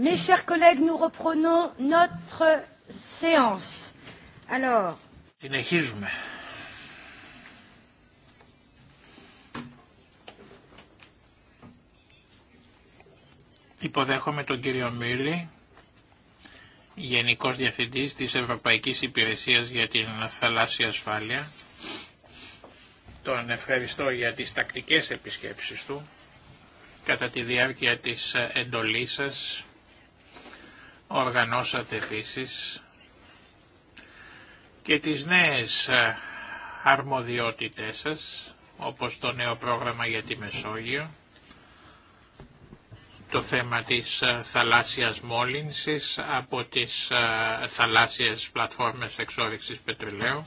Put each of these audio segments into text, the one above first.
Mes chers collègues, nous Συνεχίζουμε. Υποδέχομαι τον κύριο Μίλη, Γενικός Διευθυντής της Ευρωπαϊκής Υπηρεσίας για την Θαλάσσια Ασφάλεια. Τον ευχαριστώ για τις τακτικές επισκέψεις του κατά τη διάρκεια της εντολής σας Οργανώσατε επίσης και τις νέες ε, αρμοδιότητές σας, όπως το νέο πρόγραμμα για τη Μεσόγειο, το θέμα της ε, θαλάσσιας μόλυνσης από τις ε, θαλάσσιες πλατφόρμες εξόριξης πετρελαίου,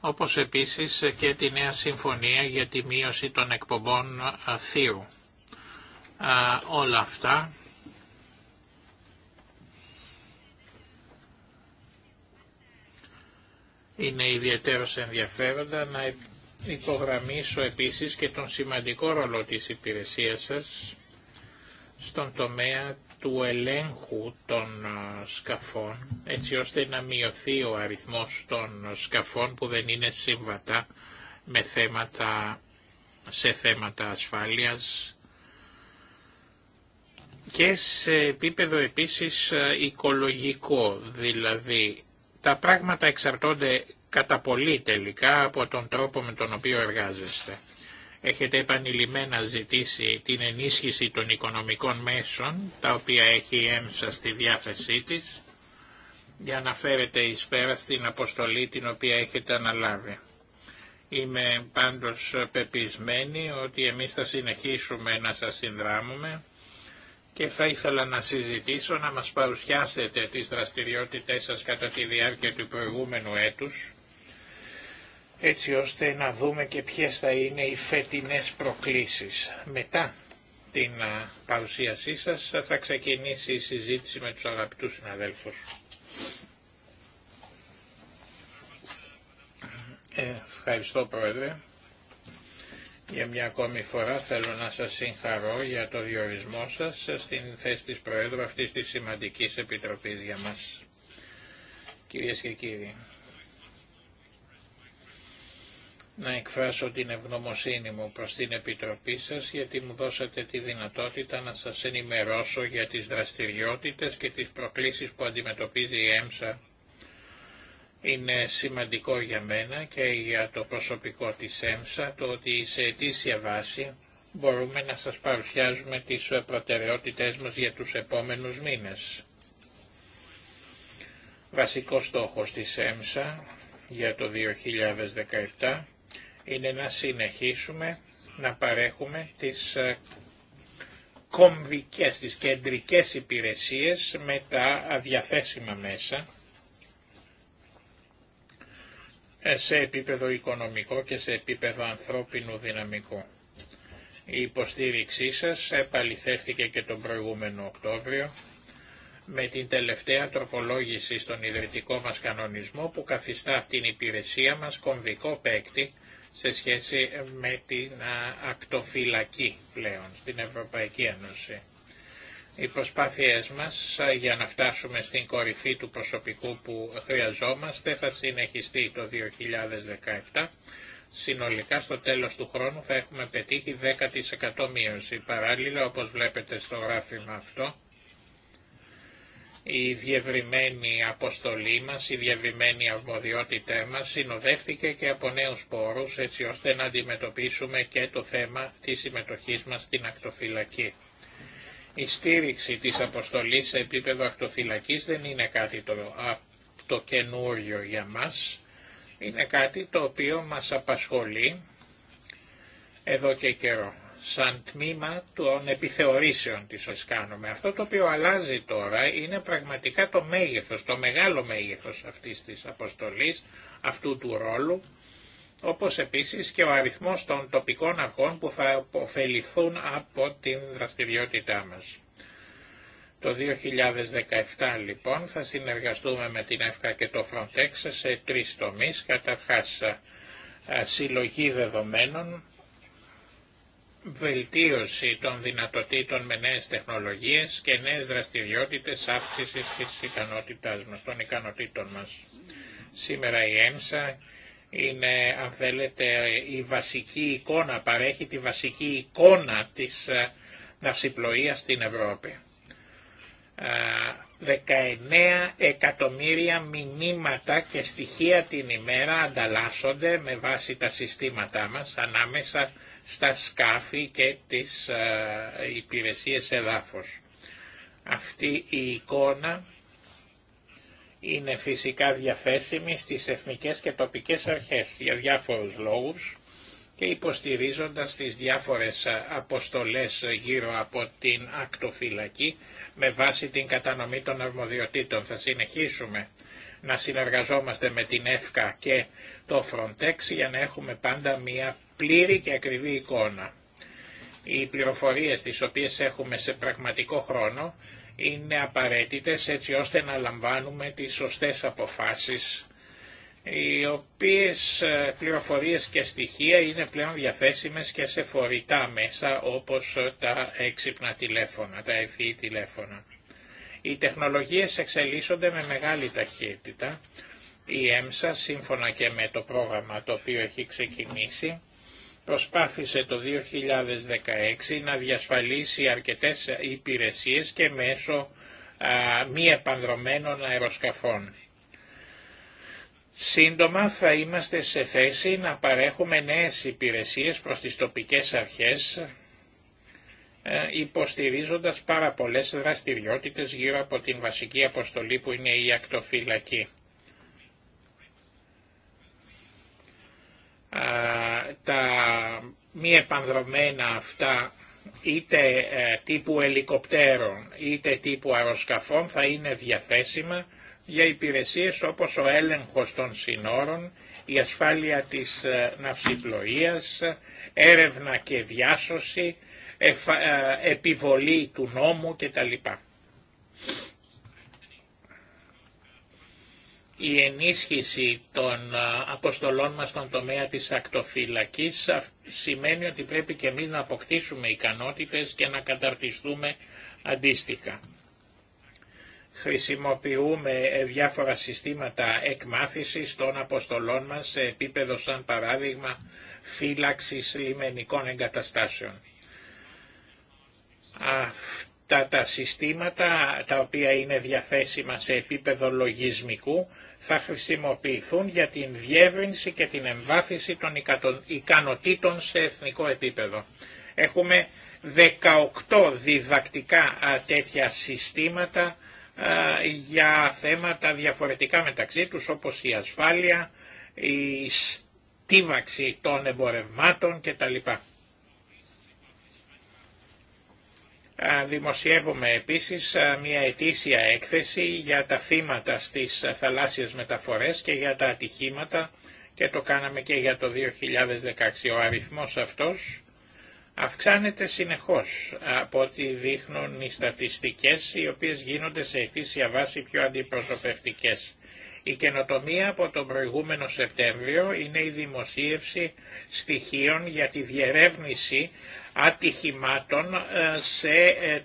όπως επίσης και τη νέα συμφωνία για τη μείωση των εκπομπών θείου. Όλα αυτά Είναι ιδιαίτερο ενδιαφέροντα να υπογραμμίσω επίσης και τον σημαντικό ρόλο της υπηρεσίας σας στον τομέα του ελέγχου των σκαφών, έτσι ώστε να μειωθεί ο αριθμός των σκαφών που δεν είναι σύμβατα με θέματα, σε θέματα ασφάλειας και σε επίπεδο επίσης οικολογικό, δηλαδή τα πράγματα εξαρτώνται κατά πολύ τελικά από τον τρόπο με τον οποίο εργάζεστε. Έχετε επανειλημμένα ζητήσει την ενίσχυση των οικονομικών μέσων, τα οποία έχει η ΕΜΣΑ στη διάθεσή της, για να φέρετε εις πέρα στην αποστολή την οποία έχετε αναλάβει. Είμαι πάντως πεπισμένη ότι εμείς θα συνεχίσουμε να σας συνδράμουμε και θα ήθελα να συζητήσω να μας παρουσιάσετε τις δραστηριότητές σας κατά τη διάρκεια του προηγούμενου έτους έτσι ώστε να δούμε και ποιες θα είναι οι φετινές προκλήσεις. Μετά την παρουσίασή σας θα ξεκινήσει η συζήτηση με τους αγαπητούς συναδέλφους. Ε, ευχαριστώ Πρόεδρε. Για μια ακόμη φορά θέλω να σας συγχαρώ για το διορισμό σας στην θέση της Προέδρου αυτής της σημαντικής επιτροπής για μας. Κυρίες και κύριοι, να εκφράσω την ευγνωμοσύνη μου προς την Επιτροπή σας γιατί μου δώσατε τη δυνατότητα να σας ενημερώσω για τις δραστηριότητες και τις προκλήσεις που αντιμετωπίζει η ΕΜΣΑ είναι σημαντικό για μένα και για το προσωπικό της ΕΜΣΑ το ότι σε αιτήσια βάση μπορούμε να σας παρουσιάζουμε τις προτεραιότητές μας για τους επόμενους μήνες. Βασικό στόχος της ΕΜΣΑ για το 2017 είναι να συνεχίσουμε να παρέχουμε τις ε, κομβικές, τις κεντρικές υπηρεσίες με τα αδιαθέσιμα μέσα ε, σε επίπεδο οικονομικό και σε επίπεδο ανθρώπινου δυναμικού. Η υποστήριξή σας επαληθεύθηκε και τον προηγούμενο Οκτώβριο με την τελευταία τροπολόγηση στον ιδρυτικό μας κανονισμό που καθιστά την υπηρεσία μας κομβικό παίκτη σε σχέση με την ακτοφυλακή πλέον στην Ευρωπαϊκή Ένωση. Οι προσπάθειές μας για να φτάσουμε στην κορυφή του προσωπικού που χρειαζόμαστε θα συνεχιστεί το 2017. Συνολικά στο τέλος του χρόνου θα έχουμε πετύχει 10% μείωση. Παράλληλα, όπως βλέπετε στο γράφημα αυτό, η διευρυμένη αποστολή μας, η διευρυμένη αρμοδιότητά μας συνοδεύτηκε και από νέους πόρους έτσι ώστε να αντιμετωπίσουμε και το θέμα της συμμετοχής μας στην ακτοφυλακή. Η στήριξη της αποστολής σε επίπεδο ακτοφυλακής δεν είναι κάτι το, το καινούριο για μας. Είναι κάτι το οποίο μας απασχολεί εδώ και καιρό σαν τμήμα των επιθεωρήσεων της όσες κάνουμε. Αυτό το οποίο αλλάζει τώρα είναι πραγματικά το μέγεθος, το μεγάλο μέγεθος αυτής της αποστολής, αυτού του ρόλου όπως επίσης και ο αριθμός των τοπικών αρχών που θα αποφεληθούν από την δραστηριότητά μας. Το 2017 λοιπόν θα συνεργαστούμε με την ΕΦΚΑ και το Frontex σε τρεις τομείς, καταρχάς συλλογή δεδομένων, βελτίωση των δυνατοτήτων με νέες τεχνολογίες και νέες δραστηριότητες αύξησης της ικανότητάς μας, των ικανοτήτων μας. Σήμερα η είναι αν θέλετε η βασική εικόνα, παρέχει τη βασική εικόνα της ε, ναυσιπλοείας στην Ευρώπη. 19 ε, εκατομμύρια μηνύματα και στοιχεία την ημέρα ανταλλάσσονται με βάση τα συστήματά μας ανάμεσα στα σκάφη και τις ε, υπηρεσίες εδάφους. Αυτή η εικόνα είναι φυσικά διαθέσιμη στις εθνικές και τοπικές αρχές για διάφορους λόγους και υποστηρίζοντας τις διάφορες αποστολές γύρω από την ακτοφυλακή με βάση την κατανομή των αρμοδιοτήτων. Θα συνεχίσουμε να συνεργαζόμαστε με την ΕΦΚΑ και το Frontex για να έχουμε πάντα μια πλήρη και ακριβή εικόνα. Οι πληροφορίες τις οποίες έχουμε σε πραγματικό χρόνο είναι απαραίτητες έτσι ώστε να λαμβάνουμε τις σωστές αποφάσεις οι οποίες ε, πληροφορίες και στοιχεία είναι πλέον διαθέσιμες και σε φορητά μέσα όπως ε, τα έξυπνα τηλέφωνα, τα ευφυή τηλέφωνα. Οι τεχνολογίες εξελίσσονται με μεγάλη ταχύτητα. Η ΕΜΣΑ, σύμφωνα και με το πρόγραμμα το οποίο έχει ξεκινήσει, προσπάθησε το 2016 να διασφαλίσει αρκετές υπηρεσίες και μέσω μη επανδρομένων αεροσκαφών. Σύντομα θα είμαστε σε θέση να παρέχουμε νέες υπηρεσίες προς τις τοπικές αρχές, ε, υποστηρίζοντας πάρα πολλές δραστηριότητες γύρω από την βασική αποστολή που είναι η ακτοφυλακή. τα μη επανδρομένα αυτά είτε ε, τύπου ελικοπτέρων είτε τύπου αεροσκαφών θα είναι διαθέσιμα για υπηρεσίες όπως ο έλεγχος των συνόρων, η ασφάλεια της ε, ναυσιπλοείας, έρευνα και διάσωση, ε, επιβολή του νόμου κτλ. η ενίσχυση των αποστολών μας στον τομέα της ακτοφυλακής σημαίνει ότι πρέπει και εμείς να αποκτήσουμε ικανότητες και να καταρτιστούμε αντίστοιχα. Χρησιμοποιούμε ε, διάφορα συστήματα εκμάθησης των αποστολών μας σε επίπεδο σαν παράδειγμα φύλαξης λιμενικών εγκαταστάσεων αυτά τα συστήματα τα οποία είναι διαθέσιμα σε επίπεδο λογισμικού θα χρησιμοποιηθούν για την διεύρυνση και την εμβάθυνση των ικανοτήτων σε εθνικό επίπεδο. Έχουμε 18 διδακτικά τέτοια συστήματα για θέματα διαφορετικά μεταξύ τους όπως η ασφάλεια, η στίβαξη των εμπορευμάτων κτλ. Δημοσιεύουμε επίσης μια ετήσια έκθεση για τα θύματα στις θαλάσσιες μεταφορές και για τα ατυχήματα και το κάναμε και για το 2016. Ο αριθμός αυτός αυξάνεται συνεχώς από ό,τι δείχνουν οι στατιστικές οι οποίες γίνονται σε ετήσια βάση πιο αντιπροσωπευτικές. Η καινοτομία από τον προηγούμενο Σεπτέμβριο είναι η δημοσίευση στοιχείων για τη διερεύνηση ατυχημάτων ε, σε ε,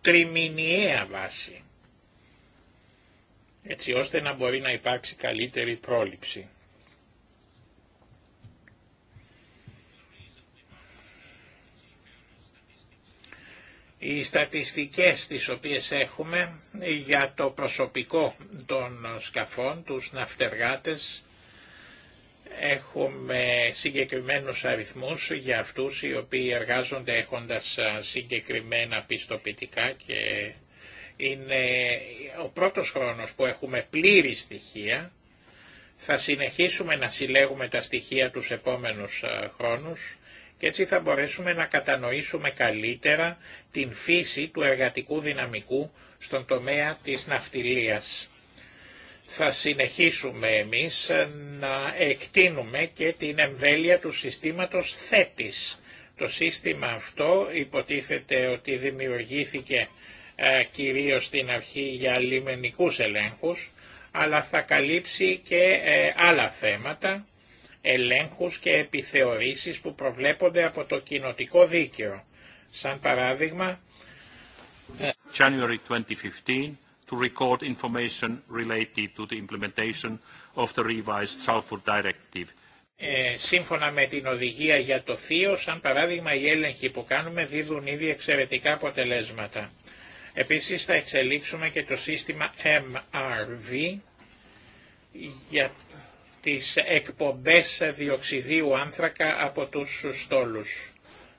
τριμηνιαία βάση, έτσι ώστε να μπορεί να υπάρξει καλύτερη πρόληψη. Οι στατιστικές τις οποίες έχουμε για το προσωπικό των σκαφών, τους ναυτεργάτες, έχουμε συγκεκριμένους αριθμούς για αυτούς οι οποίοι εργάζονται έχοντας συγκεκριμένα πιστοποιητικά και είναι ο πρώτος χρόνος που έχουμε πλήρη στοιχεία. Θα συνεχίσουμε να συλλέγουμε τα στοιχεία τους επόμενους χρόνους και έτσι θα μπορέσουμε να κατανοήσουμε καλύτερα την φύση του εργατικού δυναμικού στον τομέα της ναυτιλίας. Θα συνεχίσουμε εμείς να εκτείνουμε και την εμβέλεια του συστήματος θέτης. Το σύστημα αυτό υποτίθεται ότι δημιουργήθηκε ε, κυρίως στην αρχή για λιμενικούς ελέγχους, αλλά θα καλύψει και ε, άλλα θέματα ελέγχους και επιθεωρήσεις που προβλέπονται από το κοινοτικό δίκαιο. Σαν παράδειγμα... Ε, January 2015 to record information related to the implementation of the revised sulfur directive. Ε, σύμφωνα με την οδηγία για το θείο, σαν παράδειγμα οι έλεγχοι που κάνουμε δίδουν ήδη εξαιρετικά αποτελέσματα. Επίσης θα εξελίξουμε και το σύστημα MRV για τις εκπομπές διοξιδίου άνθρακα από τους στόλους.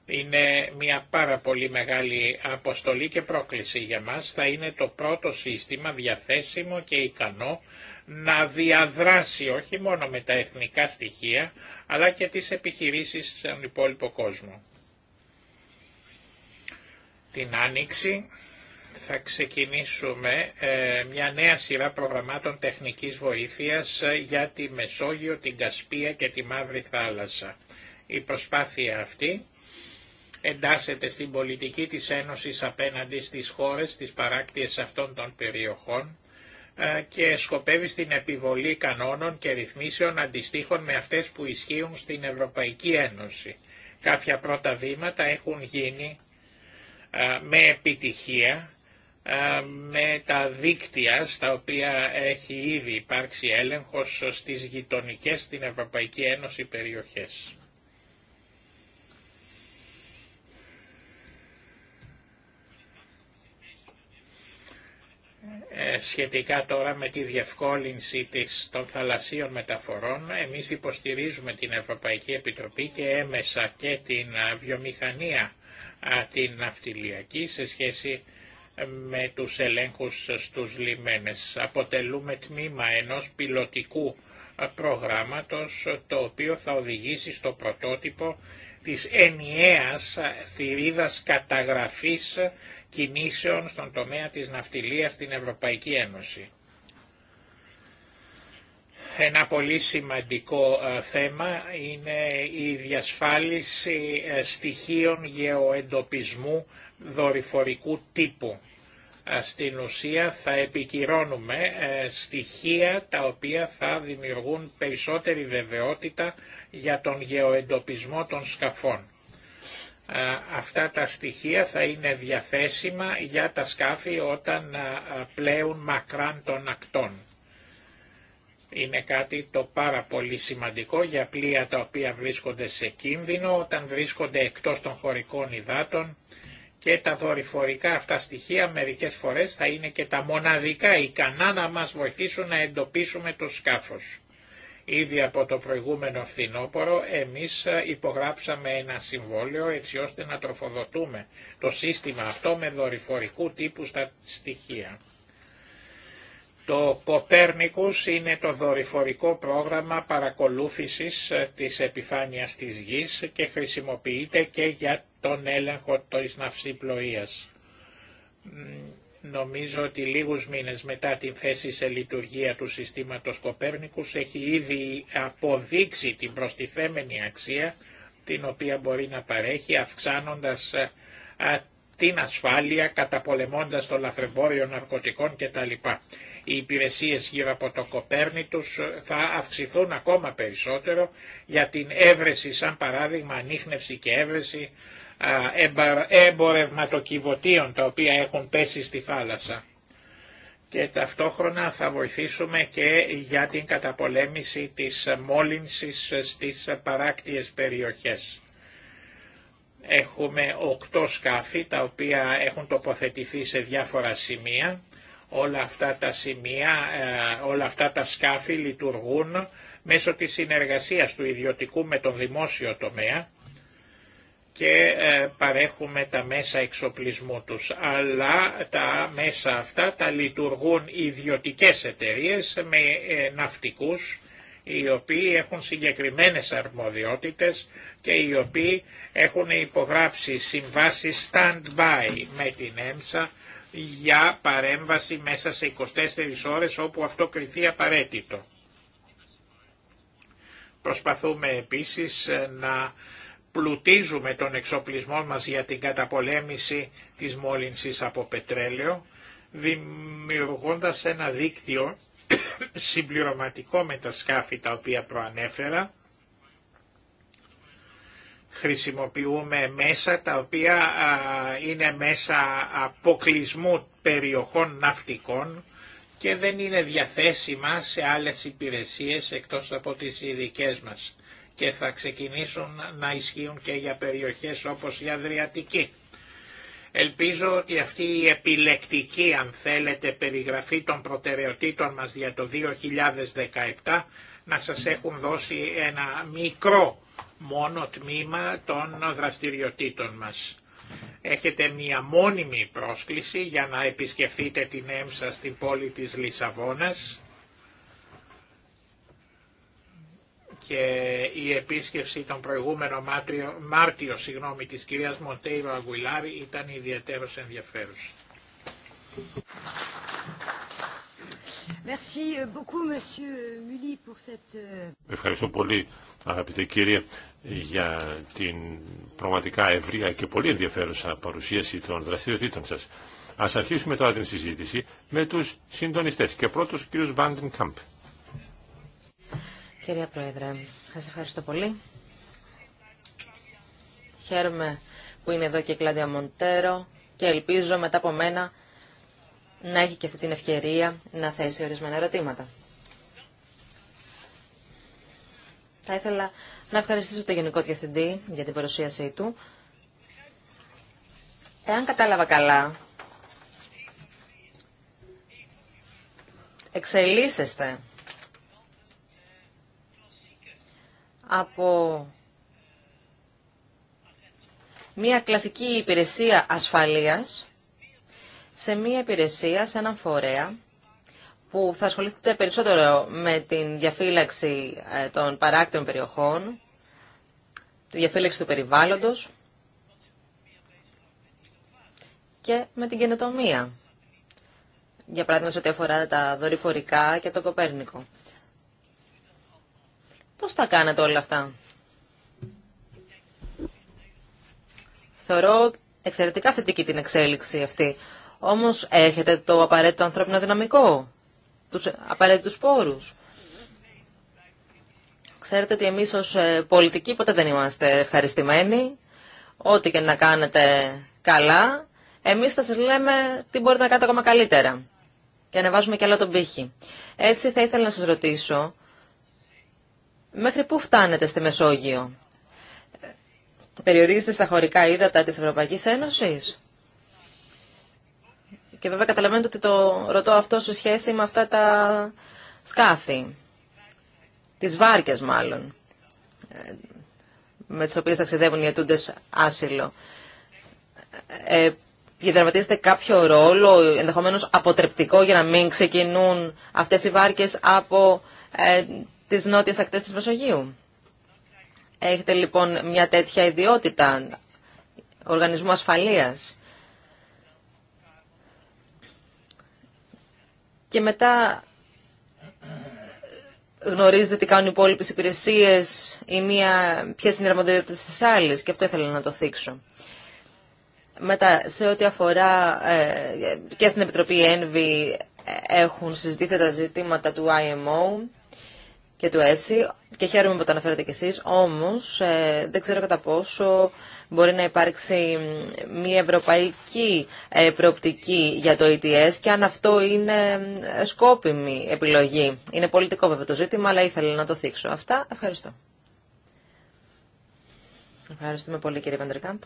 Είναι μια πάρα πολύ μεγάλη αποστολή και πρόκληση για μας. Θα είναι το πρώτο σύστημα διαθέσιμο και ικανό να διαδράσει όχι μόνο με τα εθνικά στοιχεία, αλλά και τις επιχειρήσεις στον υπόλοιπο κόσμο. Την Άνοιξη θα ξεκινήσουμε ε, μια νέα σειρά προγραμμάτων τεχνικής βοήθειας ε, για τη Μεσόγειο, την Κασπία και τη Μαύρη Θάλασσα. Η προσπάθεια αυτή εντάσσεται στην πολιτική της Ένωσης απέναντι στις χώρες, της παράκτιες αυτών των περιοχών ε, και σκοπεύει στην επιβολή κανόνων και ρυθμίσεων αντιστοίχων με αυτές που ισχύουν στην Ευρωπαϊκή Ένωση. Κάποια πρώτα βήματα έχουν γίνει με επιτυχία ε, με τα δίκτυα στα οποία έχει ήδη υπάρξει έλεγχος στις γειτονικές στην Ευρωπαϊκή Ένωση περιοχές. Ε, σχετικά τώρα με τη διευκόλυνση της, των θαλασσίων μεταφορών, εμείς υποστηρίζουμε την Ευρωπαϊκή Επιτροπή και έμεσα και την ε, βιομηχανία την ναυτιλιακή σε σχέση με τους ελέγχους στους λιμένες. Αποτελούμε τμήμα ενός πιλωτικού προγράμματος το οποίο θα οδηγήσει στο πρωτότυπο της ενιαίας θηρίδας καταγραφής κινήσεων στον τομέα της ναυτιλίας στην Ευρωπαϊκή Ένωση. Ένα πολύ σημαντικό ε, θέμα είναι η διασφάλιση ε, στοιχείων γεωεντοπισμού δορυφορικού τύπου στην ουσία θα επικυρώνουμε ε, στοιχεία τα οποία θα δημιουργούν περισσότερη βεβαιότητα για τον γεωεντοπισμό των σκαφών. Ε, αυτά τα στοιχεία θα είναι διαθέσιμα για τα σκάφη όταν ε, πλέουν μακράν των ακτών. Είναι κάτι το πάρα πολύ σημαντικό για πλοία τα οποία βρίσκονται σε κίνδυνο, όταν βρίσκονται εκτός των χωρικών υδάτων, και τα δορυφορικά αυτά στοιχεία μερικές φορές θα είναι και τα μοναδικά ικανά να μας βοηθήσουν να εντοπίσουμε το σκάφος. Ήδη από το προηγούμενο φθινόπωρο εμείς ε, υπογράψαμε ένα συμβόλαιο έτσι ώστε να τροφοδοτούμε το σύστημα αυτό με δορυφορικού τύπου στα στοιχεία. Το Κοπέρνικους είναι το δορυφορικό πρόγραμμα παρακολούθησης ε, της επιφάνειας της γης και χρησιμοποιείται και για τον έλεγχο της ναυσιπλοείας. Νομίζω ότι λίγους μήνες μετά την θέση σε λειτουργία του συστήματος Κοπέρνικους έχει ήδη αποδείξει την προστιθέμενη αξία την οποία μπορεί να παρέχει αυξάνοντας ε, ε, την ασφάλεια, καταπολεμώντας το λαθρεμπόριο ναρκωτικών κτλ οι υπηρεσίες γύρω από το Κοπέρνητους ε, θα αυξηθούν ακόμα περισσότερο για την έβρεση, σαν παράδειγμα ανείχνευση και έβρεση εμπορευματοκιβωτίων τα οποία έχουν πέσει στη θάλασσα. Και ταυτόχρονα θα βοηθήσουμε και για την καταπολέμηση της μόλυνσης στις παράκτιες περιοχές. Έχουμε οκτώ σκάφη τα οποία έχουν τοποθετηθεί σε διάφορα σημεία Όλα αυτά τα σημεία, ε, όλα αυτά τα σκάφη λειτουργούν μέσω της συνεργασίας του ιδιωτικού με τον δημόσιο τομέα και ε, παρέχουμε τα μέσα εξοπλισμού τους. Αλλά τα μέσα αυτά τα λειτουργούν ιδιωτικές εταιρείες με ε, ναυτικούς οι οποίοι έχουν συγκεκριμένες αρμοδιότητες και οι οποίοι έχουν υπογράψει συμβάσεις stand-by με την ΕΜΣΑ για παρέμβαση μέσα σε 24 ώρες όπου αυτό κριθεί απαραίτητο. Προσπαθούμε επίσης ε, να πλουτίζουμε τον εξοπλισμό μας για την καταπολέμηση της μόλυνσης από πετρέλαιο, δημιουργώντας ένα δίκτυο συμπληρωματικό με τα σκάφη τα οποία προανέφερα, χρησιμοποιούμε μέσα τα οποία είναι μέσα αποκλεισμού περιοχών ναυτικών και δεν είναι διαθέσιμα σε άλλες υπηρεσίες εκτός από τις ειδικέ μας και θα ξεκινήσουν να ισχύουν και για περιοχές όπως η Αδριατική. Ελπίζω ότι αυτή η επιλεκτική, αν θέλετε, περιγραφή των προτεραιοτήτων μας για το 2017 να σας έχουν δώσει ένα μικρό μόνο τμήμα των δραστηριοτήτων μας. Έχετε μία μόνιμη πρόσκληση για να επισκεφθείτε την έμσα στην πόλη της Λισαβόνας και η επίσκεψη τον προηγούμενο Μάρτιο, Μάρτιο συγγνώμη, της κυρίας Μοντέιρο Αγουιλάρη ήταν ιδιαίτερος ενδιαφέρουσα. Euh, euh, euh, ευχαριστώ πολύ αγαπητέ κύριε για την πραγματικά ευρία και πολύ ενδιαφέρουσα παρουσίαση των δραστηριοτήτων σας. Ας αρχίσουμε τώρα την συζήτηση με τους συντονιστές και πρώτος ο κύριος Βάντιν Κάμπ. Κυρία Πρόεδρε, σας ευχαριστώ πολύ. Χαίρομαι που είναι εδώ και η Κλάντια Μοντέρο και ελπίζω μετά από μένα να έχει και αυτή την ευκαιρία να θέσει ορισμένα ερωτήματα. Θα ήθελα να ευχαριστήσω τον Γενικό Διευθυντή για την παρουσίασή του. Εάν κατάλαβα καλά, εξελίσσεστε από μια κλασική υπηρεσία ασφαλείας σε μία υπηρεσία, σε έναν φορέα που θα ασχολείται περισσότερο με την διαφύλαξη ε, των παράκτων περιοχών, τη διαφύλαξη του περιβάλλοντος και με την καινοτομία. Για παράδειγμα, σε ό,τι αφορά τα δορυφορικά και το Κοπέρνικο. Πώς τα κάνετε όλα αυτά. Θεωρώ εξαιρετικά θετική την εξέλιξη αυτή. Όμως έχετε το απαραίτητο ανθρώπινο δυναμικό, τους απαραίτητους πόρους. Ξέρετε ότι εμείς ως ε, πολιτικοί ποτέ δεν είμαστε ευχαριστημένοι. Ό,τι και να κάνετε καλά, εμείς θα σας λέμε τι μπορείτε να κάνετε ακόμα καλύτερα. Και ανεβάζουμε και άλλο τον πύχη. Έτσι θα ήθελα να σας ρωτήσω, μέχρι πού φτάνετε στη Μεσόγειο. Περιορίζετε στα χωρικά ύδατα της Ευρωπαϊκής Ένωσης. Και βέβαια καταλαβαίνετε ότι το ρωτώ αυτό σε σχέση με αυτά τα σκάφη, τις βάρκες μάλλον, ε, με τις οποίες ταξιδεύουν οι αιτούντες άσυλο. Ε, κάποιο ρόλο, ενδεχομένως αποτρεπτικό, για να μην ξεκινούν αυτές οι βάρκες από ε, τις νότιες ακτές της Μεσογείου. Έχετε λοιπόν μια τέτοια ιδιότητα οργανισμού ασφαλείας και μετά γνωρίζετε τι κάνουν οι υπόλοιπε υπηρεσίε ή μία, ποιες είναι οι αρμοδιότητε της άλλη. και αυτό ήθελα να το θίξω. Μετά, σε ό,τι αφορά ε, και στην Επιτροπή ΕΝΒΗ έχουν συζητήθει τα ζητήματα του IMO και του ΕΦΣΙ και χαίρομαι που τα αναφέρατε κι εσείς, όμως ε, δεν ξέρω κατά πόσο Μπορεί να υπάρξει μια ευρωπαϊκή ε, προοπτική για το ETS και αν αυτό είναι ε, σκόπιμη επιλογή. Είναι πολιτικό βέβαια το ζήτημα, αλλά ήθελα να το θίξω. Αυτά. Ευχαριστώ. Ευχαριστούμε πολύ κύριε Παντρικάμπ.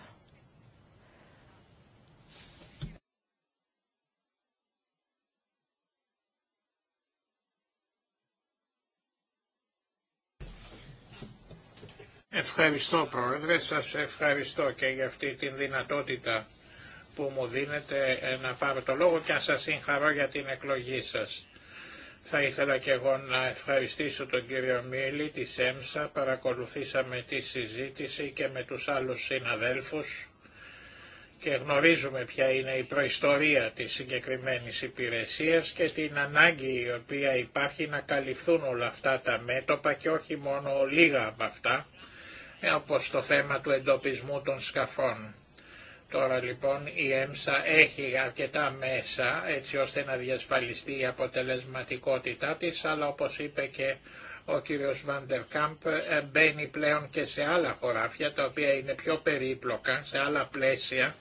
Ευχαριστώ Πρόεδρε, σας ευχαριστώ και για αυτή τη δυνατότητα που μου δίνετε ε, να πάρω το λόγο και να σας συγχαρώ για την εκλογή σας. Θα ήθελα και εγώ να ευχαριστήσω τον κύριο Μίλη της ΕΜΣΑ, παρακολουθήσαμε τη συζήτηση και με τους άλλους συναδέλφους και γνωρίζουμε ποια είναι η προϊστορία της συγκεκριμένης υπηρεσίας και την ανάγκη η οποία υπάρχει να καλυφθούν όλα αυτά τα μέτωπα και όχι μόνο λίγα από αυτά όπως το θέμα του εντοπισμού των σκαφών. Τώρα λοιπόν η ΕΜΣΑ έχει αρκετά μέσα έτσι ώστε να διασφαλιστεί η αποτελεσματικότητά της, αλλά όπως είπε και ο κύριος Βαντερκάμπ ε, μπαίνει πλέον και σε άλλα χωράφια τα οποία είναι πιο περίπλοκα, σε άλλα πλαίσια,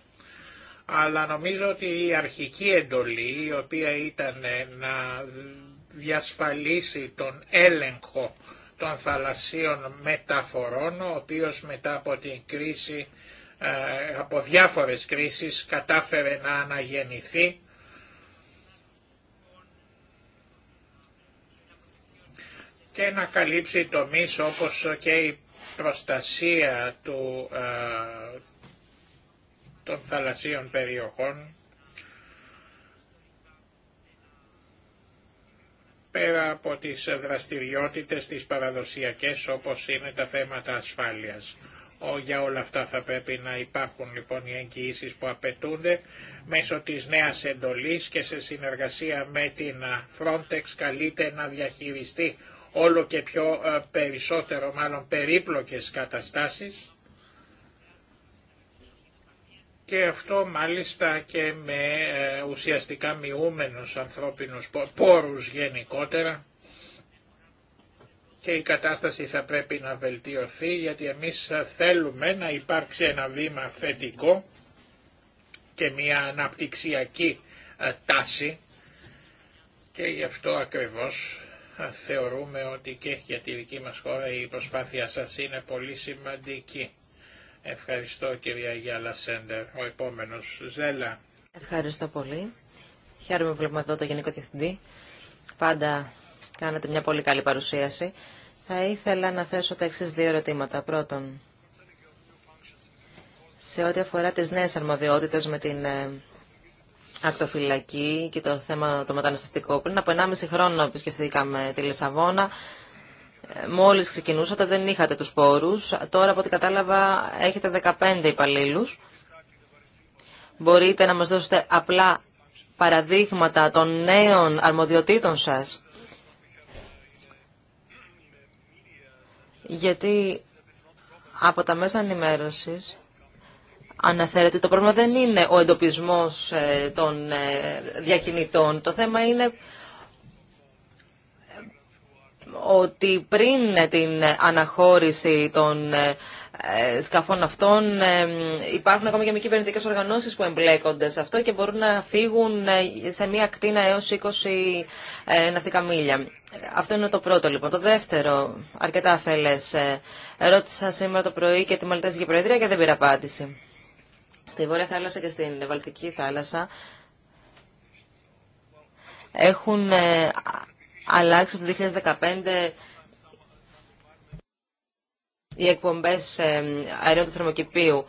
αλλά νομίζω ότι η αρχική εντολή η οποία ήταν να διασφαλίσει τον έλεγχο των θαλασσίων μεταφορών, ο οποίος μετά από την κρίση, ε, από διάφορες κρίσεις κατάφερε να αναγεννηθεί. και να καλύψει τομείς όπως και η προστασία του, ε, των θαλασσίων περιοχών πέρα από τις δραστηριότητες τις παραδοσιακές όπως είναι τα θέματα ασφάλειας. Ο, για όλα αυτά θα πρέπει να υπάρχουν λοιπόν οι εγγύησει που απαιτούνται μέσω της νέας εντολής και σε συνεργασία με την Frontex καλείται να διαχειριστεί όλο και πιο ε, περισσότερο μάλλον περίπλοκες καταστάσεις και αυτό μάλιστα και με ε, ουσιαστικά μειούμενους ανθρώπινους πόρους γενικότερα και η κατάσταση θα πρέπει να βελτιωθεί γιατί εμείς θέλουμε να υπάρξει ένα βήμα θετικό και μια αναπτυξιακή ε, τάση και γι' αυτό ακριβώς ε, θεωρούμε ότι και για τη δική μας χώρα η προσπάθεια σας είναι πολύ σημαντική. Ευχαριστώ κυρία Γιάλα Σέντερ. Ο επόμενος, Ζέλα. Ευχαριστώ πολύ. Χαίρομαι που βλέπουμε εδώ το Γενικό Διευθυντή. Πάντα κάνατε μια πολύ καλή παρουσίαση. Θα ήθελα να θέσω τα εξή δύο ερωτήματα. Πρώτον, σε ό,τι αφορά τις νέες αρμοδιότητες με την ε, ακτοφυλακή και το θέμα το μεταναστευτικό. Πριν από 1,5 χρόνο επισκεφθήκαμε τη Λισαβόνα μόλις ξεκινούσατε δεν είχατε τους πόρους. Τώρα από ό,τι κατάλαβα έχετε 15 υπαλλήλου. Μπορείτε να μας δώσετε απλά παραδείγματα των νέων αρμοδιοτήτων σας. Γιατί από τα μέσα ενημέρωσης αναφέρεται ότι το πρόβλημα δεν είναι ο εντοπισμός ε, των ε, διακινητών. Το θέμα είναι ότι πριν την αναχώρηση των ε, σκαφών αυτών ε, υπάρχουν ακόμα και μη κυβερνητικέ οργανώσεις που εμπλέκονται σε αυτό και μπορούν να φύγουν ε, σε μία ακτίνα έως 20 ναυτικά μίλια. Αυτό είναι το πρώτο λοιπόν. Το δεύτερο, αρκετά αφελές, ρώτησα σήμερα το πρωί και τη Μαλτέζικη Προεδρία και δεν πήρα απάντηση. Στη Βόρεια Θάλασσα και στην Βαλτική Θάλασσα έχουν αλλάξει από το 2015 οι εκπομπές ε, αερίων του θερμοκηπίου.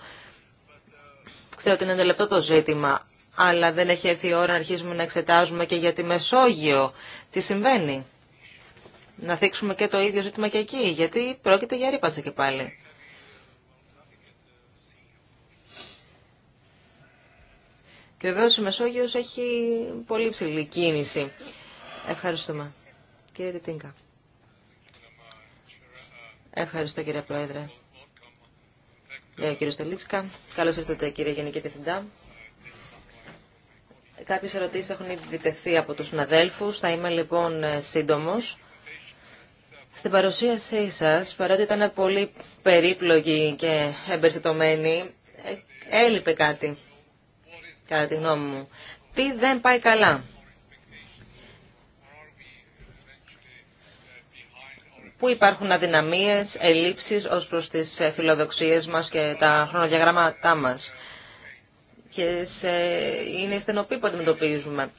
Ξέρω ότι είναι λεπτό το ζήτημα, αλλά δεν έχει έρθει η ώρα να αρχίσουμε να εξετάζουμε και για τη Μεσόγειο. Τι συμβαίνει. Να θίξουμε και το ίδιο ζήτημα και εκεί, γιατί πρόκειται για ρήπατσα και πάλι. Και βεβαίω η Μεσόγειος έχει πολύ ψηλή κίνηση. Ευχαριστούμε. Κύριε Τιτίνκα. Ευχαριστώ κύριε Πρόεδρε. Ε, κύριε Στελίτσκα, καλώς ήρθατε κύριε Γενική Διευθυντά. Κάποιες ερωτήσεις έχουν ήδη διτεθεί από τους συναδέλφους. Θα είμαι λοιπόν ε, σύντομος. Στην παρουσίασή σας, παρότι ήταν πολύ περίπλογη και εμπεριστατωμένη, ε, έλειπε κάτι, κατά τη γνώμη μου. Τι δεν πάει καλά που υπάρχουν αδυναμίες, ελλείψεις ως προς τις ε, φιλοδοξίες μας και τα χρονοδιαγράμματά μας. Και σε... είναι η στενοπή που αντιμετωπίζουμε.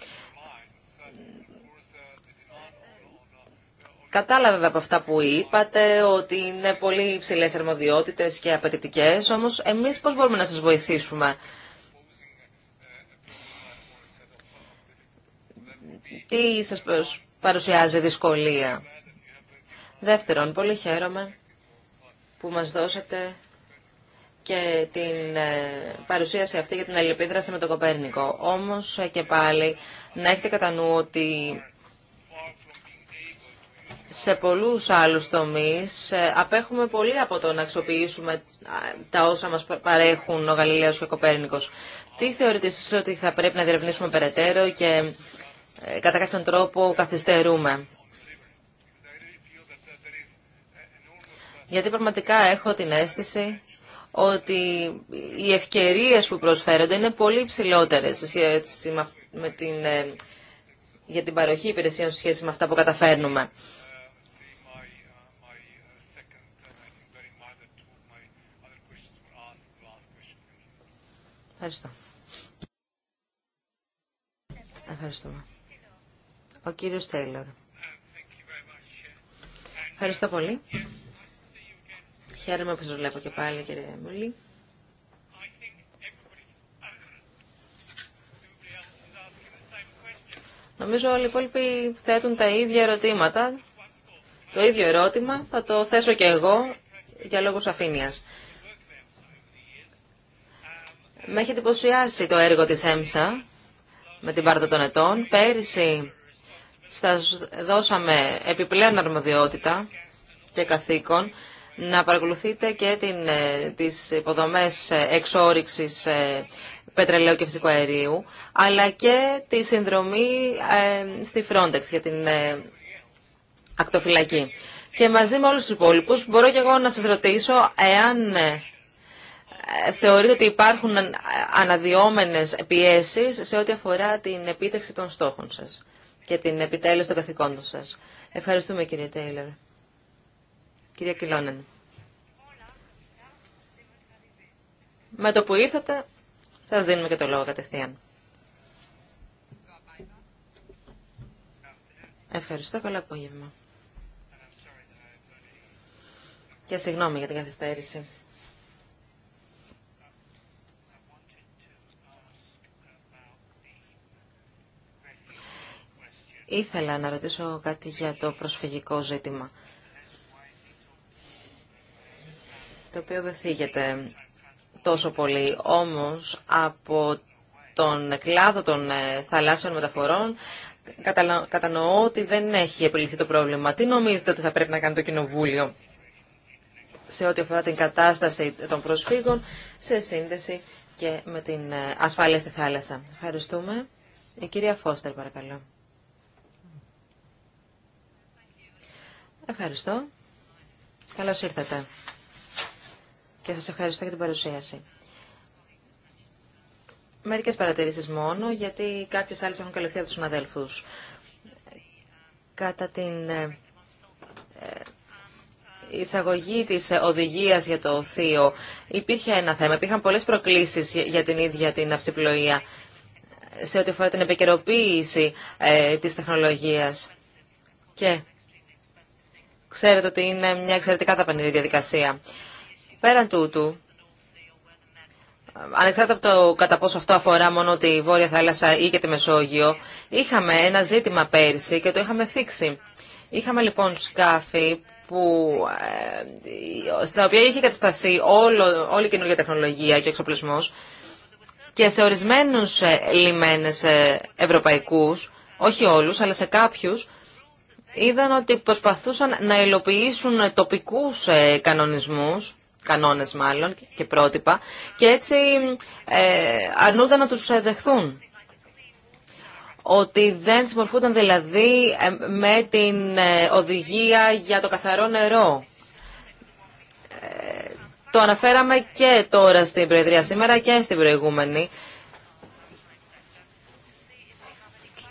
Κατάλαβε από αυτά που είπατε ότι είναι πολύ υψηλέ αρμοδιότητε και απαιτητικέ, όμω εμεί πώ μπορούμε να σα βοηθήσουμε. Τι σας παρουσιάζει δυσκολία. Δεύτερον, πολύ χαίρομαι που μας δώσατε και την ε, παρουσίαση αυτή για την αλληλεπίδραση με τον Κοπέρνικο. Όμως ε, και πάλι να έχετε κατά νου ότι σε πολλούς άλλους τομείς ε, απέχουμε πολύ από το να αξιοποιήσουμε τα όσα μας παρέχουν ο Γαλιλαίος και ο Κοπέρνικος. Τι θεωρείτε εσείς ότι θα πρέπει να διερευνήσουμε περαιτέρω και κατά κάποιον τρόπο καθυστερούμε. γιατί πραγματικά έχω την αίσθηση ότι οι ευκαιρίες που προσφέρονται είναι πολύ ψηλότερες σε σχέση με την, ε, για την παροχή υπηρεσίων σε σχέση με αυτά που καταφέρνουμε. Ευχαριστώ. Ευχαριστούμε. Ο κύριος Τέιλορ. Ευχαριστώ πολύ. Χαίρομαι που σας βλέπω και πάλι, κύριε Μουλή. Νομίζω όλοι οι υπόλοιποι θέτουν τα ίδια ερωτήματα. Το ίδιο ερώτημα θα το θέσω και εγώ για λόγους αφήνειας. Με έχει εντυπωσιάσει το έργο της ΕΜΣΑ με την πάρτα των ετών. Πέρυσι σας δώσαμε επιπλέον αρμοδιότητα και καθήκον να παρακολουθείτε και την, ε, τις υποδομές ε, εξόριξης ε, πετρελαίου και φυσικού αερίου, αλλά και τη συνδρομή στη Frontex για την ακτοφυλακή. Και μαζί με όλους τους υπόλοιπους μπορώ και εγώ να σας ρωτήσω εάν θεωρείτε ότι υπάρχουν αναδυόμενες πιέσεις σε ό,τι αφορά την επίτευξη των στόχων σας και την επιτέλεση των καθηκόντων σας. Ευχαριστούμε κύριε Τέιλερ. Κυρία Κιλόνεν. Με το που ήρθατε, σας δίνουμε και το λόγο κατευθείαν. Ευχαριστώ. Καλό απόγευμα. Και συγγνώμη για την καθυστέρηση. Ήθελα να ρωτήσω κάτι για το προσφυγικό ζήτημα. το οποίο δεν θίγεται τόσο πολύ. Όμως, από τον κλάδο των ε, θαλάσσιων μεταφορών, κατανοώ ότι δεν έχει επιληθεί το πρόβλημα. Τι νομίζετε ότι θα πρέπει να κάνει το Κοινοβούλιο σε ό,τι αφορά την κατάσταση των προσφύγων σε σύνδεση και με την ε, ασφάλεια στη θάλασσα. Ευχαριστούμε. Η κυρία Φώστερ, παρακαλώ. Ευχαριστώ. Καλώς ήρθατε και σας ευχαριστώ για την παρουσίαση. Μερικές παρατηρήσεις μόνο, γιατί κάποιες άλλες έχουν καλυφθεί από τους συναδέλφους. Κατά την ε, ε, εισαγωγή της οδηγίας για το θείο υπήρχε ένα θέμα. Υπήρχαν πολλές προκλήσεις για την ίδια την αυσιπλοεία σε ό,τι αφορά την επικαιροποίηση ε, της τεχνολογίας. Και ξέρετε ότι είναι μια εξαιρετικά ταπανηρή διαδικασία. Πέραν τούτου, ανεξάρτητα από το κατά πόσο αυτό αφορά μόνο τη Βόρεια Θάλασσα ή και τη Μεσόγειο, είχαμε ένα ζήτημα πέρσι και το είχαμε θίξει. Είχαμε λοιπόν σκάφη που, ε, στα οποία είχε κατασταθεί όλο, όλη η καινούργια τεχνολογία και ο εξοπλισμός και σε ορισμένους ε, λιμένες ε, ευρωπαϊκούς, όχι όλους, αλλά σε κάποιους, είδαν ότι προσπαθούσαν να υλοποιήσουν τοπικούς κανονισμούς κανόνες μάλλον και πρότυπα και έτσι ε, αρνούνταν να τους ε, δεχθούν. Ότι δεν συμμορφούνταν δηλαδή ε, με την οδηγία για το καθαρό νερό. Το αναφέραμε και τώρα στην Προεδρία σήμερα και στην προηγούμενη.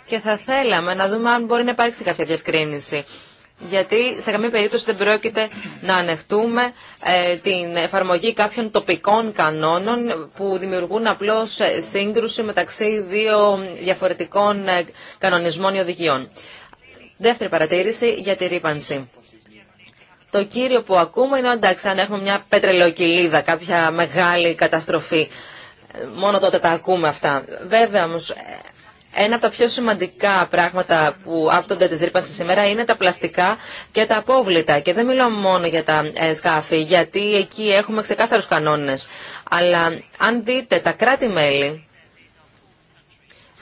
Και θα θέλαμε να δούμε αν μπορεί να υπάρξει κάποια διευκρίνηση γιατί σε καμία περίπτωση δεν πρόκειται να ανεχτούμε ε, την εφαρμογή κάποιων τοπικών κανόνων που δημιουργούν απλώς ε, σύγκρουση μεταξύ δύο διαφορετικών ε, κανονισμών ή οδηγιών. Δεύτερη παρατήρηση για τη ρήπανση. Το κύριο που ακούμε είναι εντάξει αν έχουμε μια πετρελοκυλίδα, κάποια μεγάλη καταστροφή. Μόνο τότε τα ακούμε αυτά. Βέβαια όμως ένα από τα πιο σημαντικά πράγματα που άπτονται τη ρήπανση σήμερα είναι τα πλαστικά και τα απόβλητα. Και δεν μιλάω μόνο για τα ε, σκάφη, γιατί εκεί έχουμε ξεκάθαρους κανόνες. Αλλά αν δείτε τα κράτη-μέλη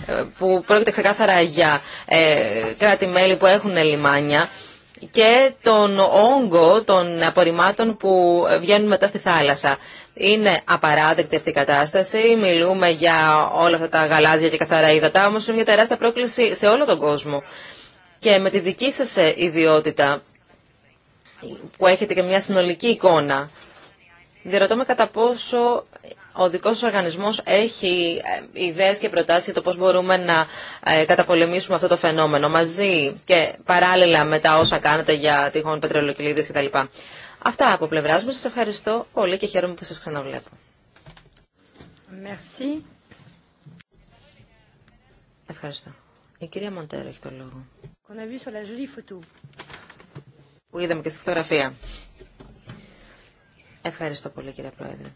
ε, που πρόκειται ξεκάθαρα για ε, κράτη-μέλη που έχουν λιμάνια, και τον όγκο των απορριμμάτων που βγαίνουν μετά στη θάλασσα. Είναι απαράδεκτη αυτή η κατάσταση. Μιλούμε για όλα αυτά τα γαλάζια και καθαρά ύδατα, όμω είναι μια τεράστια πρόκληση σε όλο τον κόσμο. Και με τη δική σα ε, ιδιότητα, που έχετε και μια συνολική εικόνα, διερωτώ με κατά πόσο ο δικός σας οργανισμός έχει ε, ιδέες και προτάσεις για το πώς μπορούμε να ε, καταπολεμήσουμε αυτό το φαινόμενο μαζί και παράλληλα με τα όσα κάνετε για τυχόν πετρελοκυλίδες κτλ. Αυτά από πλευρά μου. σα ευχαριστώ πολύ και χαίρομαι που σα ξαναβλέπω. Merci. Ευχαριστώ. Η κυρία Μοντέρο έχει το λόγο. Που είδαμε και στη φωτογραφία. Ευχαριστώ πολύ κύριε Πρόεδρε.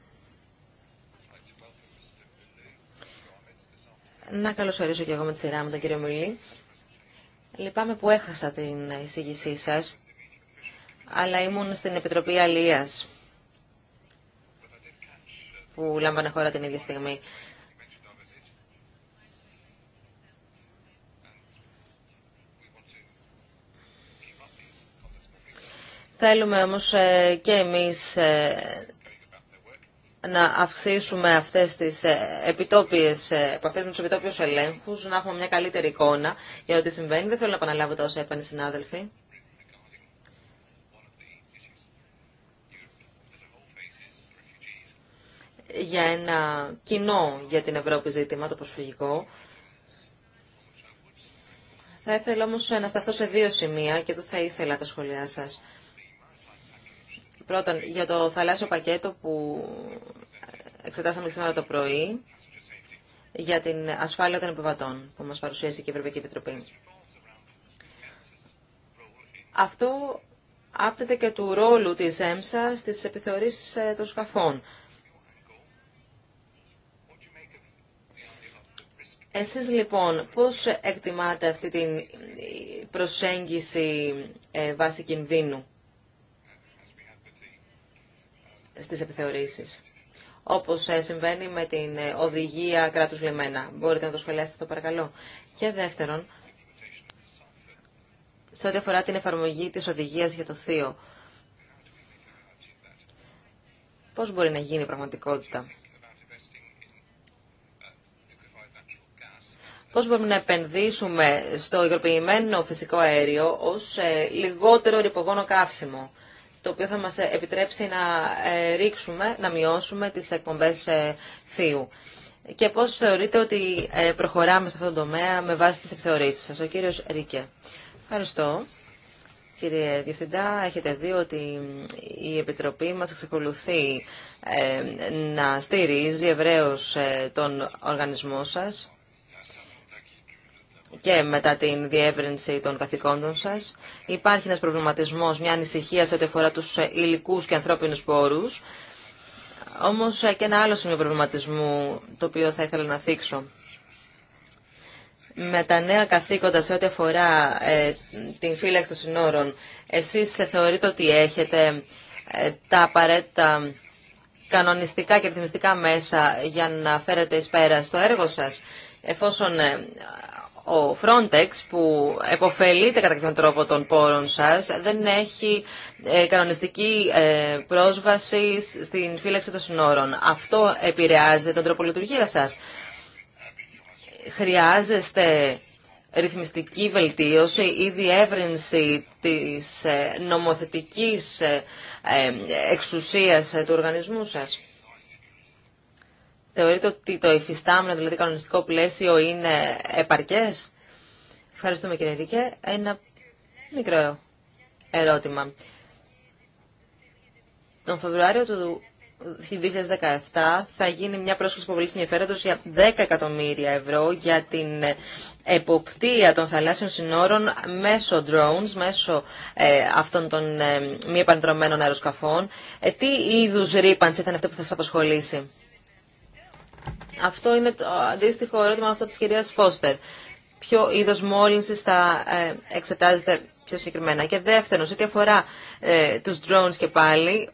Να καλωσορίσω και εγώ με τη σειρά μου τον κύριο Μιλή. Λυπάμαι που έχασα την εισήγησή σας αλλά ήμουν στην Επιτροπή Αλίας που λάμπανε χώρα την ίδια στιγμή. Θέλουμε όμως ε, και εμείς ε, να αυξήσουμε αυτές τις ε, επιτόπιες επαφές με τους επιτόπιους ελέγχους, να έχουμε μια καλύτερη εικόνα για ό,τι συμβαίνει. Δεν θέλω να επαναλάβω τα όσα είπαν οι συνάδελφοι. για ένα κοινό για την Ευρώπη ζήτημα, το προσφυγικό. Θα ήθελα όμως να σταθώ σε δύο σημεία και δεν θα ήθελα τα σχόλιά σας. Πρώτον, για το θαλάσσιο πακέτο που εξετάσαμε σήμερα το πρωί για την ασφάλεια των επιβατών που μας παρουσίασε και η Ευρωπαϊκή Επιτροπή. Αυτό άπτεται και του ρόλου της ΕΜΣΑ στις επιθεωρήσεις ε, των σκαφών. Εσείς λοιπόν πώς εκτιμάτε αυτή την προσέγγιση ε, βάση κινδύνου στις επιθεωρήσεις, όπως ε, συμβαίνει με την ε, οδηγία κράτους λεμένα. Μπορείτε να το σχολιάσετε το παρακαλώ. Και δεύτερον, σε ό,τι αφορά την εφαρμογή της οδηγίας για το θείο, πώς μπορεί να γίνει η πραγματικότητα. πώς μπορούμε να επενδύσουμε στο υγροποιημένο φυσικό αέριο ως ε, λιγότερο ρηπογόνο καύσιμο, το οποίο θα μας ε, επιτρέψει να ε, ρίξουμε, να μειώσουμε τις εκπομπές θείου. Και πώς θεωρείτε ότι προχωράμε σε αυτό το τομέα με βάση τις επιθεωρήσεις σας. Ο κύριος Ρίκε. Ευχαριστώ. Κύριε Διευθυντά, έχετε δει ότι η Επιτροπή μας εξακολουθεί να στηρίζει ευρέως τον οργανισμό σας και μετά την διεύρυνση των καθηκόντων σας. Υπάρχει ένας προβληματισμός, μια ανησυχία σε ό,τι αφορά τους υλικού και ανθρώπινους πόρου. Όμως ε, και ένα άλλο σημείο προβληματισμού το οποίο θα ήθελα να θίξω. Με τα νέα καθήκοντα σε ό,τι αφορά ε, την φύλαξη των συνόρων, εσείς θεωρείτε ότι έχετε ε, τα απαραίτητα κανονιστικά και ρυθμιστικά μέσα για να φέρετε εις πέρα στο έργο σας, εφόσον ο Frontex που επωφελείται κατά κάποιον τρόπο των πόρων σας δεν έχει ε, κανονιστική ε, πρόσβαση στην φύλαξη των συνόρων. Αυτό επηρεάζει τον τρόπο λειτουργία σας. Χρειάζεστε ρυθμιστική βελτίωση ή διεύρυνση της ε, νομοθετικής εξουσίας του οργανισμού σας. Θεωρείτε ότι το υφιστάμενο, δηλαδή κανονιστικό πλαίσιο, είναι επαρκές. Ευχαριστούμε κύριε Ρίκε. Ένα μικρό ερώτημα. Τον Φεβρουάριο του 2017 θα γίνει μια πρόσκληση υποβολή ενδιαφέροντος για 10 εκατομμύρια ευρώ για την εποπτεία των θαλάσσιων συνόρων μέσω drones, μέσω ε, αυτών των ε, μη επανδρομένων αεροσκαφών. Ε, τι είδους ρήπανση θα είναι αυτή που θα σας απασχολήσει. Αυτό είναι το αντίστοιχο ερώτημα αυτό της κυρίας Φώστερ. Ποιο είδος μόλυνσης θα ε, εξετάζεται πιο συγκεκριμένα. Και δεύτερον, σε ό,τι αφορά ε, τους drones και πάλι,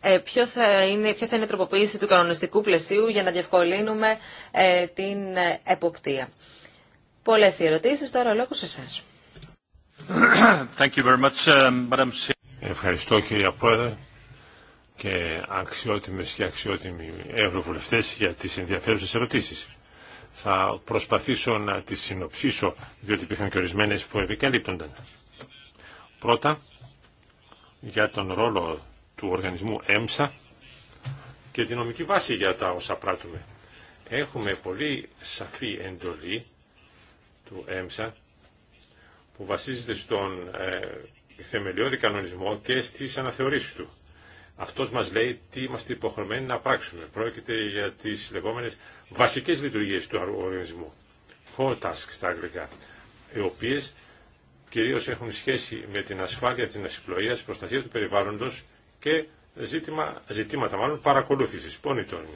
ε, ποιο θα είναι, ποια θα είναι η τροποποίηση του κανονιστικού πλαισίου για να διευκολύνουμε ε, την εποπτεία. Πολλές οι ερωτήσεις, τώρα ο λόγος σε εσάς. Uh, Ευχαριστώ κύριε Πρόεδρε και αξιότιμες και αξιότιμοι ευρωβουλευτές για τις ενδιαφέρουσες ερωτήσεις. Θα προσπαθήσω να τις συνοψίσω, διότι υπήρχαν και ορισμένε που επικαλύπτονταν. Πρώτα, για τον ρόλο του οργανισμού ΕΜΣΑ και τη νομική βάση για τα όσα πράττουμε. Έχουμε πολύ σαφή εντολή του ΕΜΣΑ που βασίζεται στον ε, θεμελιώδη κανονισμό και στις αναθεωρήσεις του. Αυτό μα λέει τι είμαστε υποχρεωμένοι να πράξουμε. Πρόκειται για τι λεγόμενε βασικέ λειτουργίε του οργανισμού, core tasks στα αγγλικά, οι οποίε κυρίω έχουν σχέση με την ασφάλεια τη ναυσιπλοείας, προστασία του περιβάλλοντο και ζήτημα, ζητήματα μάλλον παρακολούθησης,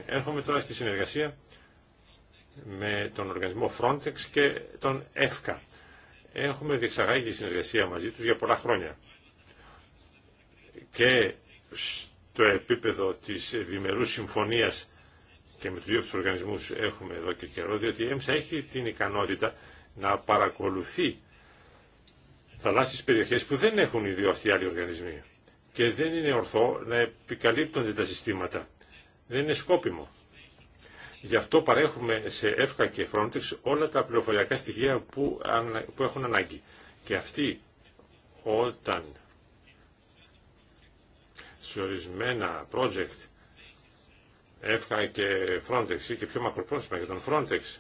Έρχομαι τώρα στη συνεργασία με τον οργανισμό Frontex και τον ΕΦΚΑ. Έχουμε διεξαγάγει συνεργασία μαζί τους για πολλά χρόνια. Και στο επίπεδο της διμερούς συμφωνίας και με τους δύο τους οργανισμούς έχουμε εδώ και καιρό, διότι η ΕΜΣΑ έχει την ικανότητα να παρακολουθεί θαλάσσιες περιοχές που δεν έχουν οι δύο αυτοί οι άλλοι οργανισμοί. Και δεν είναι ορθό να επικαλύπτονται τα συστήματα. Δεν είναι σκόπιμο. Γι' αυτό παρέχουμε σε ΕΦΚΑ και Frontex όλα τα πληροφοριακά στοιχεία που, που έχουν ανάγκη. Και αυτοί όταν σε ορισμένα project ΕΦΚΑ και Frontex ή και πιο μακροπρόθεσμα για τον Frontex.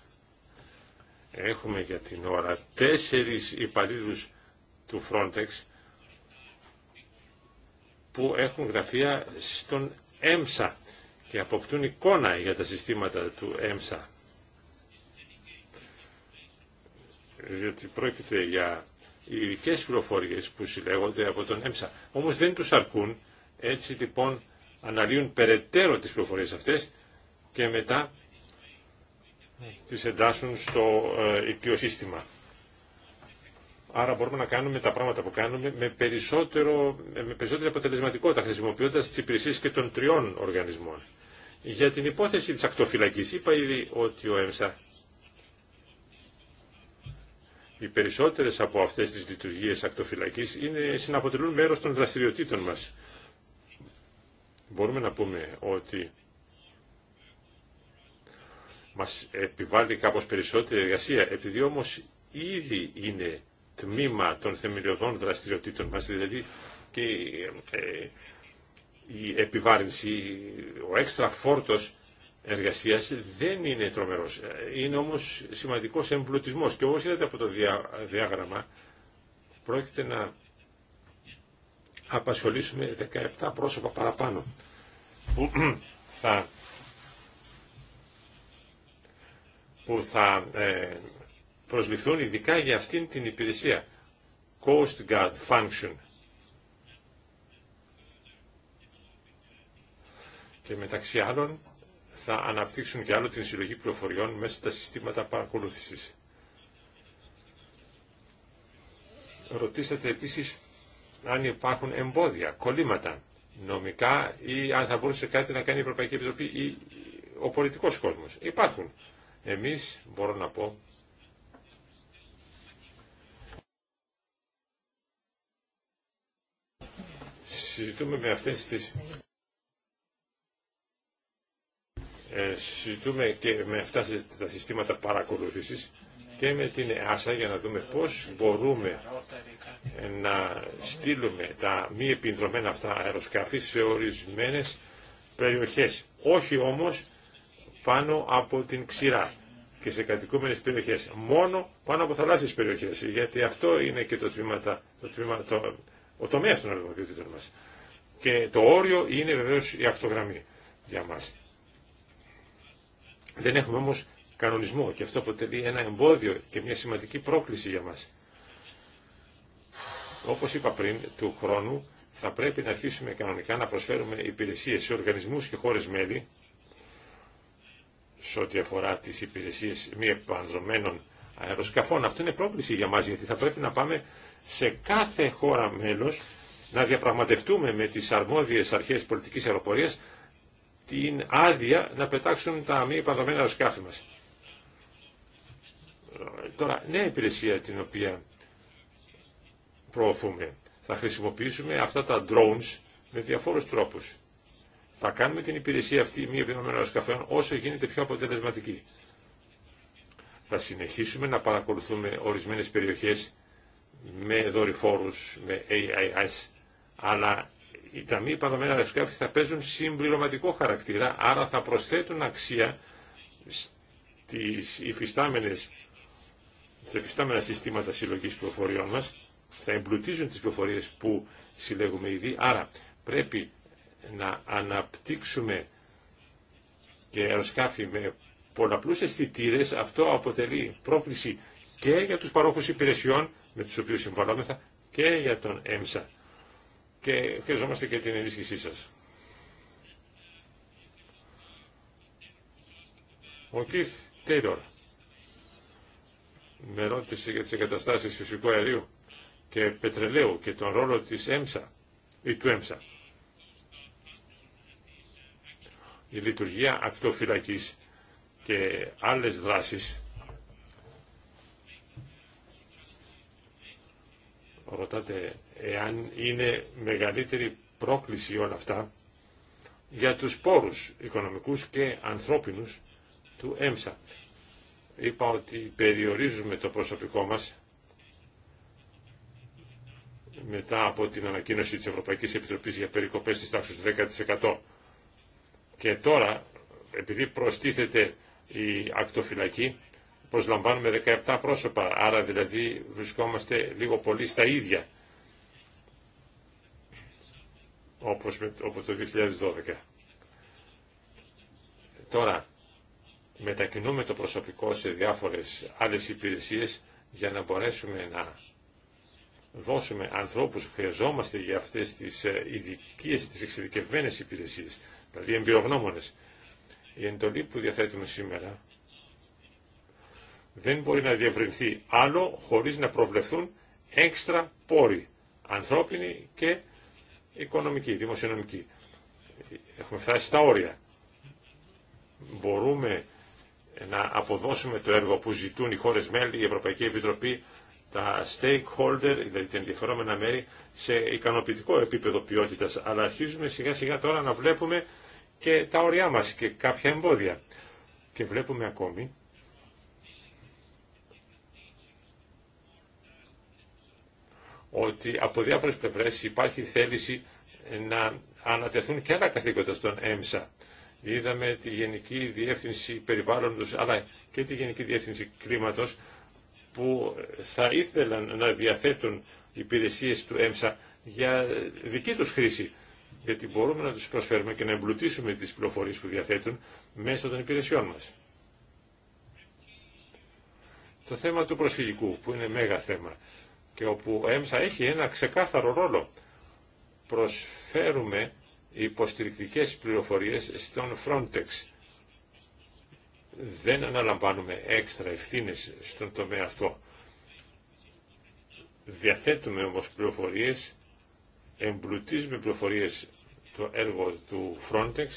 Έχουμε για την ώρα τέσσερις υπαλλήλου του Frontex που έχουν γραφεία στον ΕΜΣΑ και αποκτούν εικόνα για τα συστήματα του ΕΜΣΑ. Διότι πρόκειται για ειδικέ πληροφορίε που συλλέγονται από τον ΕΜΣΑ. Όμως δεν τους αρκούν έτσι λοιπόν αναλύουν περαιτέρω τις πληροφορίες αυτές και μετά τις εντάσσουν στο ε, οικειοσύστημα. Άρα μπορούμε να κάνουμε τα πράγματα που κάνουμε με, περισσότερο, με περισσότερη αποτελεσματικότητα χρησιμοποιώντας τις υπηρεσίες και των τριών οργανισμών. Για την υπόθεση της ακτοφυλακής είπα ήδη ότι ο ΕΜΣΑ οι περισσότερες από αυτές τις λειτουργίες ακτοφυλακής είναι, συναποτελούν μέρος των δραστηριοτήτων μας μπορούμε να πούμε ότι μας επιβάλλει κάπως περισσότερη εργασία, επειδή όμως ήδη είναι τμήμα των θεμελιωδών δραστηριοτήτων μας, δηλαδή και ε, η επιβάρυνση, ο έξτρα φόρτος εργασίας δεν είναι τρομερός. Είναι όμως σημαντικός εμπλουτισμός και όπως είδατε από το διάγραμμα, πρόκειται να απασχολήσουμε 17 πρόσωπα παραπάνω που θα, που θα ε, προσληφθούν ειδικά για αυτήν την υπηρεσία Coast Guard Function. Και μεταξύ άλλων θα αναπτύξουν και άλλο την συλλογή πληροφοριών μέσα στα συστήματα παρακολούθησης. Ρωτήσατε επίσης αν υπάρχουν εμπόδια, κολλήματα νομικά ή αν θα μπορούσε κάτι να κάνει η Ευρωπαϊκή Επιτροπή ή ο πολιτικός κόσμος. Υπάρχουν. Εμείς, μπορώ να πω, συζητούμε με αυτές τις ε, συζητούμε και με αυτά τα συστήματα παρακολούθησης και με την ΕΑΣΑ για να δούμε πώς μπορούμε να στείλουμε τα μη επιδρομένα αυτά αεροσκάφη σε ορισμένες περιοχές. Όχι όμως πάνω από την ξηρά και σε κατοικούμενες περιοχές. Μόνο πάνω από θαλάσσιες περιοχές. Γιατί αυτό είναι και το τμήμα, το τμήμα, το, ο τομέας των αρμοδιοτήτων μας. Και το όριο είναι βεβαίως η ακτογραμμή για μας. Δεν έχουμε όμως κανονισμό και αυτό αποτελεί ένα εμπόδιο και μια σημαντική πρόκληση για μας. Όπως είπα πριν, του χρόνου θα πρέπει να αρχίσουμε κανονικά να προσφέρουμε υπηρεσίες σε οργανισμούς και χώρες μέλη σε ό,τι αφορά τις υπηρεσίες μη επανδρομένων αεροσκαφών. Αυτό είναι πρόκληση για μας, γιατί θα πρέπει να πάμε σε κάθε χώρα μέλος να διαπραγματευτούμε με τις αρμόδιες αρχές πολιτικής αεροπορίας την άδεια να πετάξουν τα μη επανδρομένα αεροσκάφη μας. Τώρα, νέα υπηρεσία την οποία προωθούμε. Θα χρησιμοποιήσουμε αυτά τα drones με διαφόρους τρόπους. Θα κάνουμε την υπηρεσία αυτή μη επιδομένων αεροσκαφέων όσο γίνεται πιο αποτελεσματική. Θα συνεχίσουμε να παρακολουθούμε ορισμένες περιοχές με δορυφόρους, με AIS, αλλά τα μη επανδρομένα αεροσκάφη θα παίζουν συμπληρωματικό χαρακτήρα, άρα θα προσθέτουν αξία στις υφιστάμενες, συστήματα συλλογής προφοριών μας θα εμπλουτίζουν τις πληροφορίες που συλλέγουμε ήδη. Άρα πρέπει να αναπτύξουμε και αεροσκάφη με πολλαπλούς αισθητήρε. Αυτό αποτελεί πρόκληση και για τους παρόχους υπηρεσιών με τους οποίους συμβαλόμεθα και για τον ΕΜΣΑ. Και χρειαζόμαστε και την ενίσχυσή σας. Ο Κιθ Τέιλορ με ρώτησε για τις εγκαταστάσεις φυσικού αερίου και πετρελαίου και τον ρόλο της ΕΜΣΑ ή του ΕΜΣΑ. Η λειτουργία ακτοφυλακής και άλλες δράσεις ρωτάτε εάν είναι μεγαλύτερη πρόκληση όλα αυτά για τους πόρους οικονομικούς και ανθρώπινους του ΕΜΣΑ. Είπα ότι περιορίζουμε το προσωπικό μας μετά από την ανακοίνωση της Ευρωπαϊκής Επιτροπής για περικοπές της τάξης 10%. Και τώρα, επειδή προστίθεται η ακτοφυλακή, προσλαμβάνουμε 17 πρόσωπα, άρα δηλαδή βρισκόμαστε λίγο πολύ στα ίδια, όπως, με, όπως το 2012. Τώρα, μετακινούμε το προσωπικό σε διάφορες άλλες υπηρεσίες για να μπορέσουμε να δώσουμε ανθρώπους που χρειαζόμαστε για αυτές τις ε, ειδικέ, τις εξειδικευμένες υπηρεσίες, δηλαδή εμπειρογνώμονες. Η εντολή που διαθέτουμε σήμερα δεν μπορεί να διευρυνθεί άλλο χωρίς να προβλεφθούν έξτρα πόροι, ανθρώπινοι και οικονομικοί, δημοσιονομικοί. Έχουμε φτάσει στα όρια. Μπορούμε να αποδώσουμε το έργο που ζητούν οι χώρες μέλη, η Ευρωπαϊκή Επιτροπή, τα stakeholder, δηλαδή τα ενδιαφερόμενα μέρη, σε ικανοποιητικό επίπεδο ποιότητας. Αλλά αρχίζουμε σιγά σιγά τώρα να βλέπουμε και τα όρια μας και κάποια εμπόδια. Και βλέπουμε ακόμη ότι από διάφορες πλευρές υπάρχει θέληση να ανατεθούν και άλλα καθήκοντα στον ΕΜΣΑ. Είδαμε τη Γενική Διεύθυνση Περιβάλλοντος αλλά και τη Γενική Διεύθυνση Κλίματος που θα ήθελαν να διαθέτουν υπηρεσίες του ΕΜΣΑ για δική τους χρήση. Γιατί μπορούμε να τους προσφέρουμε και να εμπλουτίσουμε τις πληροφορίες που διαθέτουν μέσω των υπηρεσιών μας. Το θέμα του προσφυγικού, που είναι μέγα θέμα και όπου ο ΕΜΣΑ έχει ένα ξεκάθαρο ρόλο. Προσφέρουμε υποστηρικτικές πληροφορίες στον Frontex δεν αναλαμβάνουμε έξτρα ευθύνες στον τομέα αυτό. Διαθέτουμε όμως πληροφορίες, εμπλουτίζουμε πληροφορίες το έργο του Frontex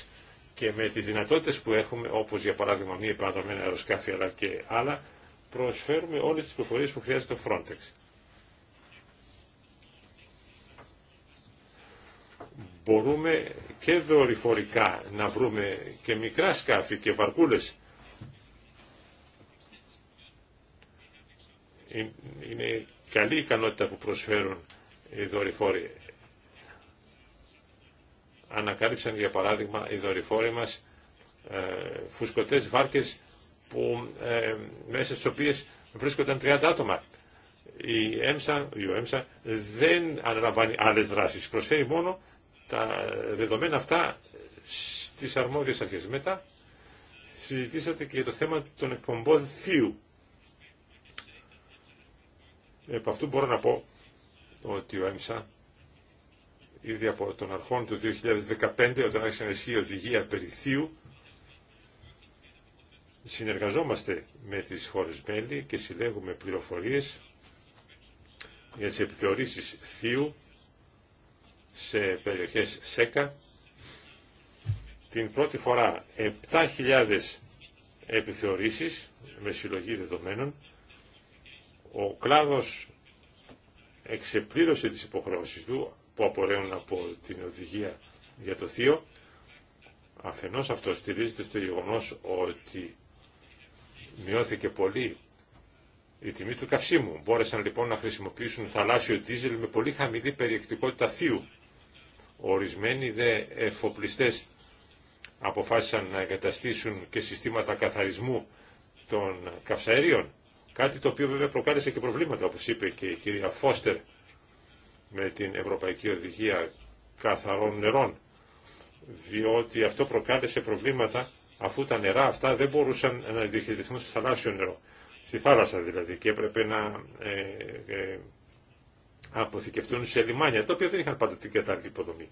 και με τις δυνατότητες που έχουμε, όπως για παράδειγμα μία επαναδομένα αεροσκάφη αλλά και άλλα, προσφέρουμε όλες τις πληροφορίες που χρειάζεται το Frontex. Μπορούμε και δορυφορικά να βρούμε και μικρά σκάφη και βαρκούλες είναι καλή ικανότητα που προσφέρουν οι δορυφόροι. Ανακάλυψαν για παράδειγμα οι δορυφόροι μας ε, φουσκωτές βάρκες που, ε, μέσα στις οποίες βρίσκονταν 30 άτομα. Η ΕΜΣΑ, η δεν αναλαμβάνει άλλες δράσεις, προσφέρει μόνο τα δεδομένα αυτά στις αρμόδιες αρχές. Μετά συζητήσατε και το θέμα των εκπομπών θείου. Επ' αυτού μπορώ να πω ότι ο ΕΜΣΑ ήδη από τον αρχών του 2015 όταν άρχισε να ισχύει η οδηγία περιθείου συνεργαζόμαστε με τις χώρες μέλη και συλλέγουμε πληροφορίες για τις επιθεωρήσεις θείου σε περιοχές ΣΕΚΑ. Την πρώτη φορά 7.000 επιθεωρήσεις με συλλογή δεδομένων ο κλάδος εξεπλήρωσε τις υποχρεώσεις του που απορρέουν από την οδηγία για το θείο. Αφενός αυτό στηρίζεται στο γεγονός ότι μειώθηκε πολύ η τιμή του καυσίμου. Μπόρεσαν λοιπόν να χρησιμοποιήσουν θαλάσσιο δίζελ με πολύ χαμηλή περιεκτικότητα θείου. Ορισμένοι δε εφοπλιστές αποφάσισαν να εγκαταστήσουν και συστήματα καθαρισμού των καυσαερίων. Κάτι το οποίο βέβαια προκάλεσε και προβλήματα, όπως είπε και η κυρία Φώστερ με την Ευρωπαϊκή Οδηγία Καθαρών Νερών, διότι αυτό προκάλεσε προβλήματα αφού τα νερά αυτά δεν μπορούσαν να διοχετηθούν στο θαλάσσιο νερό, στη θάλασσα δηλαδή, και έπρεπε να ε, ε, αποθηκευτούν σε λιμάνια, τα οποία δεν είχαν πάντα την κατάλληλη υποδομή.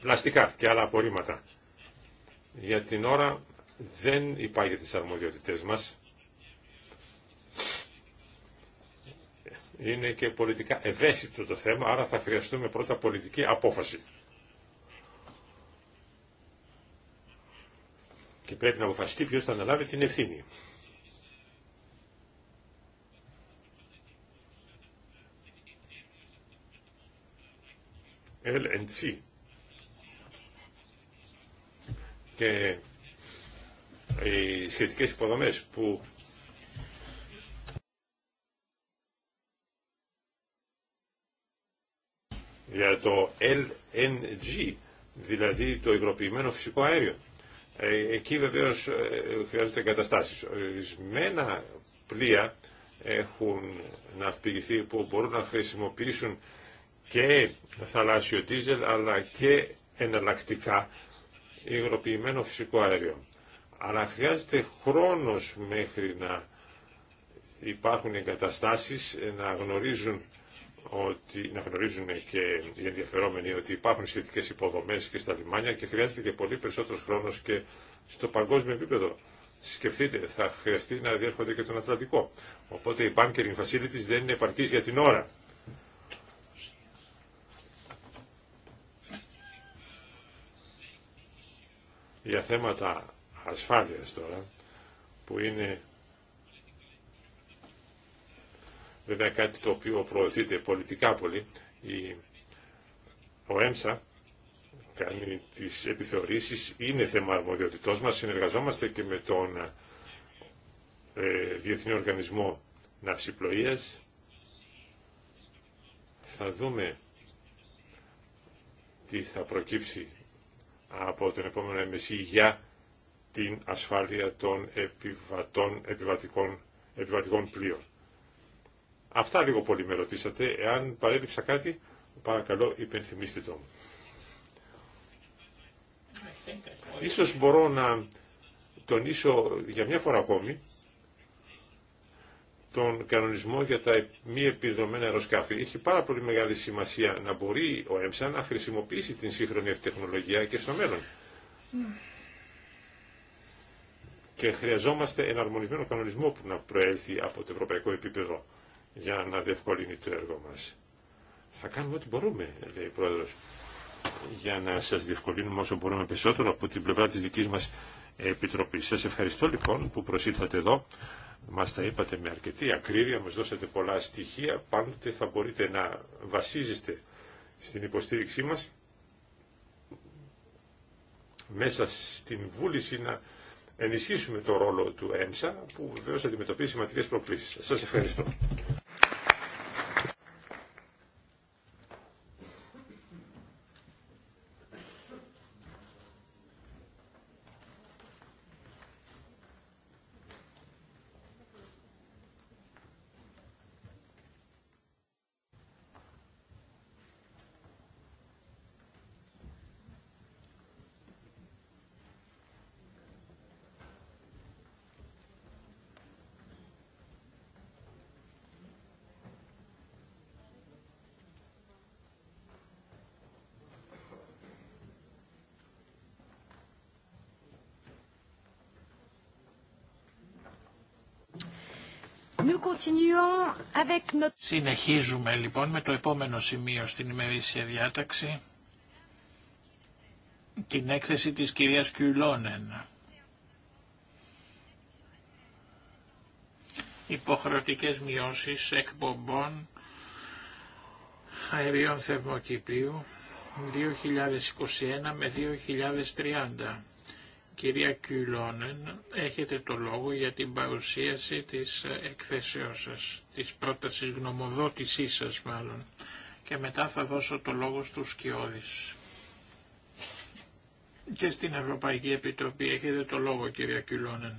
Πλαστικά και άλλα απορρίμματα. Για την ώρα δεν για τις αρμοδιότητές μας. Είναι και πολιτικά ευαίσθητο το θέμα, άρα θα χρειαστούμε πρώτα πολιτική απόφαση. Και πρέπει να αποφασιστεί ποιος θα αναλάβει την ευθύνη. LNC. Και οι σχετικές υποδομές που για το LNG, δηλαδή το υγροποιημένο φυσικό αέριο. Ε, εκεί βεβαίως ε, χρειάζονται εγκαταστάσεις. Ορισμένα πλοία έχουν να ναυπηγηθεί που μπορούν να χρησιμοποιήσουν και θαλάσσιο τίζελ αλλά και εναλλακτικά υγροποιημένο φυσικό αέριο αλλά χρειάζεται χρόνος μέχρι να υπάρχουν εγκαταστάσεις, να γνωρίζουν, ότι, να γνωρίζουν και οι ενδιαφερόμενοι ότι υπάρχουν σχετικές υποδομές και στα λιμάνια και χρειάζεται και πολύ περισσότερος χρόνος και στο παγκόσμιο επίπεδο. Σκεφτείτε, θα χρειαστεί να διέρχονται και τον Ατλαντικό. Οπότε η bunkering facilities δεν είναι επαρκής για την ώρα. Για θέματα ασφάλειας τώρα, που είναι βέβαια κάτι το οποίο προωθείται πολιτικά πολύ. Η, ο ΕΜΣΑ κάνει τις επιθεωρήσεις, είναι θέμα αρμοδιότητός μας, συνεργαζόμαστε και με τον ε, Διεθνή Οργανισμό Ναυσιπλοείας. Θα δούμε τι θα προκύψει από τον επόμενο MSC για την ασφάλεια των επιβατών, επιβατικών, επιβατικών πλοίων. Αυτά λίγο πολύ με ρωτήσατε. Εάν παρέλειψα κάτι, παρακαλώ υπενθυμίστε το μου. Ίσως μπορώ να τονίσω για μια φορά ακόμη τον κανονισμό για τα μη επιδομένα αεροσκάφη. Έχει πάρα πολύ μεγάλη σημασία να μπορεί ο ΕΜΣΑ να χρησιμοποιήσει την σύγχρονη τεχνολογία και στο μέλλον και χρειαζόμαστε εναρμονισμένο κανονισμό που να προέλθει από το ευρωπαϊκό επίπεδο για να διευκολύνει το έργο μας. Θα κάνουμε ό,τι μπορούμε, λέει ο Πρόεδρος, για να σας διευκολύνουμε όσο μπορούμε περισσότερο από την πλευρά της δικής μας Επιτροπής. Σας ευχαριστώ λοιπόν που προσήλθατε εδώ. Μας τα είπατε με αρκετή ακρίβεια, μας δώσατε πολλά στοιχεία. Πάντοτε θα μπορείτε να βασίζεστε στην υποστήριξή μας μέσα στην βούληση να ενισχύσουμε το ρόλο του ΕΜΣΑ που βεβαίω αντιμετωπίζει σημαντικέ προκλήσει. Σας ευχαριστώ. Συνεχίζουμε λοιπόν με το επόμενο σημείο στην ημερήσια διάταξη, την έκθεση της κυρίας Κιουλόνεν. Υποχρεωτικές μειώσεις εκπομπών αερίων θερμοκηπίου 2021 με 2030. Κυρία Κιουλόνεν, έχετε το λόγο για την παρουσίαση της εκθέσεώς σας, της πρότασης γνωμοδότησής σας μάλλον. Και μετά θα δώσω το λόγο στους Σκιώδης. Και στην Ευρωπαϊκή Επιτροπή έχετε το λόγο κυρία Κιουλόνεν.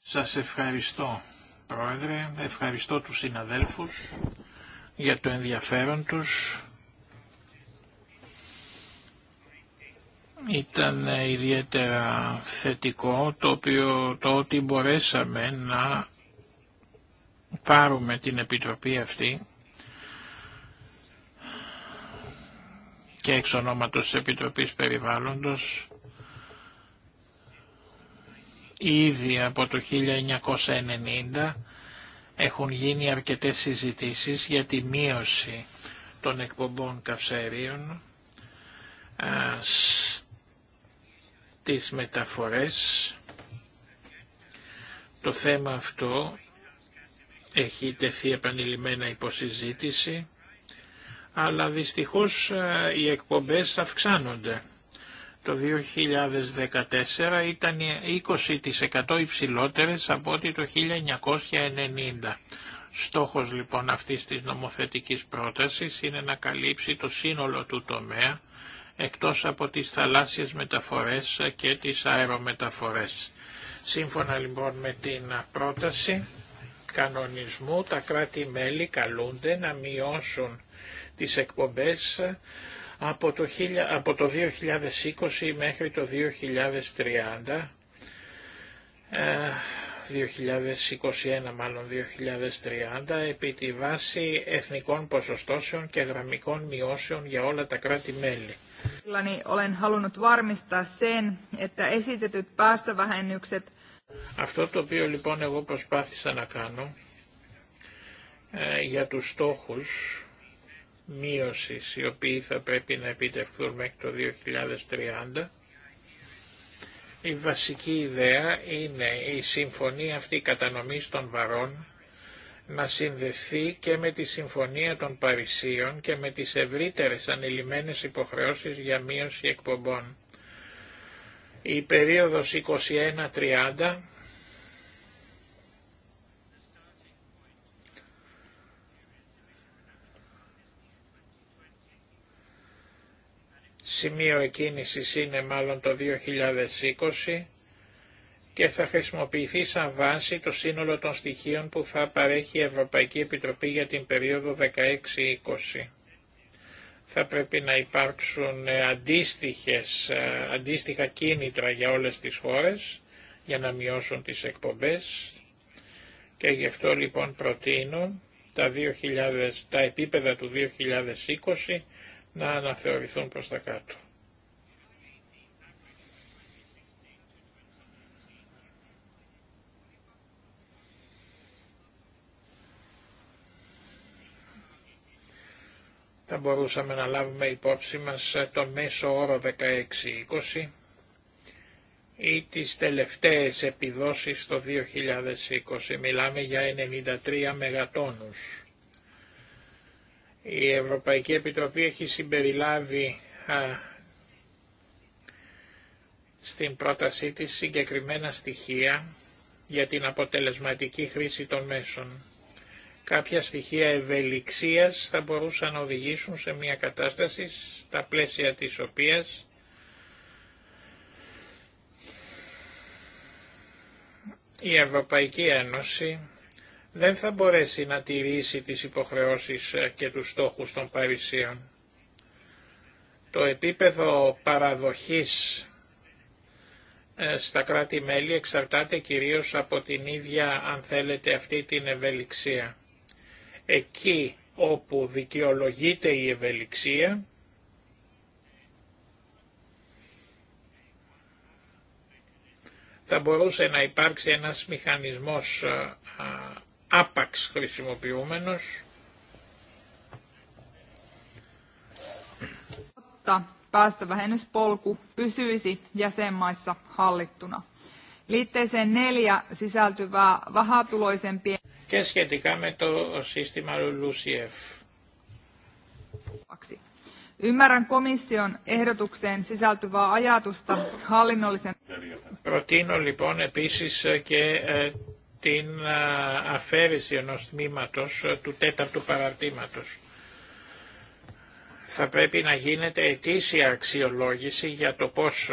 Σας ευχαριστώ Πρόεδρε, ευχαριστώ τους συναδέλφους για το ενδιαφέρον τους Ήταν ιδιαίτερα θετικό το, οποίο, το ότι μπορέσαμε να πάρουμε την Επιτροπή αυτή και εξ ονόματος Επιτροπής Περιβάλλοντος ήδη από το 1990 έχουν γίνει αρκετές συζητήσεις για τη μείωση των εκπομπών καυσαερίων ε, τις μεταφορές. Το θέμα αυτό έχει τεθεί επανειλημμένα υποσυζήτηση, αλλά δυστυχώς ε, οι εκπομπές αυξάνονται. Το 2014 ήταν 20% υψηλότερες από ό,τι το 1990. Στόχος λοιπόν αυτής της νομοθετικής πρότασης είναι να καλύψει το σύνολο του τομέα εκτός από τις θαλάσσιες μεταφορές και τις αερομεταφορές. Σύμφωνα λοιπόν με την πρόταση κανονισμού, τα κράτη-μέλη καλούνται να μειώσουν τις εκπομπές από το, από το 2020 μέχρι το 2030, 2021 ε, μάλλον 2030, επί τη βάση εθνικών ποσοστώσεων και γραμμικών μειώσεων για όλα τα κράτη-μέλη. Αυτό το οποίο λοιπόν εγώ προσπάθησα να κάνω ε, για τους στόχους μείωσης οι οποίοι θα πρέπει να επιτευχθούν μέχρι το 2030 η βασική ιδέα είναι η συμφωνία αυτή κατανομής των βαρών να συνδεθεί και με τη Συμφωνία των Παρισίων και με τις ευρύτερες ανηλυμένες υποχρεώσεις για μείωση εκπομπών. Η περίοδος 21-30 σημείο εκκίνησης είναι μάλλον το 2020 και θα χρησιμοποιηθεί σαν βάση το σύνολο των στοιχείων που θα παρέχει η Ευρωπαϊκή Επιτροπή για την περίοδο 16-20. Θα πρέπει να υπάρξουν ε, αντίστοιχες, ε, αντίστοιχα κίνητρα για όλες τις χώρες για να μειώσουν τις εκπομπές και γι' αυτό λοιπόν προτείνω τα, 2000, τα επίπεδα του 2020 να αναθεωρηθούν προς τα κάτω. θα μπορούσαμε να λάβουμε υπόψη μας ε, το μέσο όρο 16-20 ή τις τελευταίες επιδόσεις το 2020. Μιλάμε για 93 μεγατόνους. Η Ευρωπαϊκή Επιτροπή έχει συμπεριλάβει στην πρότασή της συγκεκριμένα στοιχεία για την αποτελεσματική χρήση των μέσων κάποια στοιχεία ευελιξίας θα μπορούσαν να οδηγήσουν σε μια κατάσταση στα πλαίσια της οποίας η Ευρωπαϊκή Ένωση δεν θα μπορέσει να τηρήσει τις υποχρεώσεις ε, και τους στόχους των Παρισίων. Το επίπεδο παραδοχής ε, στα κράτη-μέλη εξαρτάται κυρίως από την ίδια, αν θέλετε, αυτή την ευελιξία εκεί όπου δικαιολογείται η ευελιξία θα μπορούσε να υπάρξει ένας μηχανισμός άπαξ χρησιμοποιούμενος päästövähennyspolku pysyisi jäsenmaissa hallittuna. Liitteeseen neljä sisältyvää vahatuloisempia. Και tuo systeema Lusiev. Ymmärrän komission ehdotukseen sisältyvää ajatusta hallinnollisen... Προτείνω lipone pisis ke την αφαίρεση ενός τμήματος του τέταρτου παραρτήματος θα πρέπει να γίνεται ετήσια αξιολόγηση για το πώς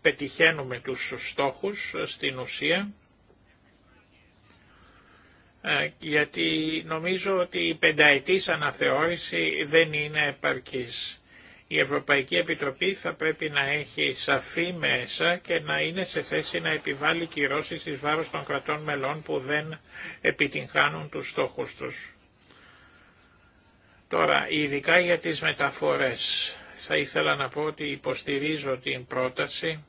πετυχαίνουμε τους στόχους στην ουσία γιατί νομίζω ότι η πενταετής αναθεώρηση δεν είναι επαρκής. Η Ευρωπαϊκή Επιτροπή θα πρέπει να έχει σαφή μέσα και να είναι σε θέση να επιβάλλει κυρώσεις εις βάρος των κρατών μελών που δεν επιτυγχάνουν τους στόχους τους. Τώρα, ειδικά για τις μεταφορές, θα ήθελα να πω ότι υποστηρίζω την πρόταση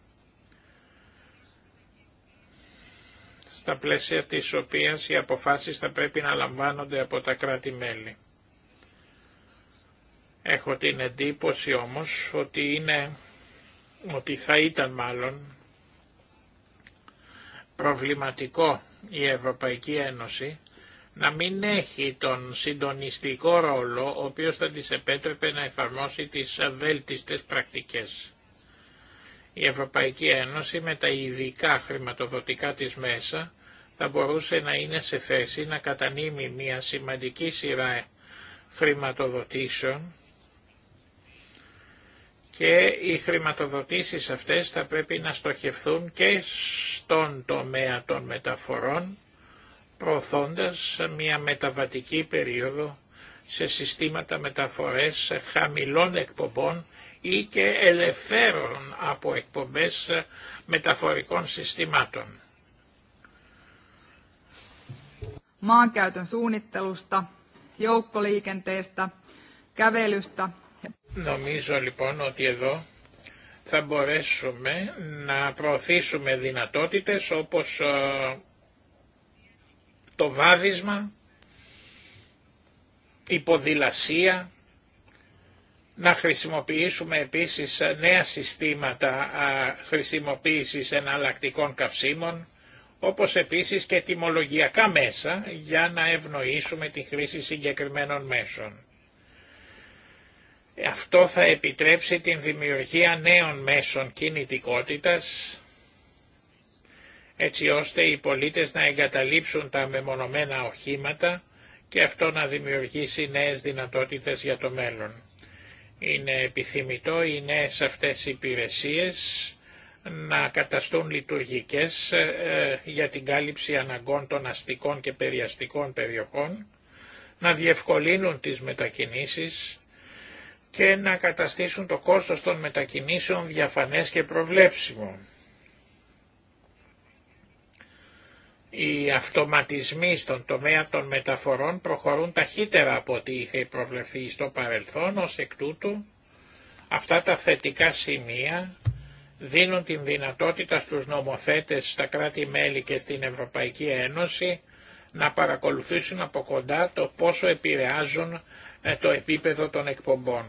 στα πλαίσια της οποίας οι αποφάσεις θα πρέπει να λαμβάνονται από τα κράτη-μέλη. Έχω την εντύπωση όμως ότι είναι, ότι θα ήταν μάλλον προβληματικό η Ευρωπαϊκή Ένωση να μην έχει τον συντονιστικό ρόλο ο οποίος θα της επέτρεπε να εφαρμόσει τις βέλτιστες πρακτικές. Η Ευρωπαϊκή Ένωση με τα ειδικά χρηματοδοτικά της μέσα θα μπορούσε να είναι σε θέση να κατανείμει μια σημαντική σειρά χρηματοδοτήσεων και οι χρηματοδοτήσεις αυτές θα πρέπει να στοχευθούν και στον τομέα των μεταφορών προωθώντας μια μεταβατική περίοδο σε συστήματα μεταφορές χαμηλών εκπομπών ή και ελευθέρων από εκπομπές μεταφορικών συστημάτων. suunnittelusta, Νομίζω λοιπόν ότι εδώ θα μπορέσουμε να προωθήσουμε δυνατότητες όπως ε, το βάδισμα, η ποδηλασία, να χρησιμοποιήσουμε επίσης νέα συστήματα χρησιμοποίησης εναλλακτικών καυσίμων, όπως επίσης και τιμολογιακά μέσα για να ευνοήσουμε τη χρήση συγκεκριμένων μέσων. Αυτό θα επιτρέψει την δημιουργία νέων μέσων κινητικότητας, έτσι ώστε οι πολίτες να εγκαταλείψουν τα μεμονωμένα οχήματα και αυτό να δημιουργήσει νέες δυνατότητες για το μέλλον. Είναι επιθυμητό οι νέες αυτές υπηρεσίες να καταστούν λειτουργικές ε, για την κάλυψη αναγκών των αστικών και περιαστικών περιοχών, να διευκολύνουν τις μετακινήσεις και να καταστήσουν το κόστος των μετακινήσεων διαφανές και προβλέψιμο. Οι αυτοματισμοί στον τομέα των μεταφορών προχωρούν ταχύτερα από ό,τι είχε προβλεφθεί στο παρελθόν, ως εκ τούτου αυτά τα θετικά σημεία δίνουν την δυνατότητα στους νομοθέτες στα κράτη-μέλη και στην Ευρωπαϊκή Ένωση να παρακολουθήσουν από κοντά το πόσο επηρεάζουν ε, το επίπεδο των εκπομπών.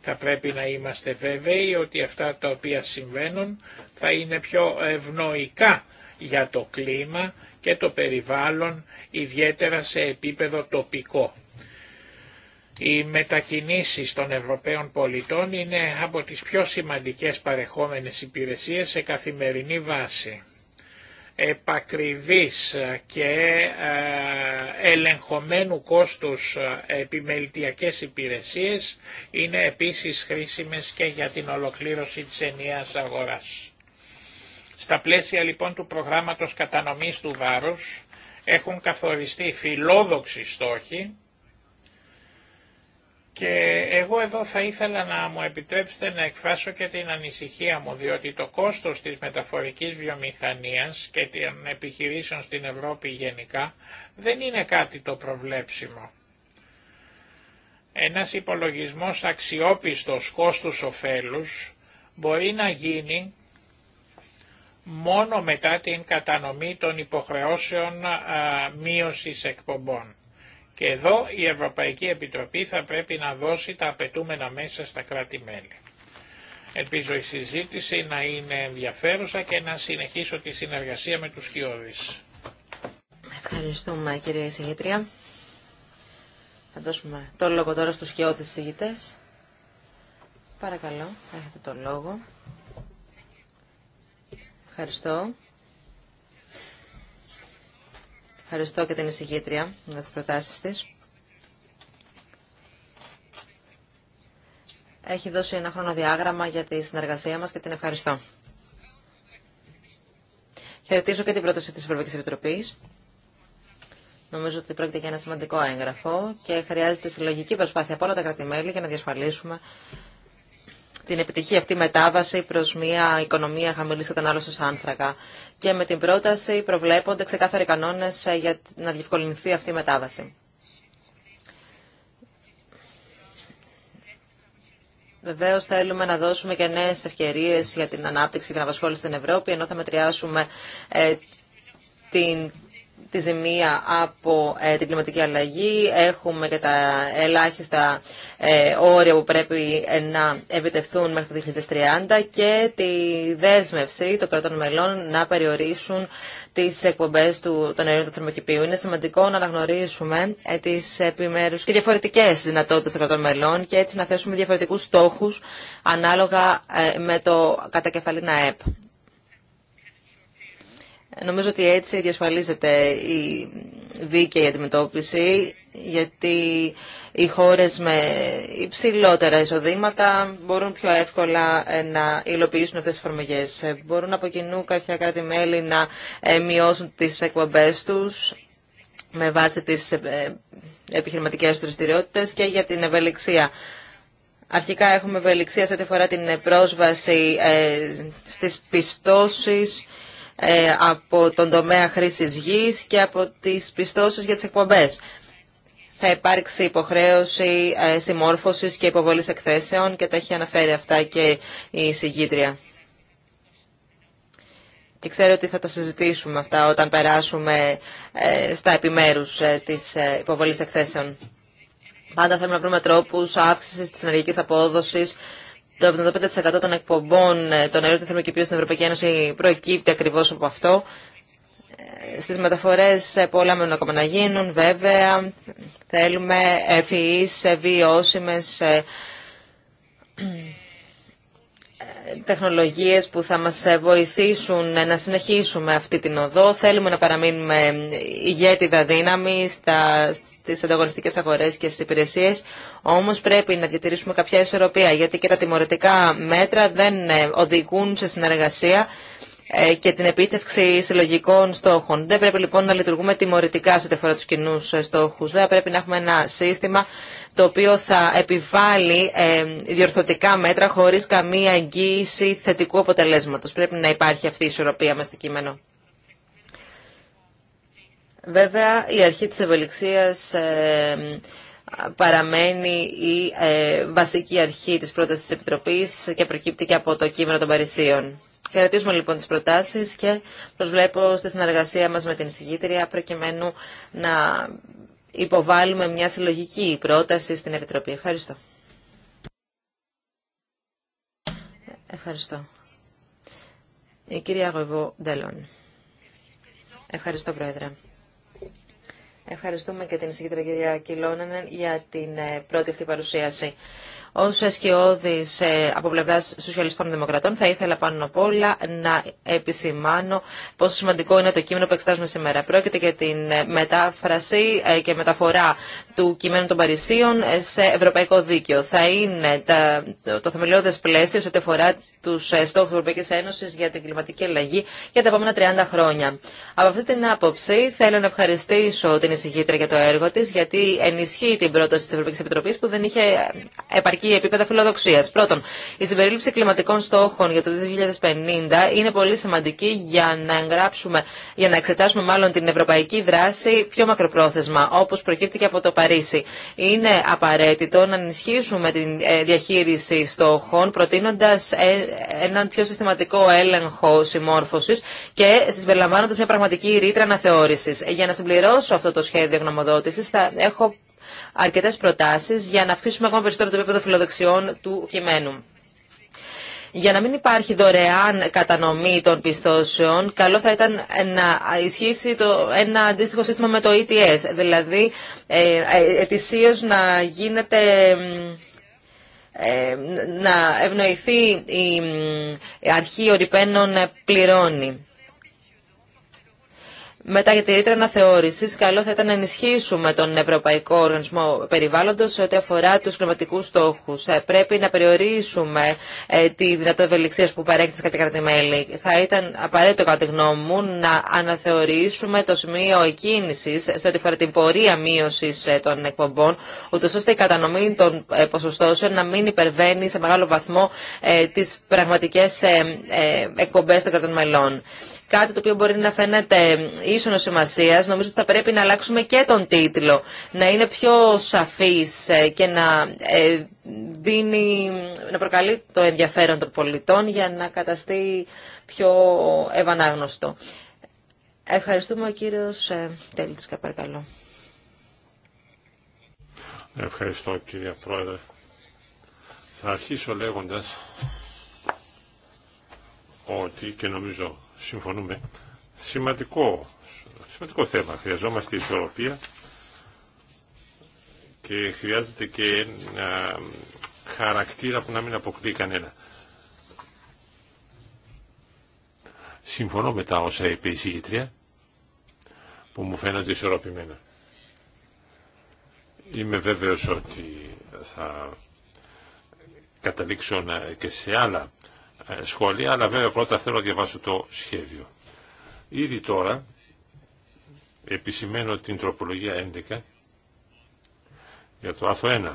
Θα πρέπει να είμαστε βέβαιοι ότι αυτά τα οποία συμβαίνουν θα είναι πιο ευνοϊκά για το κλίμα και το περιβάλλον ιδιαίτερα σε επίπεδο τοπικό. Οι μετακινήσεις των Ευρωπαίων πολιτών είναι από τις πιο σημαντικές παρεχόμενες υπηρεσίες σε καθημερινή βάση. Επακριβής και ε, ελεγχομένου κόστους ε, επιμελητιακές υπηρεσίες είναι επίσης χρήσιμες και για την ολοκλήρωση της ενιαίας αγοράς. Στα πλαίσια λοιπόν του προγράμματος κατανομής του βάρους έχουν καθοριστεί φιλόδοξοι στόχοι και εγώ εδώ θα ήθελα να μου επιτρέψετε να εκφράσω και την ανησυχία μου, διότι το κόστος της μεταφορικής βιομηχανίας και των επιχειρήσεων στην Ευρώπη γενικά δεν είναι κάτι το προβλέψιμο. Ένας υπολογισμός αξιόπιστος ωφέλους μπορεί να γίνει μόνο μετά την κατανομή των υποχρεώσεων μείωσης εκπομπών. Και εδώ η Ευρωπαϊκή Επιτροπή θα πρέπει να δώσει τα απαιτούμενα μέσα στα κράτη-μέλη. Ελπίζω η συζήτηση να είναι ενδιαφέρουσα και να συνεχίσω τη συνεργασία με τους Κιώδης. Ευχαριστούμε κυρία εισηγητρία. Θα δώσουμε το λόγο τώρα στους Κιώδης συζητητές. Παρακαλώ, έχετε το λόγο. Ευχαριστώ. Ευχαριστώ και την εισηγήτρια για τις προτάσεις της. Έχει δώσει ένα χρονοδιάγραμμα για τη συνεργασία μας και την ευχαριστώ. Χαιρετίζω και την πρόταση της Ευρωπαϊκής Επιτροπής. Νομίζω ότι πρόκειται για ένα σημαντικό έγγραφο και χρειάζεται συλλογική προσπάθεια από όλα τα κρατημέλη για να διασφαλίσουμε την επιτυχή αυτή μετάβαση προς μια οικονομία χαμηλή κατανάλωση άνθρακα. Και με την πρόταση προβλέπονται ξεκάθαροι κανόνε ε, για να διευκολυνθεί αυτή η μετάβαση. Βεβαίω θέλουμε να δώσουμε και νέε ευκαιρίε για την ανάπτυξη και την απασχόληση στην Ευρώπη, ενώ θα μετριάσουμε ε, την τη ζημία από ε, την κλιματική αλλαγή, έχουμε και τα ελάχιστα ε, όρια που πρέπει ε, να επιτευθούν μέχρι το 2030 και τη δέσμευση των κρατών μελών να περιορίσουν τις εκπομπές του, των αερίων του θερμοκηπίου. Είναι σημαντικό να αναγνωρίσουμε τις επιμέρους και διαφορετικές δυνατότητες των κρατών μελών και έτσι να θέσουμε διαφορετικούς στόχους ανάλογα με το κατακεφαλήν ΑΕΠ. Νομίζω ότι έτσι διασφαλίζεται η δίκαιη αντιμετώπιση, γιατί οι χώρες με υψηλότερα εισοδήματα μπορούν πιο εύκολα ε, να υλοποιήσουν αυτές τις εφαρμογές. Μπορούν από κοινού κάποια κράτη-μέλη να ε, μειώσουν τις εκπομπές τους με βάση τις ε, επιχειρηματικές δραστηριότητε και για την ευελιξία. Αρχικά έχουμε ευελιξία σε ό,τι αφορά την πρόσβαση στις πιστώσεις, ε, από τον τομέα χρήσης γης και από τις πιστώσεις για τις εκπομπές. Θα υπάρξει υποχρέωση ε, συμμόρφωσης και υποβολής εκθέσεων και τα έχει αναφέρει αυτά και η συγκίτρια. Και ξέρω ότι θα τα συζητήσουμε αυτά όταν περάσουμε ε, στα επιμέρους της υποβολής εκθέσεων. Πάντα θέλουμε να βρούμε τρόπους αύξησης της ενεργικής απόδοσης το 75% των εκπομπών ε, των αερίων του στην Ευρωπαϊκή Ένωση προκύπτει ακριβώ από αυτό. Ε, Στι μεταφορέ ε, πολλά μένουν ακόμα να γίνουν, βέβαια. Θέλουμε ευφυείς, βιώσιμε τεχνολογίες που θα μας ε, βοηθήσουν ε, να συνεχίσουμε αυτή την οδό. Θέλουμε να παραμείνουμε ε, ηγέτιδα δύναμη στα, στις ανταγωνιστικές αγορές και στις υπηρεσίες, όμως πρέπει να διατηρήσουμε κάποια ισορροπία, γιατί και τα τιμωρητικά μέτρα δεν οδηγούν σε συνεργασία ε, και την επίτευξη συλλογικών στόχων. Δεν πρέπει λοιπόν να λειτουργούμε τιμωρητικά σε τεφορά του κοινού ε, στόχου. Δεν πρέπει να έχουμε ένα σύστημα το οποίο θα επιβάλλει ε, διορθωτικά μέτρα χωρί καμία εγγύηση θετικού αποτελέσματο. Πρέπει να υπάρχει αυτή η ισορροπία μέσα στο κείμενο. Βέβαια, η αρχή της ευελιξίας παραμένει η βασική αρχή της πρότασης της Επιτροπής και προκύπτει και από το κείμενο των Παρισίων. Χαιρετίζουμε λοιπόν τις προτάσεις και προσβλέπω στη συνεργασία μας με την εισηγήτρια προκειμένου να υποβάλουμε μια συλλογική πρόταση στην Επιτροπή. Ευχαριστώ. Ευχαριστώ. Η κυρία Γοηβό Ντελόν. Ευχαριστώ, Πρόεδρε. Ευχαριστούμε και την εισηγήτρια κυρία Κιλόνανεν για την ε, πρώτη αυτή παρουσίαση. Ως ασκιώδης ε, από πλευράς σοσιαλιστών δημοκρατών θα ήθελα πάνω απ' όλα να επισημάνω πόσο σημαντικό είναι το κείμενο που εξετάζουμε σήμερα. Πρόκειται για την ε, μετάφραση ε, και μεταφορά του κειμένου των Παρισίων σε ευρωπαϊκό δίκαιο. Θα είναι το θεμελιώδες πλαίσιο σε ό,τι αφορά του ε, στόχου της Ευρωπαϊκής Ένωσης για την κλιματική αλλαγή για τα επόμενα 30 χρόνια. Από αυτή την άποψη θέλω να ευχαριστήσω την εισηγήτρια για το έργο τη, γιατί ενισχύει την πρόταση τη Ευρωπαϊκή Επιτροπή που δεν είχε επαρκή επίπεδα φιλοδοξία. Πρώτον, η συμπερίληψη κλιματικών στόχων για το 2050 είναι πολύ σημαντική για να εγγράψουμε, για να εξετάσουμε μάλλον την ευρωπαϊκή δράση πιο μακροπρόθεσμα όπω προκύπτει και από το Παρίσι. Είναι απαραίτητο να ενισχύσουμε την ε, διαχείριση στόχων προτείνοντα ε, έναν πιο συστηματικό έλεγχο συμμόρφωση και συμπεριλαμβάνοντα μια πραγματική ρήτρα αναθεώρηση. Για να συμπληρώσω αυτό το σχέδιο γνωμοδότησης θα έχω αρκετές προτάσεις για να αυξήσουμε ακόμα περισσότερο το επίπεδο φιλοδοξιών του κειμένου. Για να μην υπάρχει δωρεάν κατανομή των πιστώσεων, καλό θα ήταν να ισχύσει το, ένα αντίστοιχο σύστημα με το ETS, δηλαδή ε, ε, ετησίως να γίνεται... Ε, να ευνοηθεί η αρχή ορυπαίνων πληρώνει. Μετά για τη ρήτρα αναθεώρηση, καλό θα ήταν να ενισχύσουμε τον Ευρωπαϊκό Οργανισμό Περιβάλλοντο σε ό,τι αφορά του κλιματικού στόχου. Ε, πρέπει να περιορίσουμε ε, τη δυνατότητα ευελιξία που παρέχεται σε κάποια κρατη κράτη-μέλη. Θα ήταν απαραίτητο, κατά τη γνώμη μου, να αναθεωρήσουμε το σημείο εκκίνηση σε ό,τι αφορά την πορεία μείωση ε, των εκπομπών, ούτω ώστε η κατανομή των ποσοστώσεων να μην υπερβαίνει σε μεγάλο βαθμό τι πραγματικέ εκπομπέ των κρατών μελών κάτι το οποίο μπορεί να φαίνεται ίσονο σημασία, νομίζω ότι θα πρέπει να αλλάξουμε και τον τίτλο. Να είναι πιο σαφή ε, και να, ε, δίνει, να προκαλεί το ενδιαφέρον των πολιτών για να καταστεί πιο ευανάγνωστο. Ευχαριστούμε ο κύριος ε, Τέλτσικα, παρακαλώ. Ευχαριστώ κύριε Πρόεδρε. Θα αρχίσω λέγοντας ότι και νομίζω συμφωνούμε. Σημαντικό, σημαντικό θέμα. Χρειαζόμαστε ισορροπία και χρειάζεται και ένα χαρακτήρα που να μην αποκλεί κανένα. Συμφωνώ με τα όσα είπε η συγκητρία που μου φαίνονται ισορροπημένα. Είμαι βέβαιος ότι θα καταλήξω και σε άλλα ε, σχόλια, αλλά βέβαια πρώτα θέλω να διαβάσω το σχέδιο. Ήδη τώρα επισημαίνω την τροπολογία 11 για το άθο 1,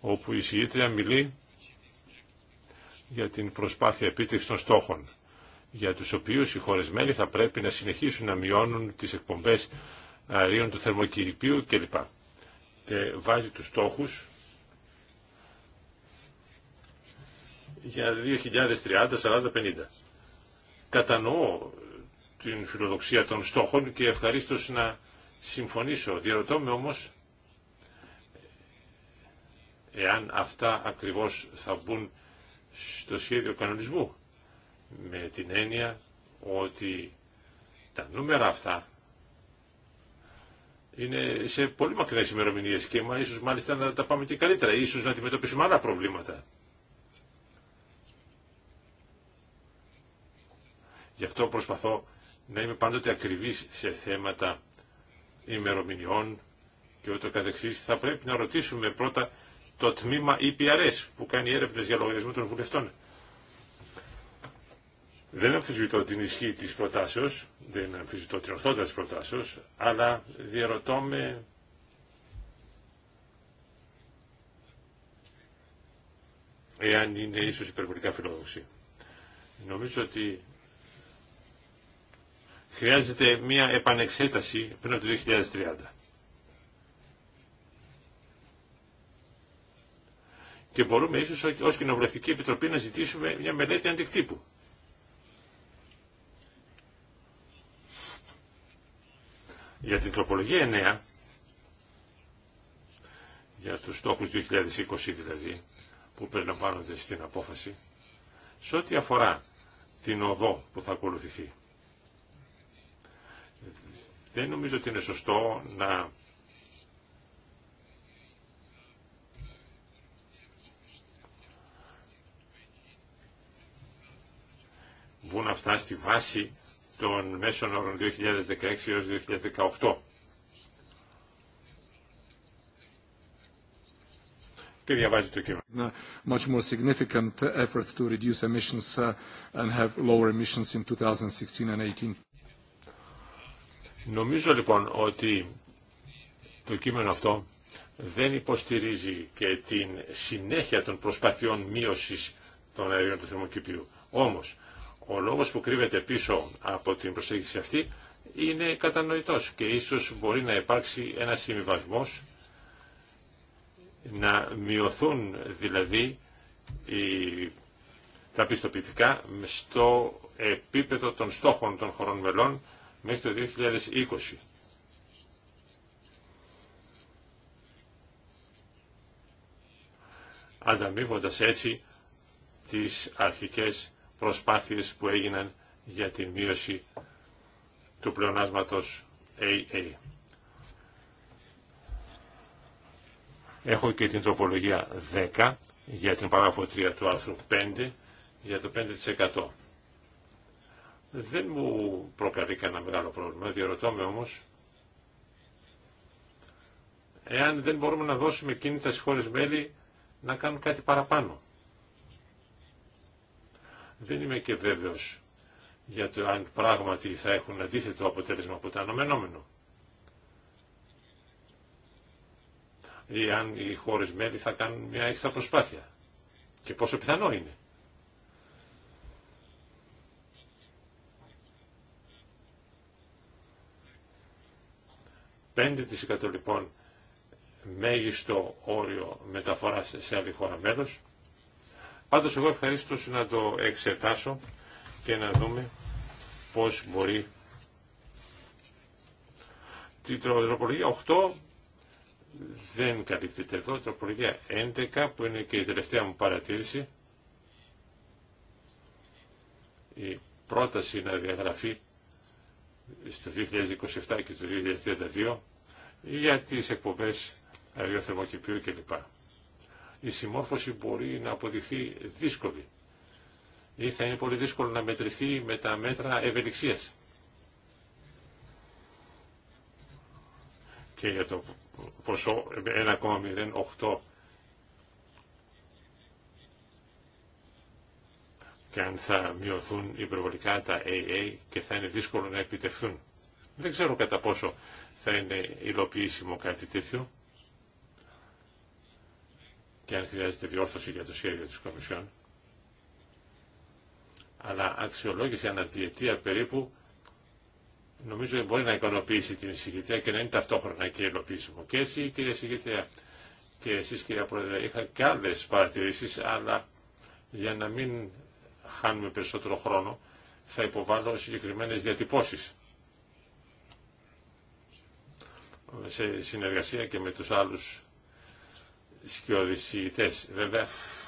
όπου η συγγήτρια μιλεί για την προσπάθεια επίτευξης των στόχων, για τους οποίους οι χωρισμένοι θα πρέπει να συνεχίσουν να μειώνουν τις εκπομπές αερίων του θερμοκηρυπίου κλπ. Και βάζει τους στόχους για 2030, 40, 50. Κατανοώ την φιλοδοξία των στόχων και ευχαρίστως να συμφωνήσω. Διερωτώ με όμως εάν αυτά ακριβώς θα μπουν στο σχέδιο κανονισμού με την έννοια ότι τα νούμερα αυτά είναι σε πολύ μακρινές ημερομηνίε και μα ίσως μάλιστα να τα πάμε και καλύτερα, ίσως να αντιμετωπίσουμε άλλα προβλήματα. Γι' αυτό προσπαθώ να είμαι πάντοτε ακριβής σε θέματα ημερομηνιών και ούτω καθεξής. Θα πρέπει να ρωτήσουμε πρώτα το τμήμα EPRS που κάνει έρευνες για λογαριασμό των βουλευτών. Δεν αμφισβητώ την ισχύ της προτάσεως, δεν αμφισβητώ την ορθότητα της προτάσεως, αλλά διαρωτώ με εάν είναι ίσως υπερβολικά φιλόδοξη. Νομίζω ότι χρειάζεται μια επανεξέταση πριν από το 2030. Και μπορούμε ίσως ως Κοινοβουλευτική Επιτροπή να ζητήσουμε μια μελέτη αντικτύπου. Για την τροπολογία 9, για τους στόχους 2020 δηλαδή, που περιλαμβάνονται στην απόφαση, σε ό,τι αφορά την οδό που θα ακολουθηθεί. Δεν νομίζω ότι είναι σωστό να μπουν αυτά στη βάση των μέσων όρων 2016 έως 2018. Και διαβάζει το κείμενο. Much more significant efforts to reduce emissions uh, and have lower emissions in 2016 and 18. Νομίζω λοιπόν ότι το κείμενο αυτό δεν υποστηρίζει και την συνέχεια των προσπαθειών μείωσης των αερίων του θερμοκηπίου. Όμως, ο λόγος που κρύβεται πίσω από την προσέγγιση αυτή είναι κατανοητός και ίσως μπορεί να υπάρξει ένα συμβιβασμός να μειωθούν δηλαδή οι, τα πιστοποιητικά στο επίπεδο των στόχων των χωρών μελών μέχρι το 2020. ανταμείβοντας έτσι τις αρχικές προσπάθειες που έγιναν για τη μείωση του πλεονάσματος AA. Έχω και την τροπολογία 10 για την παράγραφο 3 του άρθρου 5 για το 5% δεν μου προκαλεί κανένα μεγάλο πρόβλημα. Διαρωτώ με όμως, εάν δεν μπορούμε να δώσουμε κίνητα στι χώρε μέλη να κάνουν κάτι παραπάνω. Δεν είμαι και βέβαιος για το αν πράγματι θα έχουν αντίθετο αποτέλεσμα από το αναμενόμενο. Ή αν οι χώρες μέλη θα κάνουν μια έξτρα προσπάθεια. Και πόσο πιθανό είναι. 5% λοιπόν μέγιστο όριο μεταφοράς σε άλλη χώρα μέλος. Πάντως εγώ ευχαρίστω να το εξετάσω και να δούμε πώς μπορεί. Την τροπολογία 8 δεν καλύπτεται εδώ, τροπολογία 11 που είναι και η τελευταία μου παρατήρηση. Η πρόταση να διαγραφεί στο 2027 και το 2032 για τις εκπομπές αερίου θερμοκηπίου κλπ. Η συμμόρφωση μπορεί να αποδειχθεί δύσκολη ή θα είναι πολύ δύσκολο να μετρηθεί με τα μέτρα ευελιξίας. Και για το ποσό 1,08 και αν θα μειωθούν υπερβολικά τα AA και θα είναι δύσκολο να επιτευχθούν. Δεν ξέρω κατά πόσο θα είναι υλοποιήσιμο κάτι τέτοιο και αν χρειάζεται διόρθωση για το σχέδιο της Κομισιόν. Αλλά αξιολόγηση αναδιαιτία περίπου νομίζω μπορεί να ικανοποιήσει την εισηγητέα και να είναι ταυτόχρονα και υλοποιήσιμο. Και εσύ κυρία εισηγητέα και εσείς κυρία Πρόεδρε είχα και άλλες παρατηρήσεις αλλά για να μην χάνουμε περισσότερο χρόνο, θα υποβάλω συγκεκριμένες διατυπώσεις σε συνεργασία και με τους άλλους σκιοδησιητές. Βέβαια,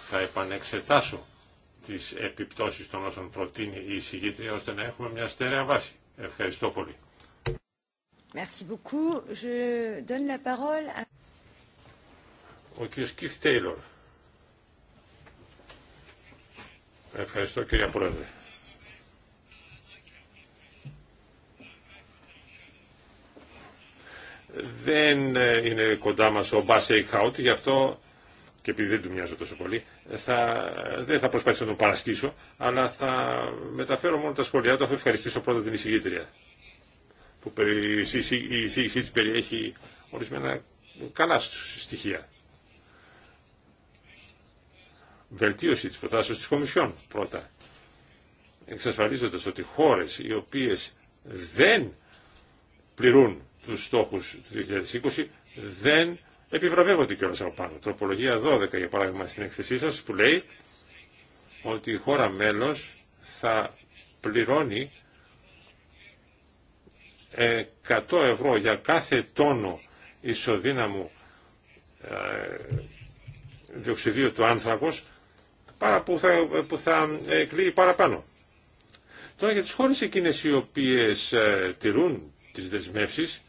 θα επανεξετάσω τις επιπτώσεις των όσων προτείνει η εισηγήτρια, ώστε να έχουμε μια στέρεα βάση. Ευχαριστώ πολύ. Ο κ. Κιφ Ευχαριστώ κύριε Πρόεδρε. Δεν ε, είναι κοντά μας ο Μπάς Χάουτ, γι' αυτό και επειδή δεν του μοιάζω τόσο πολύ, θα, δεν θα προσπαθήσω να τον παραστήσω, αλλά θα μεταφέρω μόνο τα σχόλιά του, αφού ευχαριστήσω πρώτα την εισηγήτρια, που η εισήγησή της περιέχει ορισμένα καλά στοιχεία βελτίωση της προτάσεως της Κομισιόν πρώτα, εξασφαλίζοντας ότι χώρες οι οποίες δεν πληρούν τους στόχους του 2020 δεν επιβραβεύονται κιόλας από πάνω. Τροπολογία 12 για παράδειγμα στην έκθεσή σας που λέει ότι η χώρα μέλος θα πληρώνει 100 ευρώ για κάθε τόνο ισοδύναμου ε, διοξιδίου του άνθρακος πάρα που θα, που θα ε, παραπάνω. Τώρα για τις χώρες εκείνες οι οποίες ε, τηρούν τις δεσμεύσεις,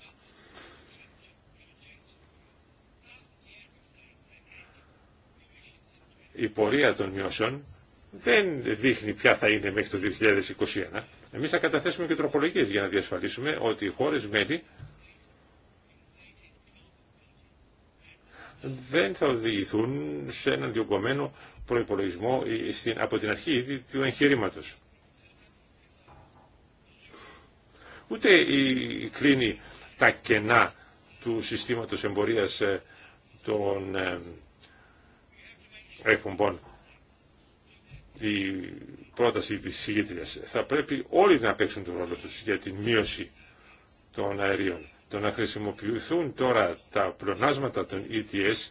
η πορεία των μειώσεων δεν δείχνει ποια θα είναι μέχρι το 2021. Εμείς θα καταθέσουμε και τροπολογίες για να διασφαλίσουμε ότι οι χώρες μέλη δεν θα οδηγηθούν σε έναν διωγγωμένο Προπολογισμό ε, από την αρχή ήδη του εγχειρήματο. Ούτε η κλείνει τα κενά του συστήματος εμπορίας ε, των ε, εκπομπών η πρόταση της συγκεκριάς. Θα πρέπει όλοι να παίξουν τον ρόλο τους για την μείωση των αερίων. Το να χρησιμοποιηθούν τώρα τα πλονάσματα των ETS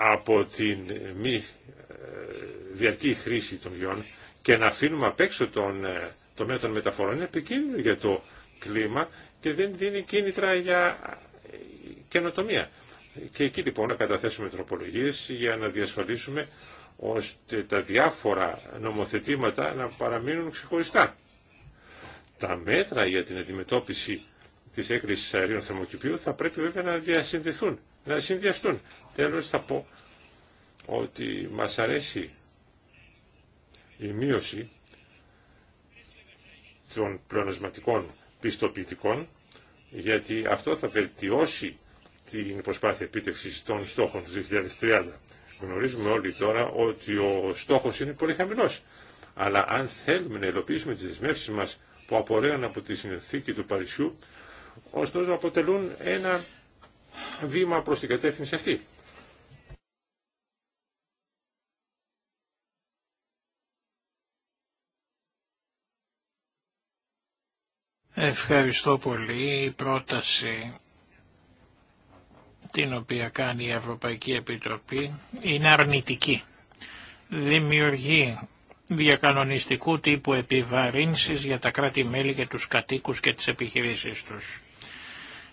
από την ε, μη ε, διαρκή χρήση των γιών και να αφήνουμε απ' έξω τον ε, το των μεταφορών είναι επικίνδυνο για το κλίμα και δεν δίνει κίνητρα για καινοτομία. Και εκεί λοιπόν να καταθέσουμε τροπολογίες για να διασφαλίσουμε ώστε τα διάφορα νομοθετήματα να παραμείνουν ξεχωριστά. Τα μέτρα για την αντιμετώπιση της έκρησης αερίων θερμοκηπίου θα πρέπει βέβαια να διασυνδεθούν να συνδυαστούν. Τέλος θα πω ότι μας αρέσει η μείωση των πλεονασματικών πιστοποιητικών γιατί αυτό θα βελτιώσει την προσπάθεια επίτευξης των στόχων του 2030. Γνωρίζουμε όλοι τώρα ότι ο στόχος είναι πολύ χαμηλός. Αλλά αν θέλουμε να υλοποιήσουμε τις δεσμεύσεις μας που απορρέαν από τη συνθήκη του Παρισιού, ωστόσο αποτελούν ένα βήμα προς την κατεύθυνση αυτή. Ευχαριστώ πολύ. Η πρόταση την οποία κάνει η Ευρωπαϊκή Επιτροπή είναι αρνητική. Δημιουργεί διακανονιστικού τύπου επιβαρύνσεις για τα κράτη-μέλη και τους κατοίκους και τις επιχειρήσεις τους.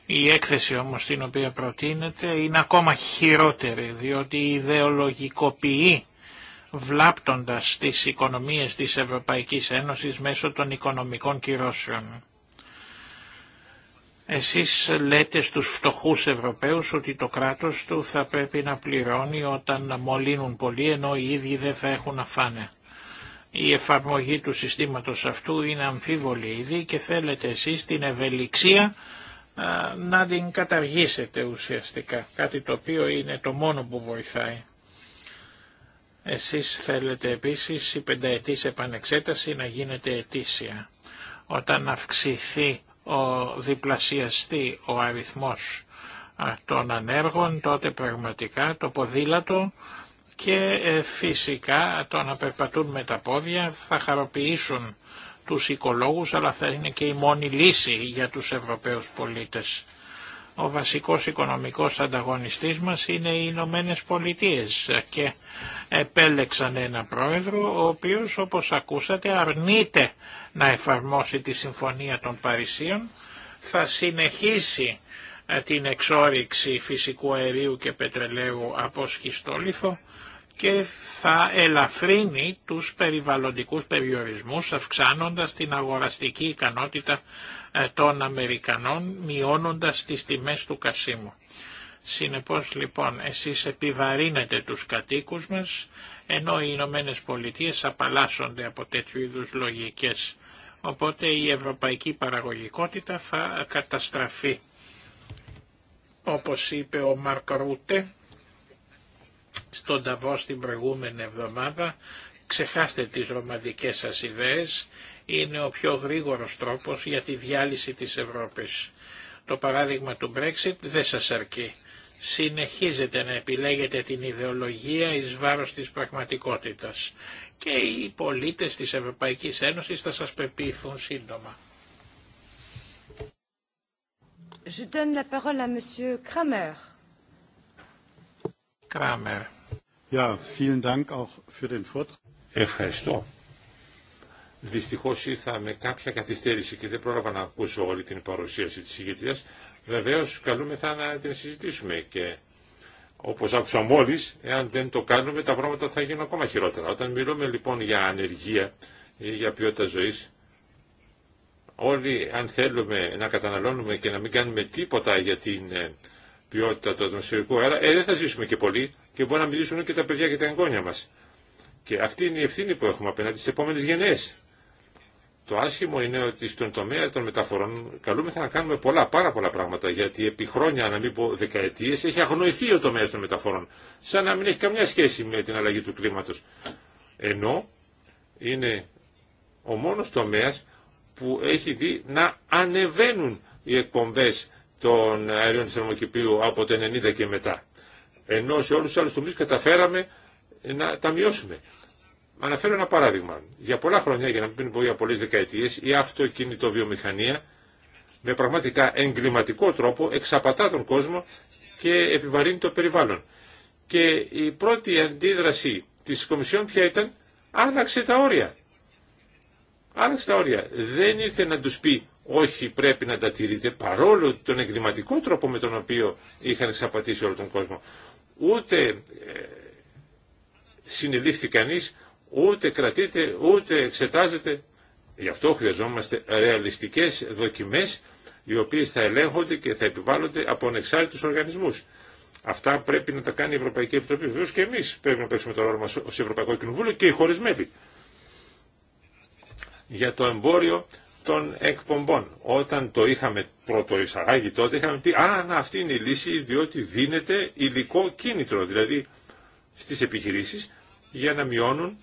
Η έκθεση όμως την οποία προτείνεται είναι ακόμα χειρότερη διότι ιδεολογικοποιεί βλάπτοντας τις οικονομίες της Ευρωπαϊκής Ένωσης μέσω των οικονομικών κυρώσεων. Εσείς λέτε στους φτωχούς Ευρωπαίους ότι το κράτος του θα πρέπει να πληρώνει όταν μολύνουν πολύ ενώ οι ίδιοι δεν θα έχουν να φάνε. Η εφαρμογή του συστήματος αυτού είναι αμφίβολη ήδη και θέλετε εσείς την ευελιξία να την καταργήσετε ουσιαστικά, κάτι το οποίο είναι το μόνο που βοηθάει. Εσείς θέλετε επίσης η πενταετής επανεξέταση να γίνεται ετήσια. Όταν αυξηθεί ο διπλασιαστή ο αριθμός των ανέργων, τότε πραγματικά το ποδήλατο και ε, φυσικά το να περπατούν με τα πόδια θα χαροποιήσουν τους οικολόγους αλλά θα είναι και η μόνη λύση για τους Ευρωπαίους πολίτες. Ο βασικός οικονομικός ανταγωνιστής μας είναι οι Ηνωμένε Πολιτείε και επέλεξαν ένα πρόεδρο ο οποίος όπως ακούσατε αρνείται να εφαρμόσει τη Συμφωνία των Παρισίων, θα συνεχίσει ε, την εξόριξη φυσικού αερίου και πετρελαίου από σχιστόλιθο και θα ελαφρύνει τους περιβαλλοντικούς περιορισμούς αυξάνοντας την αγοραστική ικανότητα ε, των Αμερικανών, μειώνοντας τις τιμές του κασίμου. Συνεπώς λοιπόν εσείς επιβαρύνετε τους κατοίκους μας, ενώ οι Ηνωμένε Πολιτείε απαλλάσσονται από τέτοιου είδους λογικές. Οπότε η ευρωπαϊκή παραγωγικότητα θα καταστραφεί. Όπως είπε ο Μαρκ Ρούτε, στον Ταβό την προηγούμενη εβδομάδα. Ξεχάστε τις ρομαντικές σας ιδέες, είναι ο πιο γρήγορος τρόπος για τη διάλυση της Ευρώπης. Το παράδειγμα του Brexit δεν σας αρκεί. Συνεχίζετε να επιλέγετε την ιδεολογία εις βάρος της πραγματικότητας και οι πολίτες της Ευρωπαϊκής Ένωσης θα σας πεποιηθούν σύντομα. Je donne la parole à Monsieur Kramer. Ευχαριστώ. Δυστυχώς ήρθα με κάποια καθυστέρηση και δεν πρόλαβα να ακούσω όλη την παρουσίαση της ηγετίας. Βεβαίως καλούμεθα να την συζητήσουμε και όπως άκουσα μόλι, εάν δεν το κάνουμε τα πράγματα θα γίνουν ακόμα χειρότερα. Όταν μιλούμε λοιπόν για ανεργία ή για ποιότητα ζωής, όλοι αν θέλουμε να καταναλώνουμε και να μην κάνουμε τίποτα για την ε, ποιότητα του ατμοσφαιρικού αέρα, ε, δεν θα ζήσουμε και πολύ και μπορεί να μιλήσουν και τα παιδιά και τα εγγόνια μα. Και αυτή είναι η ευθύνη που έχουμε απέναντι στι επόμενε γενναίε. Το άσχημο είναι ότι στον τομέα των μεταφορών καλούμεθα να κάνουμε πολλά, πάρα πολλά πράγματα, γιατί επί χρόνια, να μην πω δεκαετίες, έχει αγνοηθεί ο τομέα των μεταφορών, σαν να μην έχει καμιά σχέση με την αλλαγή του κλίματο. Ενώ είναι ο μόνο τομέα που έχει δει να ανεβαίνουν οι εκπομπέ των αερίων θερμοκηπίου από το 90 και μετά. Ενώ σε όλους τους άλλους τομείς καταφέραμε να τα μειώσουμε. Αναφέρω ένα παράδειγμα. Για πολλά χρόνια, για να μην πω για πολλές δεκαετίες, η αυτοκινητοβιομηχανία με πραγματικά εγκληματικό τρόπο εξαπατά τον κόσμο και επιβαρύνει το περιβάλλον. Και η πρώτη αντίδραση της Κομισιόν ποια ήταν, άλλαξε τα όρια. Άλλαξε τα όρια. Δεν ήρθε να τους πει όχι πρέπει να τα τηρείτε παρόλο τον εγκληματικό τρόπο με τον οποίο είχαν εξαπατήσει όλο τον κόσμο. Ούτε ε, συνελήφθη κανείς, ούτε κρατείται, ούτε εξετάζεται. Γι' αυτό χρειαζόμαστε ρεαλιστικές δοκιμές οι οποίες θα ελέγχονται και θα επιβάλλονται από ανεξάρτητους οργανισμούς. Αυτά πρέπει να τα κάνει η Ευρωπαϊκή Επιτροπή. Βεβαίω και εμεί πρέπει να παίξουμε το ρόλο μα ω Ευρωπαϊκό Κοινοβούλιο και οι χωρισμένοι. Για το εμπόριο των εκπομπών. Όταν το είχαμε πρώτο τότε είχαμε πει «Α, να, αυτή είναι η λύση διότι δίνεται υλικό κίνητρο, δηλαδή στις επιχειρήσεις για να μειώνουν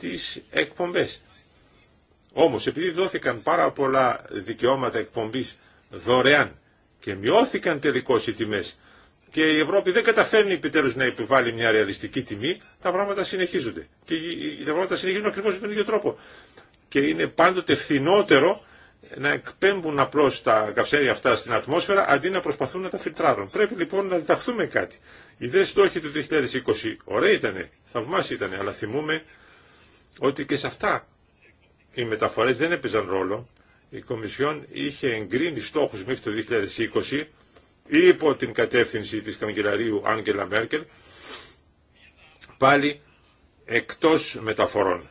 τις εκπομπές». Όμως επειδή δόθηκαν πάρα πολλά δικαιώματα εκπομπής δωρεάν και μειώθηκαν τελικώς οι τιμές και η Ευρώπη δεν καταφέρνει επιτέλους να επιβάλλει μια ρεαλιστική τιμή, τα πράγματα συνεχίζονται. Και τα πράγματα συνεχίζουν ακριβώς με τον ίδιο τρόπο και είναι πάντοτε φθηνότερο να εκπέμπουν απλώ τα καυσαέρια αυτά στην ατμόσφαιρα αντί να προσπαθούν να τα φιλτράρουν. Πρέπει λοιπόν να διδαχθούμε κάτι. Οι δε στόχοι του 2020 ωραία ήταν, θαυμάσια ήταν, αλλά θυμούμε ότι και σε αυτά οι μεταφορέ δεν έπαιζαν ρόλο. Η Κομισιόν είχε εγκρίνει στόχου μέχρι το 2020 υπό την κατεύθυνση τη καγκελαρίου Άγγελα Μέρκελ πάλι εκτός μεταφορών.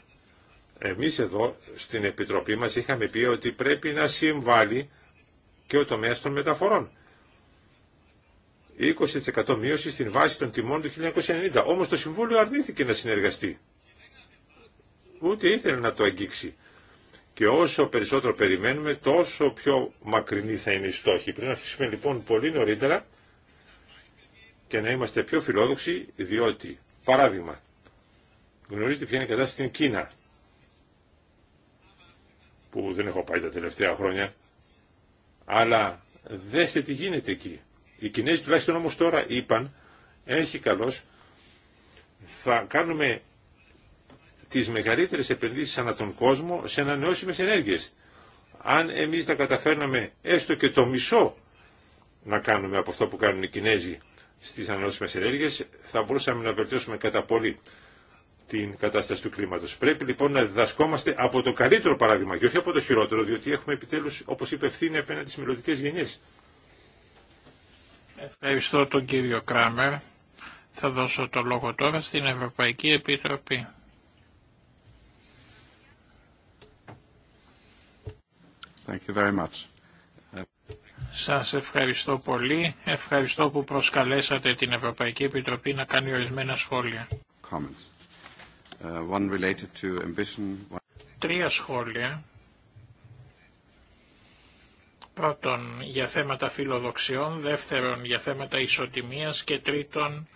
Εμείς εδώ στην Επιτροπή μας είχαμε πει ότι πρέπει να συμβάλλει και ο τομέας των μεταφορών. 20% μείωση στην βάση των τιμών του 1990. Όμως το Συμβούλιο αρνήθηκε να συνεργαστεί. Ούτε ήθελε να το αγγίξει. Και όσο περισσότερο περιμένουμε, τόσο πιο μακρινή θα είναι η στόχη. Πρέπει να αρχίσουμε λοιπόν πολύ νωρίτερα και να είμαστε πιο φιλόδοξοι, διότι, παράδειγμα, γνωρίζετε ποια είναι η κατάσταση στην Κίνα που δεν έχω πάει τα τελευταία χρόνια, αλλά δέστε τι γίνεται εκεί. Οι Κινέζοι τουλάχιστον όμως τώρα είπαν, έχει καλώς, θα κάνουμε τις μεγαλύτερες επενδύσεις ανά τον κόσμο σε ανανεώσιμες ενέργειες. Αν εμείς τα καταφέρναμε έστω και το μισό να κάνουμε από αυτό που κάνουν οι Κινέζοι στις ανανεώσιμες ενέργειες, θα μπορούσαμε να βελτιώσουμε κατά πολύ την κατάσταση του κλίματος. Πρέπει λοιπόν να διδασκόμαστε από το καλύτερο παράδειγμα και όχι από το χειρότερο, διότι έχουμε επιτέλους, όπως είπε, ευθύνη απέναντι στις μελλοντικές γενιές. Ευχαριστώ τον κύριο Κράμερ. Θα δώσω το λόγο τώρα στην Ευρωπαϊκή Επιτροπή. Thank you very much. Σας ευχαριστώ πολύ. Ευχαριστώ που προσκαλέσατε την Ευρωπαϊκή Επιτροπή να κάνει ορισμένα σχόλια. Uh, Τρία σχόλια. Πρώτον, για θέματα φιλοδοξιών, δεύτερον, για θέματα ισοτιμίας και τρίτον,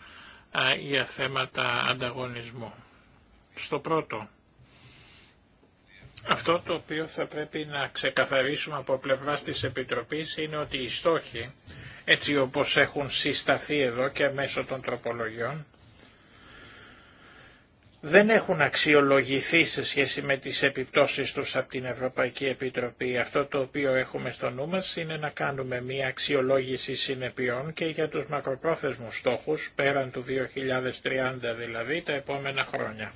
για θέματα ανταγωνισμού. Στο πρώτο, αυτό το οποίο θα πρέπει να ξεκαθαρίσουμε από πλευράς της Επιτροπής είναι ότι οι στόχοι, έτσι όπως έχουν συσταθεί εδώ και μέσω των τροπολογιών, δεν έχουν αξιολογηθεί σε σχέση με τις επιπτώσεις τους από την Ευρωπαϊκή Επιτροπή. Αυτό το οποίο έχουμε στο νου μας είναι να κάνουμε μία αξιολόγηση συνεπειών και για τους μακροπρόθεσμους στόχους, πέραν του 2030 δηλαδή, τα επόμενα χρόνια.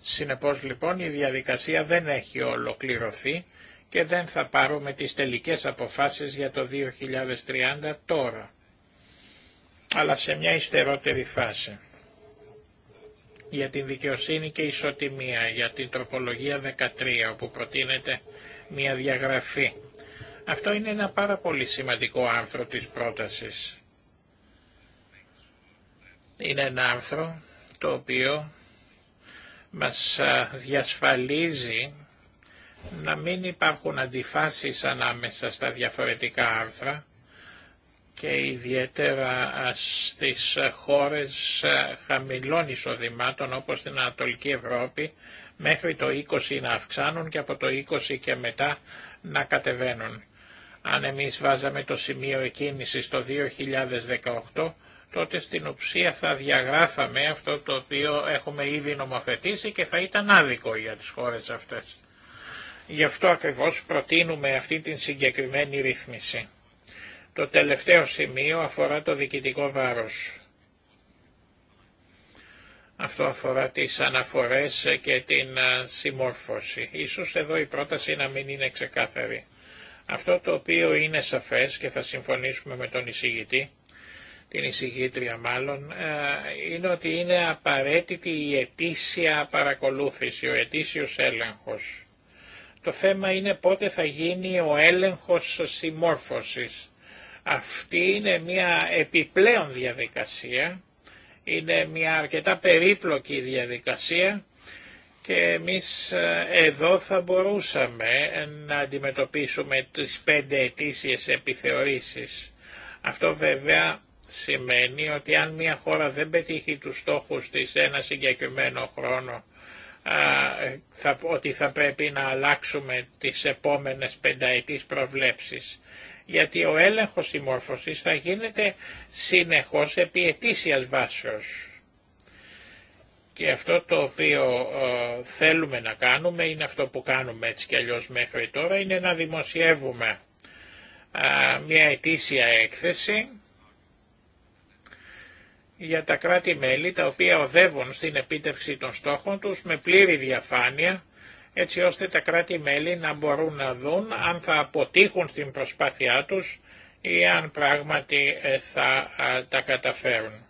Συνεπώς λοιπόν η διαδικασία δεν έχει ολοκληρωθεί και δεν θα πάρουμε τις τελικές αποφάσεις για το 2030 τώρα, αλλά σε μια υστερότερη φάση για την δικαιοσύνη και ισοτιμία, για την τροπολογία 13, όπου προτείνεται μια διαγραφή. Αυτό είναι ένα πάρα πολύ σημαντικό άρθρο της πρότασης. Είναι ένα άρθρο το οποίο μας διασφαλίζει να μην υπάρχουν αντιφάσεις ανάμεσα στα διαφορετικά άρθρα και ιδιαίτερα στις χώρες χαμηλών εισοδημάτων όπως την Ανατολική Ευρώπη μέχρι το 20 να αυξάνουν και από το 20 και μετά να κατεβαίνουν. Αν εμείς βάζαμε το σημείο εκκίνησης το 2018 τότε στην ουσία θα διαγράφαμε αυτό το οποίο έχουμε ήδη νομοθετήσει και θα ήταν άδικο για τις χώρες αυτές. Γι' αυτό ακριβώς προτείνουμε αυτή την συγκεκριμένη ρύθμιση. Το τελευταίο σημείο αφορά το διοικητικό βάρος. Αυτό αφορά τις αναφορές και την συμμόρφωση. Ίσως εδώ η πρόταση να μην είναι ξεκάθαρη. Αυτό το οποίο είναι σαφές και θα συμφωνήσουμε με τον εισηγητή, την εισηγήτρια μάλλον, είναι ότι είναι απαραίτητη η ετήσια παρακολούθηση, ο ετήσιος έλεγχος. Το θέμα είναι πότε θα γίνει ο έλεγχος συμμόρφωσης. Αυτή είναι μια επιπλέον διαδικασία, είναι μια αρκετά περίπλοκη διαδικασία και εμείς ε, εδώ θα μπορούσαμε να αντιμετωπίσουμε τις πέντε ετήσιες επιθεωρήσεις. Αυτό βέβαια σημαίνει ότι αν μια χώρα δεν πετύχει τους στόχους της ένα συγκεκριμένο χρόνο, ότι θα πρέπει να αλλάξουμε τις επόμενες πενταετής προβλέψεις γιατί ο έλεγχος συμμόρφωσης θα γίνεται συνεχώς επί ετήσιας βάσεως. Και αυτό το οποίο ε, θέλουμε να κάνουμε, είναι αυτό που κάνουμε έτσι κι αλλιώς μέχρι τώρα, είναι να δημοσιεύουμε ε, μια ετήσια έκθεση για τα κράτη-μέλη τα οποία οδεύουν στην επίτευξη των στόχων τους με πλήρη διαφάνεια έτσι ώστε τα κράτη-μέλη να μπορούν να δουν αν θα αποτύχουν στην προσπάθειά τους ή αν πράγματι ε, θα τα καταφέρουν.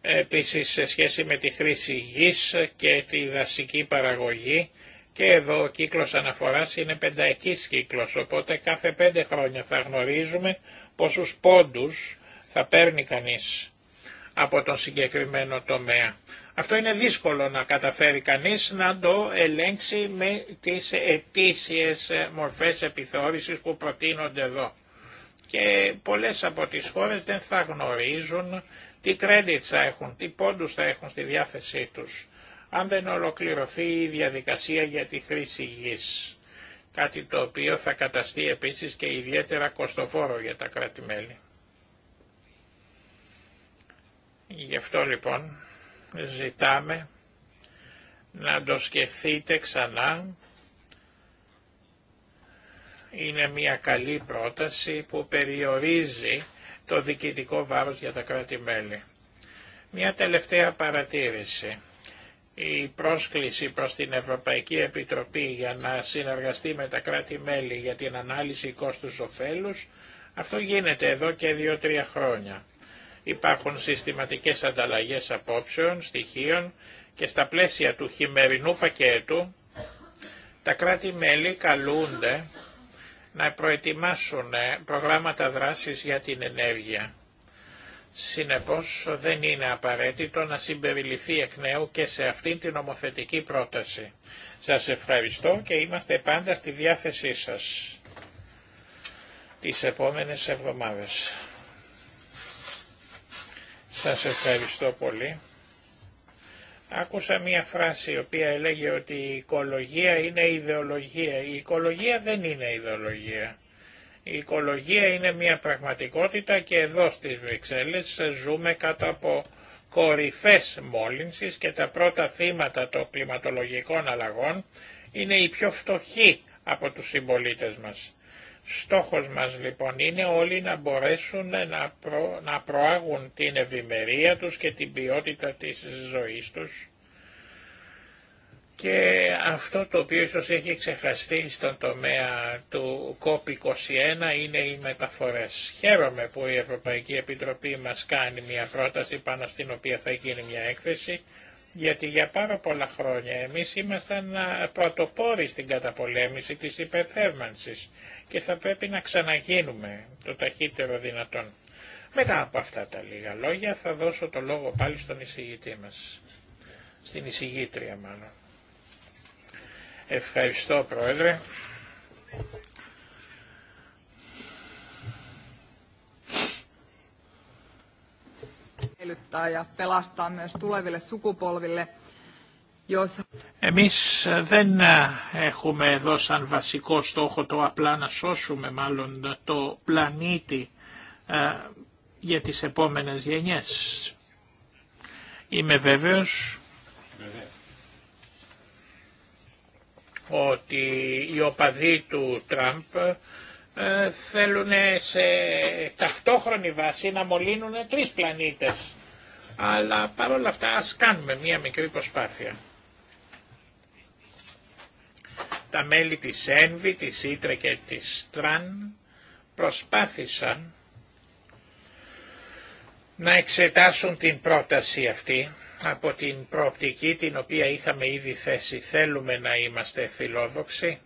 Επίσης σε σχέση με τη χρήση γης και τη δασική παραγωγή και εδώ ο κύκλος αναφοράς είναι πενταετής κύκλος, οπότε κάθε πέντε χρόνια θα γνωρίζουμε πόσους πόντους θα παίρνει κανείς από τον συγκεκριμένο τομέα. Αυτό είναι δύσκολο να καταφέρει κανείς να το ελέγξει με τις ετήσιες μορφές επιθεώρησης που προτείνονται εδώ. Και πολλές από τις χώρες δεν θα γνωρίζουν τι credits θα έχουν, τι πόντους θα έχουν στη διάθεσή τους, αν δεν ολοκληρωθεί η διαδικασία για τη χρήση γης. Κάτι το οποίο θα καταστεί επίσης και ιδιαίτερα κοστοφόρο για τα κράτη-μέλη. Γι' αυτό λοιπόν ζητάμε να το σκεφτείτε ξανά. Είναι μια καλή πρόταση που περιορίζει το διοικητικό βάρος για τα κράτη-μέλη. Μια τελευταία παρατήρηση. Η πρόσκληση προς την Ευρωπαϊκή Επιτροπή για να συνεργαστεί με τα κράτη-μέλη για την ανάλυση κόστους-οφέλους, αυτό γίνεται εδώ και δύο-τρία χρόνια. Υπάρχουν συστηματικές ανταλλαγές απόψεων, στοιχείων και στα πλαίσια του χειμερινού πακέτου τα κράτη-μέλη καλούνται να προετοιμάσουν ε, προγράμματα δράσης για την ενέργεια. Συνεπώς δεν είναι απαραίτητο να συμπεριληφθεί εκ νέου και σε αυτήν την ομοθετική πρόταση. Σας ευχαριστώ και είμαστε πάντα στη διάθεσή σας τις επόμενες εβδομάδες. Σας ευχαριστώ πολύ. Άκουσα μία φράση η οποία έλεγε ότι η οικολογία είναι ιδεολογία. Η οικολογία δεν είναι ιδεολογία. Η οικολογία είναι μία πραγματικότητα και εδώ στις Βρυξέλλες ζούμε κάτω από κορυφές μόλυνσης και τα πρώτα θύματα των κλιματολογικών αλλαγών είναι οι πιο φτωχοί από τους συμπολίτες μας. Στόχος μας λοιπόν είναι όλοι να μπορέσουν να, προάγουν την ευημερία τους και την ποιότητα της ζωής τους και αυτό το οποίο ίσως έχει ξεχαστεί στον τομέα του COP21 είναι οι μεταφορές. Χαίρομαι που η Ευρωπαϊκή Επιτροπή μας κάνει μια πρόταση πάνω στην οποία θα γίνει μια έκθεση γιατί για πάρα πολλά χρόνια εμείς ήμασταν πρωτοπόροι στην καταπολέμηση της υπερθέρμανσης και θα πρέπει να ξαναγίνουμε το ταχύτερο δυνατόν. Μετά από αυτά τα λίγα λόγια θα δώσω το λόγο πάλι στον εισηγητή μας, στην εισηγήτρια μάλλον. Ευχαριστώ Πρόεδρε. Εμείς δεν ε, έχουμε εδώ σαν βασικό στόχο το απλά να σώσουμε μάλλον το πλανήτη ε, για τις επόμενες γενιές. Είμαι βέβαιος ότι οι οπαδοί του Τραμπ ε, θέλουν σε ταυτόχρονη βάση να μολύνουν τρεις πλανήτες. Αλλά παρόλα αυτά ας κάνουμε μία μικρή προσπάθεια. Τα μέλη της ΕΝΒΗ, της ΙΤΡΕ και της ΤΡΑΝ προσπάθησαν να εξετάσουν την πρόταση αυτή από την προοπτική την οποία είχαμε ήδη θέσει. Θέλουμε να είμαστε φιλόδοξοι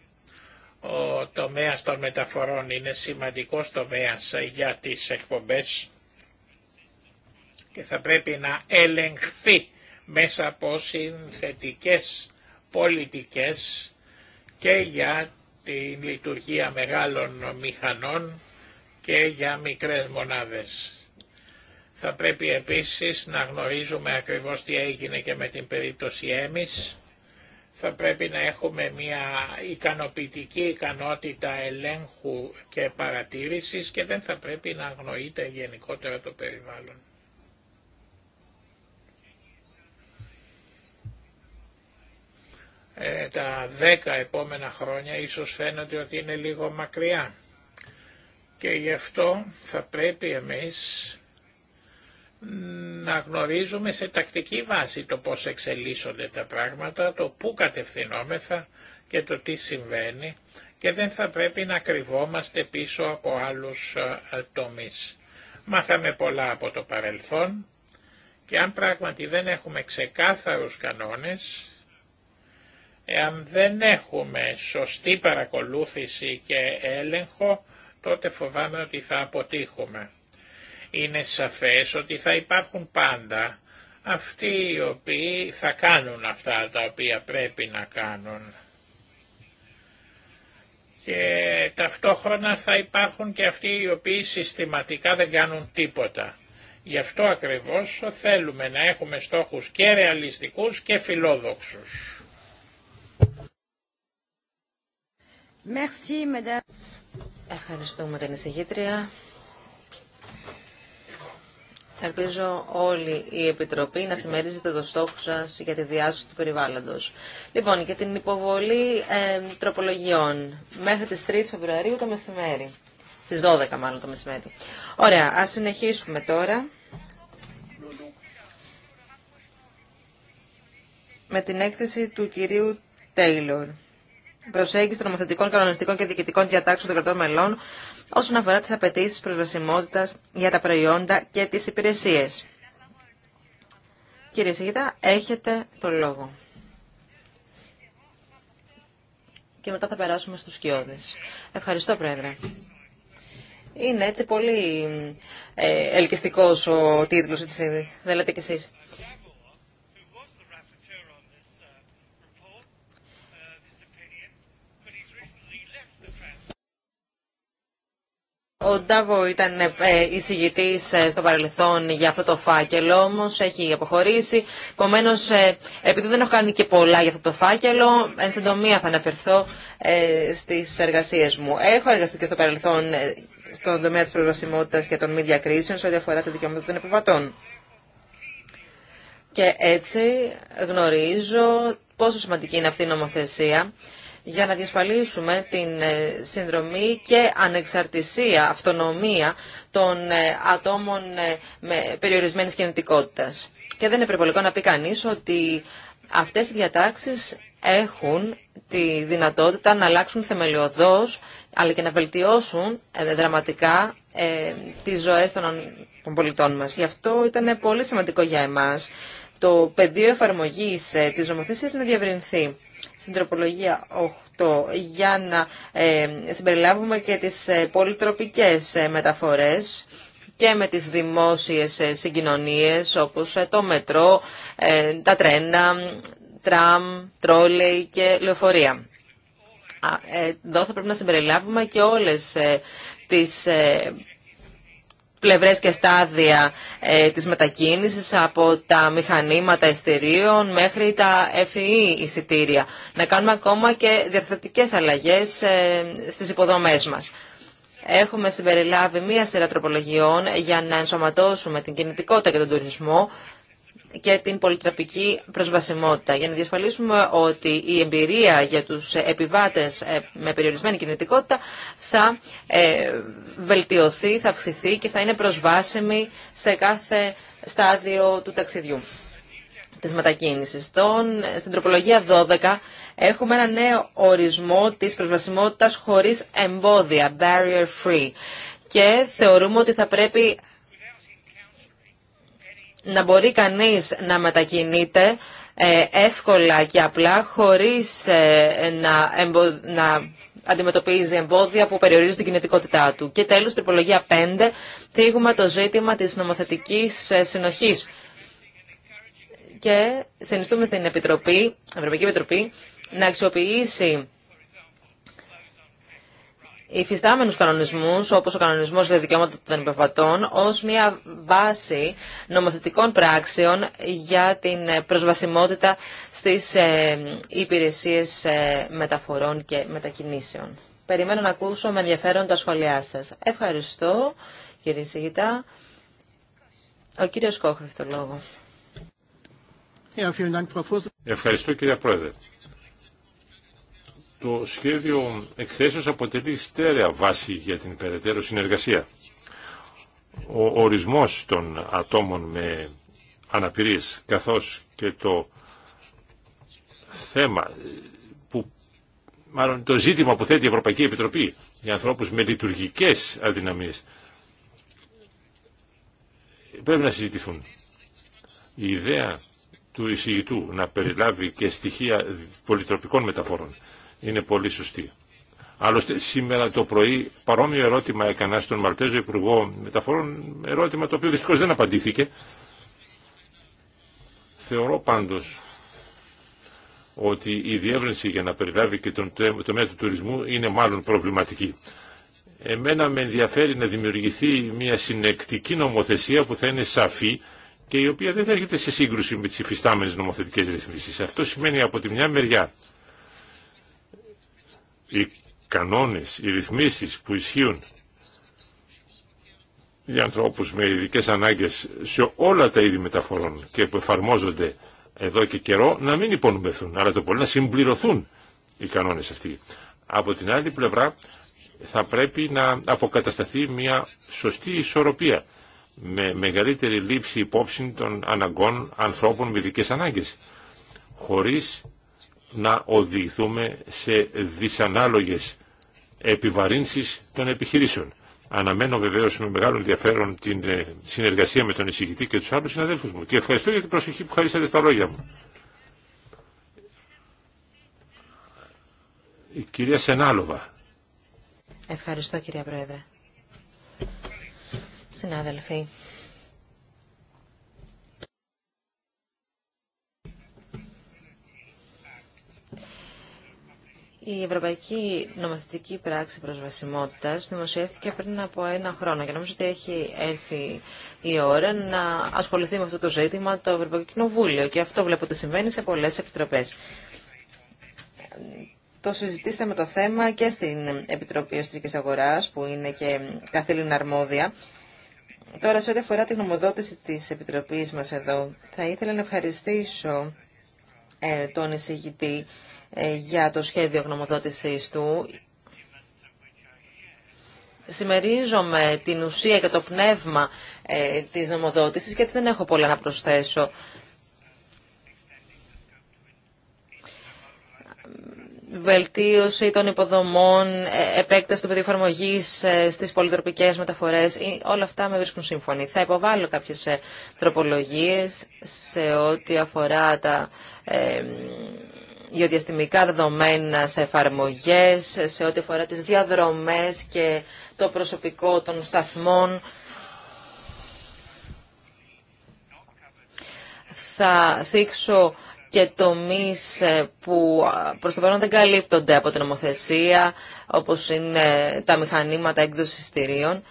ο τομέας των μεταφορών είναι σημαντικός τομέας για τις εκπομπές και θα πρέπει να ελεγχθεί μέσα από συνθετικές πολιτικές και για την λειτουργία μεγάλων μηχανών και για μικρές μονάδες. Θα πρέπει επίσης να γνωρίζουμε ακριβώς τι έγινε και με την περίπτωση έμεις θα πρέπει να έχουμε μια ικανοποιητική ικανότητα ελέγχου και παρατήρησης και δεν θα πρέπει να αγνοείται γενικότερα το περιβάλλον. Ε, τα δέκα επόμενα χρόνια ίσως φαίνεται ότι είναι λίγο μακριά και γι' αυτό θα πρέπει εμείς να γνωρίζουμε σε τακτική βάση το πώς εξελίσσονται τα πράγματα, το πού κατευθυνόμεθα και το τι συμβαίνει και δεν θα πρέπει να κρυβόμαστε πίσω από άλλους ε, ε, τομείς. Μάθαμε πολλά από το παρελθόν και αν πράγματι δεν έχουμε ξεκάθαρους κανόνες, εάν δεν έχουμε σωστή παρακολούθηση και έλεγχο, τότε φοβάμαι ότι θα αποτύχουμε. Είναι σαφές ότι θα υπάρχουν πάντα αυτοί οι οποίοι θα κάνουν αυτά τα οποία πρέπει να κάνουν. Και ταυτόχρονα θα υπάρχουν και αυτοί οι οποίοι συστηματικά δεν κάνουν τίποτα. Γι' αυτό ακριβώς θέλουμε να έχουμε στόχους και ρεαλιστικούς και φιλόδοξους. Merci, Ευχαριστούμε την εισηγήτρια. Ελπίζω όλη η Επιτροπή να συμμερίζεται το στόχο σα για τη διάσωση του περιβάλλοντος. Λοιπόν, και την υποβολή ε, τροπολογιών μέχρι τις 3 Φεβρουαρίου το μεσημέρι. Στις 12 μάλλον το μεσημέρι. Ωραία, α συνεχίσουμε τώρα. με την έκθεση του κυρίου Τέιλορ. Προσέγγιση των νομοθετικών, κανονιστικών και διοικητικών διατάξεων των κρατών μελών όσον αφορά τις απαιτήσει προσβασιμότητας για τα προϊόντα και τις υπηρεσίες. Κύριε Σίγητα, έχετε το λόγο. Και μετά θα περάσουμε στους σκιώδες. Ευχαριστώ, Πρόεδρε. Είναι έτσι πολύ ε, ελκυστικός ο τίτλος, έτσι δεν λέτε κι εσείς. Ο Ντάβο ήταν ε, ε, εισηγητή ε, στο παρελθόν για αυτό το φάκελο, όμω έχει αποχωρήσει. Επομένω, επειδή δεν έχω κάνει και πολλά για αυτό το φάκελο, εν συντομία θα αναφερθώ στι εργασίε μου. Έχω εργαστεί και στο παρελθόν στον τομέα τη προσβασιμότητα και των μη διακρίσεων σε ό,τι αφορά τα δικαιώματα των επιβατών. Και έτσι γνωρίζω πόσο σημαντική είναι αυτή η νομοθεσία για να διασφαλίσουμε την ε, συνδρομή και ανεξαρτησία, αυτονομία των ε, ατόμων ε, με περιορισμένης κινητικότητας. Και δεν είναι περιπολικό να πει κανείς ότι αυτές οι διατάξεις έχουν τη δυνατότητα να αλλάξουν θεμελιωδώς αλλά και να βελτιώσουν δραματικά τις ζωές των πολιτών μας. Γι' αυτό ήταν πολύ σημαντικό για εμάς το πεδίο εφαρμογής της νομοθεσίας να διευρυνθεί στην τροπολογία 8 για να ε, συμπεριλάβουμε και τις ε, πολυτροπικές ε, μεταφορές και με τις δημόσιες συγκοινωνίες όπως το μετρό, τα τρένα, τραμ, τρόλεϊ και λεωφορεία. Εδώ θα πρέπει να συμπεριλάβουμε και όλες τις πλευρές και στάδια ε, της μετακίνησης από τα μηχανήματα εισιτηρίων μέχρι τα FEE e εισιτήρια. Να κάνουμε ακόμα και διαθετικές αλλαγές ε, στις υποδομές μας. Έχουμε συμπεριλάβει μία σειρά τροπολογιών για να ενσωματώσουμε την κινητικότητα και τον τουρισμό και την πολυτραπική προσβασιμότητα. Για να διασφαλίσουμε ότι η εμπειρία για τους επιβάτες ε, με περιορισμένη κινητικότητα θα ε, βελτιωθεί, θα αυξηθεί και θα είναι προσβάσιμη σε κάθε στάδιο του ταξιδιού της μετακίνησης. Στον, στην τροπολογία 12 έχουμε ένα νέο ορισμό της προσβασιμότητας χωρίς εμπόδια, barrier free. Και θεωρούμε ότι θα πρέπει να μπορεί κανείς να μετακινείται ε, εύκολα και απλά χωρίς ε, να, να αντιμετωπίζει εμπόδια που περιορίζουν την κινητικότητά του. Και τέλος, τριπολογία 5, θίγουμε το ζήτημα της νομοθετικής ε, συνοχής. Και συνιστούμε στην Επιτροπή, Ευρωπαϊκή Επιτροπή να αξιοποιήσει υφιστάμενους κανονισμούς, όπως ο κανονισμός για δικαιώματα των υπερβατών, ως μια βάση νομοθετικών πράξεων για την προσβασιμότητα στις ε, υπηρεσίες ε, μεταφορών και μετακινήσεων. Περιμένω να ακούσω με ενδιαφέρον τα σχόλιά σας. Ευχαριστώ, κύριε Σιγητά. Ο κύριος Κόχ έχει το λόγο. Ευχαριστώ, κύριε Πρόεδρε. Το σχέδιο εκθέσεως αποτελεί στέρεα βάση για την περαιτέρω συνεργασία. Ο ορισμός των ατόμων με αναπηρίες καθώς και το θέμα που μάλλον το ζήτημα που θέτει η Ευρωπαϊκή Επιτροπή για ανθρώπους με λειτουργικές αδυναμίες πρέπει να συζητηθούν. Η ιδέα του εισηγητού να περιλάβει και στοιχεία πολυτροπικών μεταφορών είναι πολύ σωστή. Άλλωστε σήμερα το πρωί παρόμοιο ερώτημα έκανα στον Μαλτέζο Υπουργό Μεταφορών, ερώτημα το οποίο δυστυχώς δεν απαντήθηκε. Θεωρώ πάντως ότι η διεύρυνση για να περιλάβει και τον τομέα του τουρισμού είναι μάλλον προβληματική. Εμένα με ενδιαφέρει να δημιουργηθεί μια συνεκτική νομοθεσία που θα είναι σαφή και η οποία δεν θα έρχεται σε σύγκρουση με τις υφιστάμενες νομοθετικές ρυθμίσεις. Αυτό σημαίνει από τη μια μεριά οι κανόνες, οι ρυθμίσεις που ισχύουν για ανθρώπους με ειδικέ ανάγκες σε όλα τα είδη μεταφορών και που εφαρμόζονται εδώ και καιρό να μην υπονομευθούν, αλλά το πολύ να συμπληρωθούν οι κανόνες αυτοί. Από την άλλη πλευρά θα πρέπει να αποκατασταθεί μια σωστή ισορροπία με μεγαλύτερη λήψη υπόψη των αναγκών ανθρώπων με ειδικέ ανάγκες χωρίς να οδηγηθούμε σε δυσανάλογες επιβαρύνσεις των επιχειρήσεων. Αναμένω βεβαίω με μεγάλο ενδιαφέρον την ε, συνεργασία με τον εισηγητή και του άλλου συναδέλφου μου. Και ευχαριστώ για την προσοχή που χαρίσατε στα λόγια μου. Η κυρία Σενάλοβα. Ευχαριστώ κυρία Πρόεδρε. Συνάδελφοι, Η Ευρωπαϊκή Νομοθετική Πράξη προσβασιμότητα δημοσιεύθηκε πριν από ένα χρόνο και νομίζω ότι έχει έρθει η ώρα να ασχοληθεί με αυτό το ζήτημα το Ευρωπαϊκό Κοινοβούλιο και αυτό βλέπω ότι συμβαίνει σε πολλές επιτροπές. Το συζητήσαμε το θέμα και στην Επιτροπή Εσωτερική Αγοράς που είναι και καθήλυνα αρμόδια. Τώρα σε ό,τι αφορά τη γνωμοδότηση τη επιτροπή μα εδώ θα ήθελα να ευχαριστήσω ε, τον εισηγητή ε, για το σχέδιο γνωμοδότησης του. Συμμερίζομαι την ουσία και το πνεύμα ε, της γνωμοδότησης και έτσι δεν έχω πολλά να προσθέσω. βελτίωση των υποδομών, ε, επέκταση του πεδιοφαρμογής στις πολυτροπικές μεταφορές, Όλα αυτά με βρίσκουν σύμφωνοι. Θα υποβάλω κάποιε τροπολογίες σε ό,τι αφορά τα για διαστημικά δεδομένα σε εφαρμογές, σε ό,τι αφορά τις διαδρομές και το προσωπικό των σταθμών. Θα θίξω και τομείς ε, που προς το παρόν δεν καλύπτονται από την νομοθεσία, όπως είναι τα μηχανήματα έκδοσης στηρίων.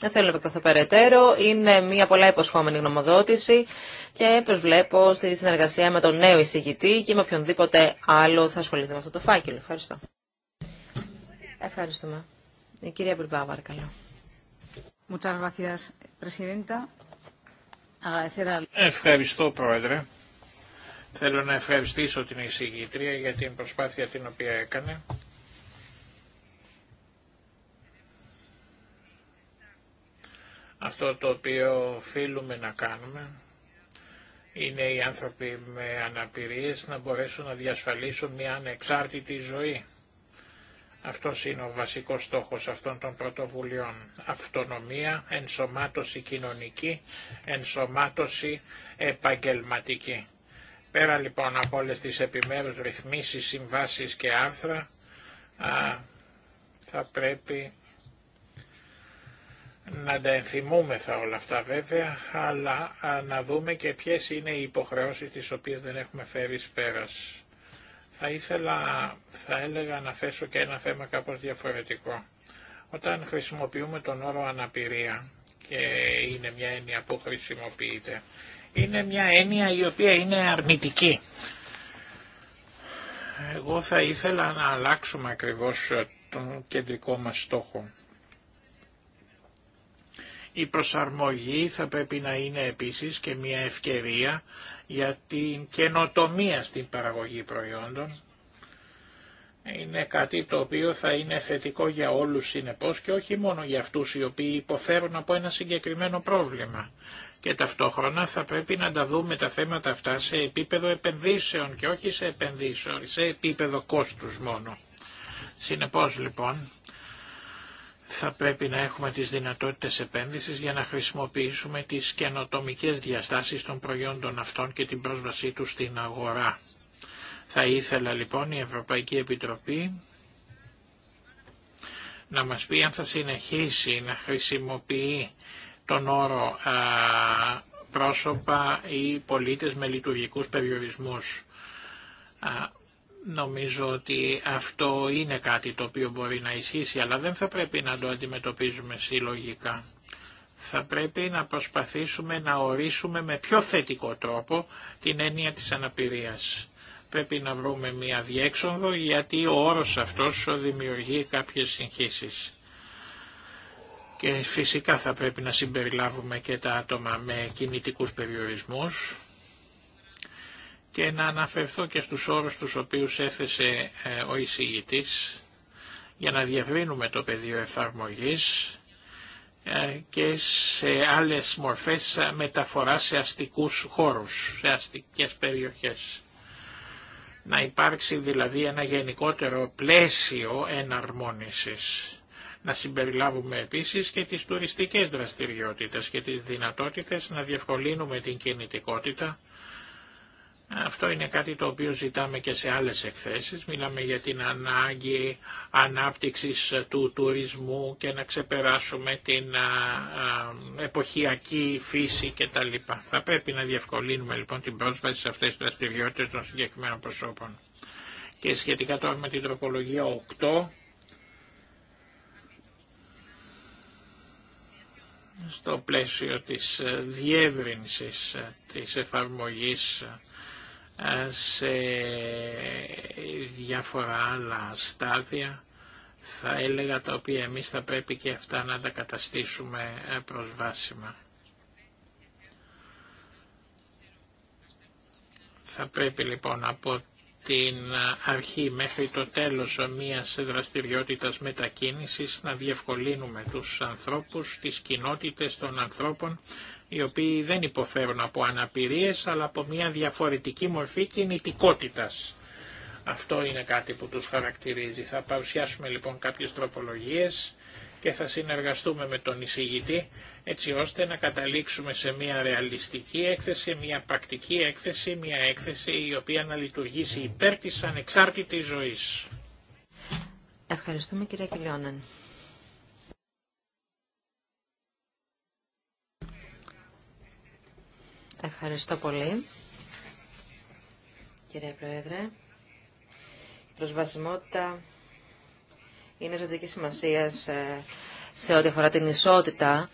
Δεν θέλω να επεκταθώ περαιτέρω. Είναι μια πολλά υποσχόμενη γνωμοδότηση και προσβλέπω στη συνεργασία με τον νέο εισηγητή και με οποιονδήποτε άλλο θα ασχοληθεί με αυτό το φάκελο. Ευχαριστώ. Ευχαριστούμε. Η κυρία Μπουρμπά, παρακαλώ. Ευχαριστώ, Πρόεδρε. Θέλω να ευχαριστήσω την εισηγήτρια για την προσπάθεια την οποία έκανε. το οποίο οφείλουμε να κάνουμε είναι οι άνθρωποι με αναπηρίες να μπορέσουν να διασφαλίσουν μια ανεξάρτητη ζωή. Αυτό είναι ο βασικός στόχος αυτών των πρωτοβουλειών. Αυτονομία, ενσωμάτωση κοινωνική, ενσωμάτωση επαγγελματική. Πέρα λοιπόν από όλες τις επιμέρους ρυθμίσεις, συμβάσεις και άρθρα, θα πρέπει να τα ενθυμούμεθα όλα αυτά βέβαια, αλλά να δούμε και ποιες είναι οι υποχρεώσεις τις οποίες δεν έχουμε φέρει πέρας. Θα ήθελα, θα έλεγα να θέσω και ένα θέμα κάπως διαφορετικό. Όταν χρησιμοποιούμε τον όρο αναπηρία και είναι μια έννοια που χρησιμοποιείται, είναι μια έννοια η οποία είναι αρνητική. Εγώ θα ήθελα να αλλάξουμε ακριβώς τον κεντρικό μας στόχο η προσαρμογή θα πρέπει να είναι επίσης και μια ευκαιρία για την καινοτομία στην παραγωγή προϊόντων. Είναι κάτι το οποίο θα είναι θετικό για όλους συνεπώς και όχι μόνο για αυτούς οι οποίοι υποφέρουν από ένα συγκεκριμένο πρόβλημα. Και ταυτόχρονα θα πρέπει να τα δούμε τα θέματα αυτά σε επίπεδο επενδύσεων και όχι σε επενδύσεων, σε επίπεδο κόστους μόνο. Συνεπώς λοιπόν θα πρέπει να έχουμε τις δυνατότητες επένδυσης για να χρησιμοποιήσουμε τις καινοτομικές διαστάσεις των προϊόντων αυτών και την πρόσβασή του στην αγορά. Θα ήθελα λοιπόν η Ευρωπαϊκή Επιτροπή να μας πει αν θα συνεχίσει να χρησιμοποιεί τον όρο πρόσωπα ή πολίτες με λειτουργικούς περιορισμούς. Νομίζω ότι αυτό είναι κάτι το οποίο μπορεί να ισχύσει, αλλά δεν θα πρέπει να το αντιμετωπίζουμε συλλογικά. Θα πρέπει να προσπαθήσουμε να ορίσουμε με πιο θετικό τρόπο την έννοια της αναπηρίας. Πρέπει να βρούμε μία διέξοδο γιατί ο όρος αυτός δημιουργεί κάποιες συγχύσεις. Και φυσικά θα πρέπει να συμπεριλάβουμε και τα άτομα με κινητικούς περιορισμούς και να αναφερθώ και στους όρους τους οποίους έθεσε ε, ο εισηγητής για να διευρύνουμε το πεδίο εφαρμογής ε, και σε άλλες μορφές μεταφορά σε αστικούς χώρους, σε αστικές περιοχές. Να υπάρξει δηλαδή ένα γενικότερο πλαίσιο εναρμόνισης. Να συμπεριλάβουμε επίσης και τις τουριστικές δραστηριότητες και τις δυνατότητες να διευκολύνουμε την κινητικότητα αυτό είναι κάτι το οποίο ζητάμε και σε άλλες εκθέσεις. Μιλάμε για την ανάγκη ανάπτυξης του τουρισμού και να ξεπεράσουμε την εποχιακή φύση κτλ. Θα πρέπει να διευκολύνουμε λοιπόν την πρόσβαση σε αυτές τις δραστηριότητες των συγκεκριμένων προσώπων. Και σχετικά τώρα με την τροπολογία 8, στο πλαίσιο της διεύρυνσης της εφαρμογής σε διάφορα άλλα στάδια θα έλεγα τα οποία εμείς θα πρέπει και αυτά να τα καταστήσουμε ε, προσβάσιμα. Θα πρέπει λοιπόν από την ε, αρχή μέχρι το τέλος μιας δραστηριότητας μετακίνησης να διευκολύνουμε τους ανθρώπους, τις κοινότητες των ανθρώπων οι οποίοι δεν υποφέρουν από αναπηρίες αλλά από μια διαφορετική μορφή κινητικότητας. Αυτό είναι κάτι που τους χαρακτηρίζει. Θα παρουσιάσουμε λοιπόν κάποιες τροπολογίες και θα συνεργαστούμε με τον εισηγητή έτσι ώστε να καταλήξουμε σε μια ρεαλιστική έκθεση, μια πρακτική έκθεση, μια έκθεση η οποία να λειτουργήσει υπέρ της ανεξάρτητης ζωής. Ευχαριστούμε κύριε Κιλιόναν. Ευχαριστώ πολύ, κύριε Πρόεδρε. Η προσβασιμότητα είναι ζωτική σημασία σε, ό,τι αφορά την ισότητα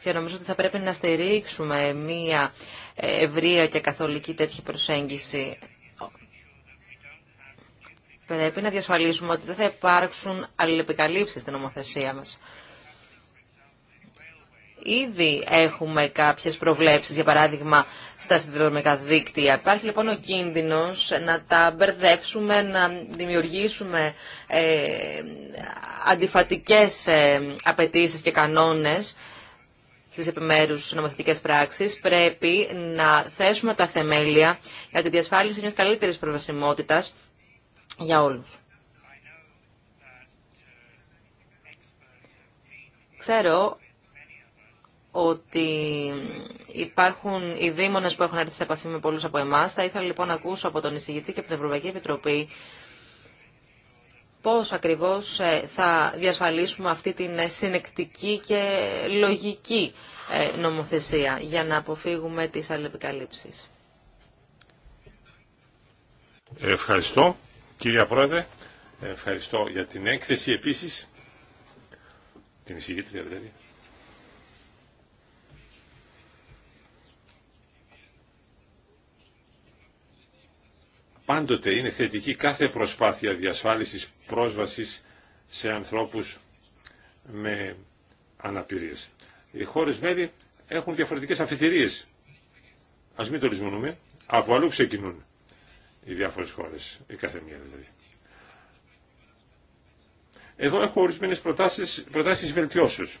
και νομίζω ότι θα πρέπει να στηρίξουμε μία ευρεία και καθολική τέτοια προσέγγιση. Πρέπει να διασφαλίσουμε ότι δεν θα υπάρξουν αλληλεπικαλύψεις στην νομοθεσία μας. Ήδη έχουμε κάποιες προβλέψεις, για παράδειγμα, στα συνδρομικά δίκτυα. Υπάρχει λοιπόν ο κίνδυνος να τα μπερδέψουμε, να δημιουργήσουμε ε, αντιφατικές ε, απαιτήσεις και κανόνες στις επιμέρους νομοθετικές πράξεις. Πρέπει να θέσουμε τα θεμέλια για τη διασφάλιση μιας καλύτερης προβασιμότητας για όλους. Ξέρω ότι υπάρχουν οι δήμονες που έχουν έρθει σε επαφή με πολλούς από εμάς. Θα ήθελα λοιπόν να ακούσω από τον εισηγητή και από την Ευρωπαϊκή Επιτροπή πώς ακριβώς ε, θα διασφαλίσουμε αυτή την ε, συνεκτική και λογική ε, νομοθεσία για να αποφύγουμε τις αλληλεπικαλύψεις. Ευχαριστώ κύριε Πρόεδρε, ευχαριστώ για την έκθεση επίσης, την εισηγήτρια δηλαδή. Πάντοτε είναι θετική κάθε προσπάθεια διασφάλισης πρόσβασης σε ανθρώπους με αναπηρίες. Οι χώρες μέλη έχουν διαφορετικές αφιθυρίες. Ας μην το λησμονούμε. Από αλλού ξεκινούν οι διάφορες χώρες, η κάθε μία δηλαδή. Εδώ έχω ορισμένες προτάσεις, προτάσεις βελτιώσεως.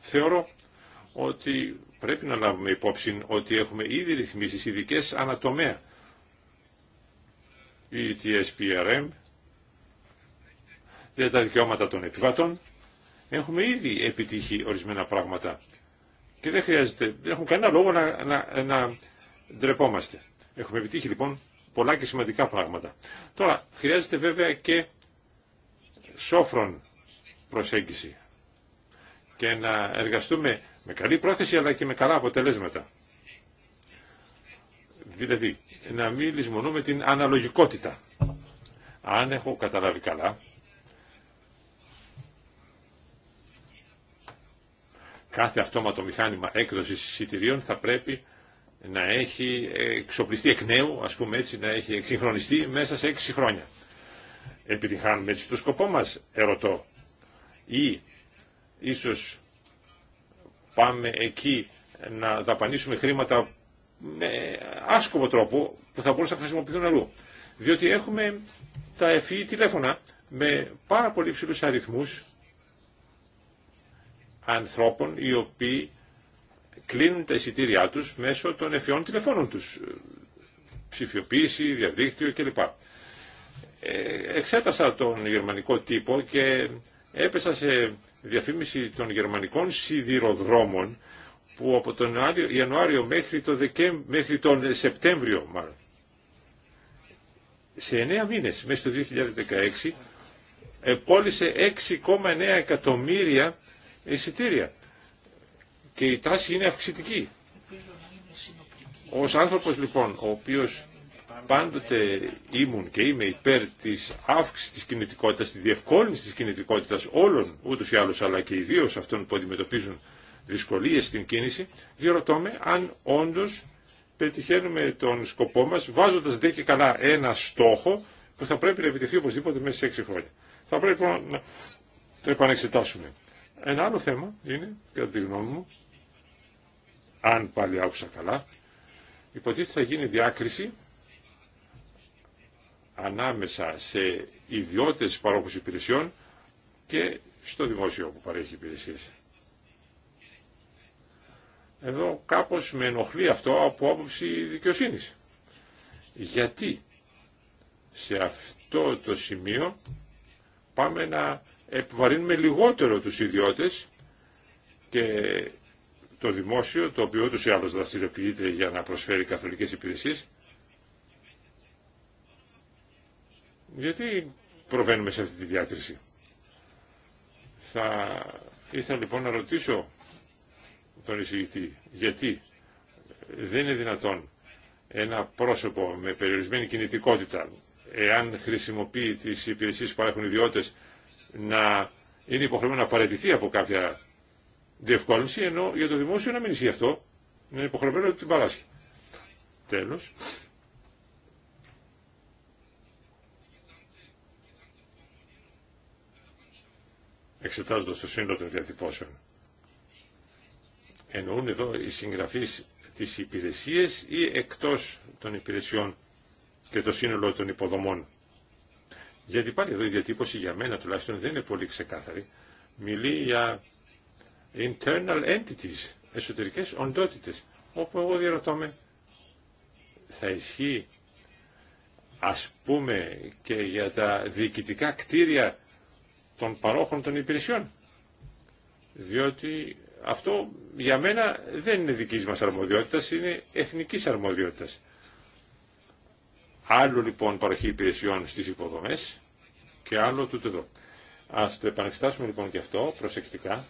Θεωρώ ότι πρέπει να λάβουμε υπόψη ότι έχουμε ήδη ρυθμίσεις ειδικέ ανατομέα η TSPRM για τα δικαιώματα των επιβατών. Έχουμε ήδη επιτύχει ορισμένα πράγματα και δεν χρειάζεται, δεν έχουμε κανένα λόγο να, να, να ντρεπόμαστε. Έχουμε επιτύχει λοιπόν πολλά και σημαντικά πράγματα. Τώρα, χρειάζεται βέβαια και σόφρον προσέγγιση και να εργαστούμε με καλή πρόθεση αλλά και με καλά αποτελέσματα. Δηλαδή, να μην λησμονούμε την αναλογικότητα. Αν έχω καταλάβει καλά, κάθε αυτόματο μηχάνημα έκδοσης εισιτηρίων θα πρέπει να έχει εξοπλιστεί εκ νέου, ας πούμε έτσι, να έχει εξυγχρονιστεί μέσα σε έξι χρόνια. Επιτυχάνουμε έτσι το σκοπό μας, ερωτώ. Ή ίσως πάμε εκεί να δαπανίσουμε χρήματα με άσκοπο τρόπο που θα μπορούσαν να χρησιμοποιηθούν αλλού. Διότι έχουμε τα εφή e τηλέφωνα με πάρα πολύ ψηλούς αριθμούς ανθρώπων οι οποίοι κλείνουν τα εισιτήριά τους μέσω των εφιών τηλεφώνων τους. Ψηφιοποίηση, διαδίκτυο κλπ. Ε, εξέτασα τον γερμανικό τύπο και έπεσα σε διαφήμιση των γερμανικών σιδηροδρόμων που από τον Ιανουάριο μέχρι, το Δεκέμ, μέχρι τον Σεπτέμβριο μάλλον, σε εννέα μήνες, μέσα στο 2016, επόλυσε 6,9 εκατομμύρια εισιτήρια. Και η τάση είναι αυξητική. Ως άνθρωπος λοιπόν, ο οποίος πάντοτε ήμουν και είμαι υπέρ της αύξησης της κινητικότητας, της διευκόλυνσης της κινητικότητας όλων, ούτως ή άλλως, αλλά και ιδίως αυτών που αντιμετωπίζουν δυσκολίες στην κίνηση, διερωτώμε αν όντως πετυχαίνουμε τον σκοπό μας βάζοντας δε και καλά ένα στόχο που θα πρέπει να επιτευχθεί οπωσδήποτε μέσα σε έξι χρόνια. Θα πρέπει λοιπόν να το επανεξετάσουμε. Ένα άλλο θέμα είναι, κατά τη γνώμη μου, αν πάλι άκουσα καλά, υποτίθεται θα γίνει διάκριση ανάμεσα σε ιδιώτες παρόχους υπηρεσιών και στο δημόσιο που παρέχει υπηρεσίες. Εδώ κάπως με ενοχλεί αυτό από άποψη δικαιοσύνης. Γιατί σε αυτό το σημείο πάμε να επιβαρύνουμε λιγότερο τους ιδιώτες και το δημόσιο, το οποίο ούτως ή άλλως δραστηριοποιείται για να προσφέρει καθολικές υπηρεσίες. Γιατί προβαίνουμε σε αυτή τη διάκριση. Θα ήθελα λοιπόν να ρωτήσω τον εισηγητή. Γιατί δεν είναι δυνατόν ένα πρόσωπο με περιορισμένη κινητικότητα, εάν χρησιμοποιεί τις υπηρεσίες που παρέχουν ιδιώτες, να είναι υποχρεωμένο να παραιτηθεί από κάποια διευκόλυνση, ενώ για το δημόσιο να μην ισχύει αυτό, να είναι υποχρεωμένο ότι την παράσχει. Τέλος. Εξετάζοντας το σύνολο των διατυπώσεων εννοούν εδώ οι συγγραφείς τις υπηρεσίες ή εκτός των υπηρεσιών και το σύνολο των υποδομών. Γιατί πάλι εδώ η διατύπωση για μένα τουλάχιστον δεν είναι πολύ ξεκάθαρη. Μιλεί για internal entities, εσωτερικές οντότητες, όπου εγώ διαρωτώ θα ισχύει ας πούμε και για τα διοικητικά κτίρια των παρόχων των υπηρεσιών. Διότι αυτό για μένα δεν είναι δικής μας αρμοδιότητας, είναι εθνικής αρμοδιότητας. Άλλο λοιπόν παροχή υπηρεσιών στις υποδομές και άλλο τούτο εδώ. Ας το επανεξετάσουμε λοιπόν και αυτό προσεκτικά.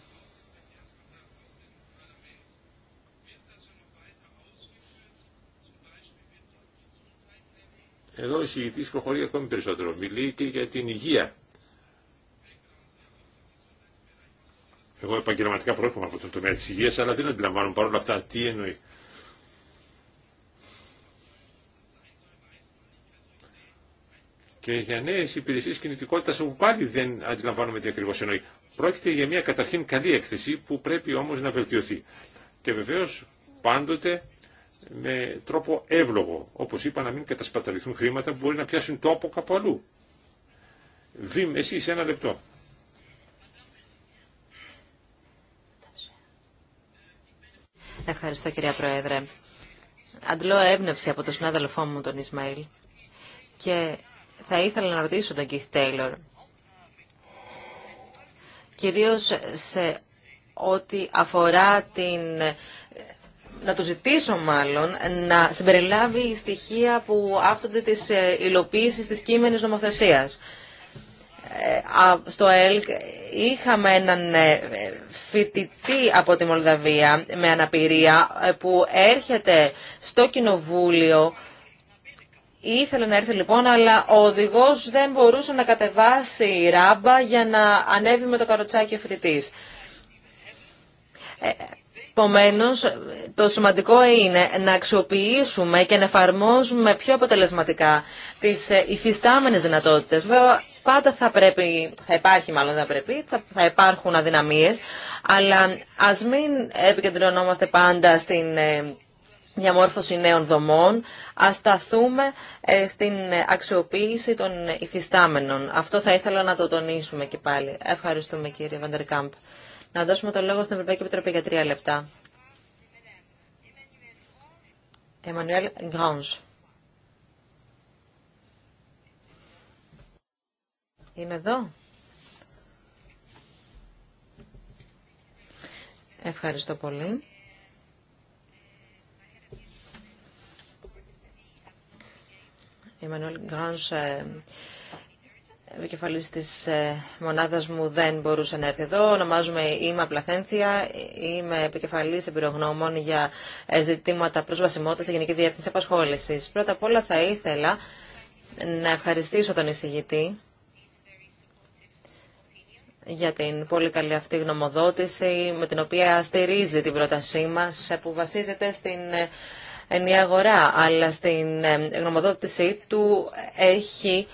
Εδώ ο συγητής προχωρεί ακόμη περισσότερο. Μιλεί και για την υγεία Εγώ επαγγελματικά προέρχομαι από το τομέα τη υγεία, αλλά δεν αντιλαμβάνομαι παρόλα αυτά τι εννοεί. Και για νέε υπηρεσίε κινητικότητα, όπου πάλι δεν αντιλαμβάνομαι τι ακριβώ εννοεί. Πρόκειται για μια καταρχήν καλή έκθεση που πρέπει όμω να βελτιωθεί. Και βεβαίω πάντοτε με τρόπο εύλογο. Όπω είπα, να μην κατασπαταληθούν χρήματα που μπορεί να πιάσουν τόπο κάπου αλλού. Βήμ, εσύ σε ένα λεπτό. Ευχαριστώ κυρία Πρόεδρε. Αντλώ έμπνευση από τον συνάδελφό μου τον Ισμαήλ και θα ήθελα να ρωτήσω τον Κιθ Τέιλορ κυρίως σε ό,τι αφορά την... Να του ζητήσω μάλλον να συμπεριλάβει στοιχεία που άπτονται της υλοποίησης της κείμενης νομοθεσίας. Ε, στο ΕΛΚ είχαμε έναν ε, φοιτητή από τη Μολδαβία με αναπηρία ε, που έρχεται στο κοινοβούλιο Ήθελε να έρθει λοιπόν, αλλά ο οδηγός δεν μπορούσε να κατεβάσει η ράμπα για να ανέβει με το καροτσάκι ο φοιτητής. Επομένω, το σημαντικό είναι να αξιοποιήσουμε και να εφαρμόζουμε πιο αποτελεσματικά τι ε, υφιστάμενε δυνατότητε. Βέβαια, πάντα θα πρέπει, θα υπάρχει μάλλον θα πρέπει, θα, υπάρχουν αδυναμίε, αλλά α μην επικεντρωνόμαστε πάντα στην ε, διαμόρφωση νέων δομών, α σταθούμε ε, στην αξιοποίηση των υφιστάμενων. Αυτό θα ήθελα να το τονίσουμε και πάλι. Ευχαριστούμε κύριε Βαντερκάμπ. Να δώσουμε το λόγο στην Ευρωπαϊκή Επιτροπή για τρία λεπτά. Εμμανουέλ Γκράνζ. Είναι εδώ. Ευχαριστώ πολύ. Εμμανουέλ ε, επικεφαλή τη ε, μονάδα μου δεν μπορούσε να έρθει εδώ. Ονομάζομαι Είμαι Απλαθένθια. Είμαι επικεφαλή εμπειρογνώμων για ε, ζητήματα προσβασιμότητα στη Γενική Διεύθυνση Απασχόληση. Πρώτα απ' όλα θα ήθελα να ευχαριστήσω τον εισηγητή για την πολύ καλή αυτή γνωμοδότηση με την οποία στηρίζει την πρότασή μας ε, που βασίζεται στην ενιαία αγορά αλλά στην γνωμοδότησή του έχει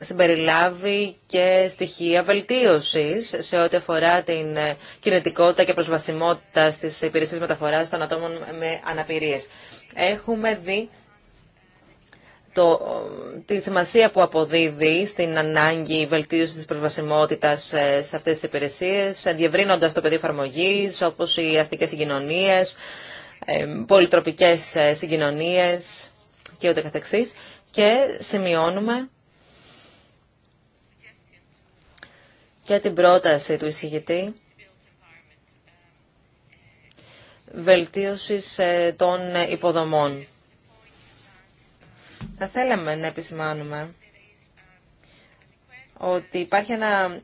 συμπεριλάβει και στοιχεία βελτίωσης σε ό,τι αφορά την ε, κινητικότητα και προσβασιμότητα στις υπηρεσίες μεταφοράς των ατόμων με αναπηρίες. Έχουμε δει το, τη σημασία που αποδίδει στην ανάγκη βελτίωση της προσβασιμότητας ε, σε αυτές τις υπηρεσίες, διευρύνοντας το πεδίο εφαρμογή, όπως οι αστικές συγκοινωνίες, ε, πολυτροπικές συγκοινωνίες και ούτε καθεξής. Και σημειώνουμε για την πρόταση του εισηγητή βελτίωσης ε, των υποδομών. Θα θέλαμε να επισημάνουμε ότι υπάρχει ένα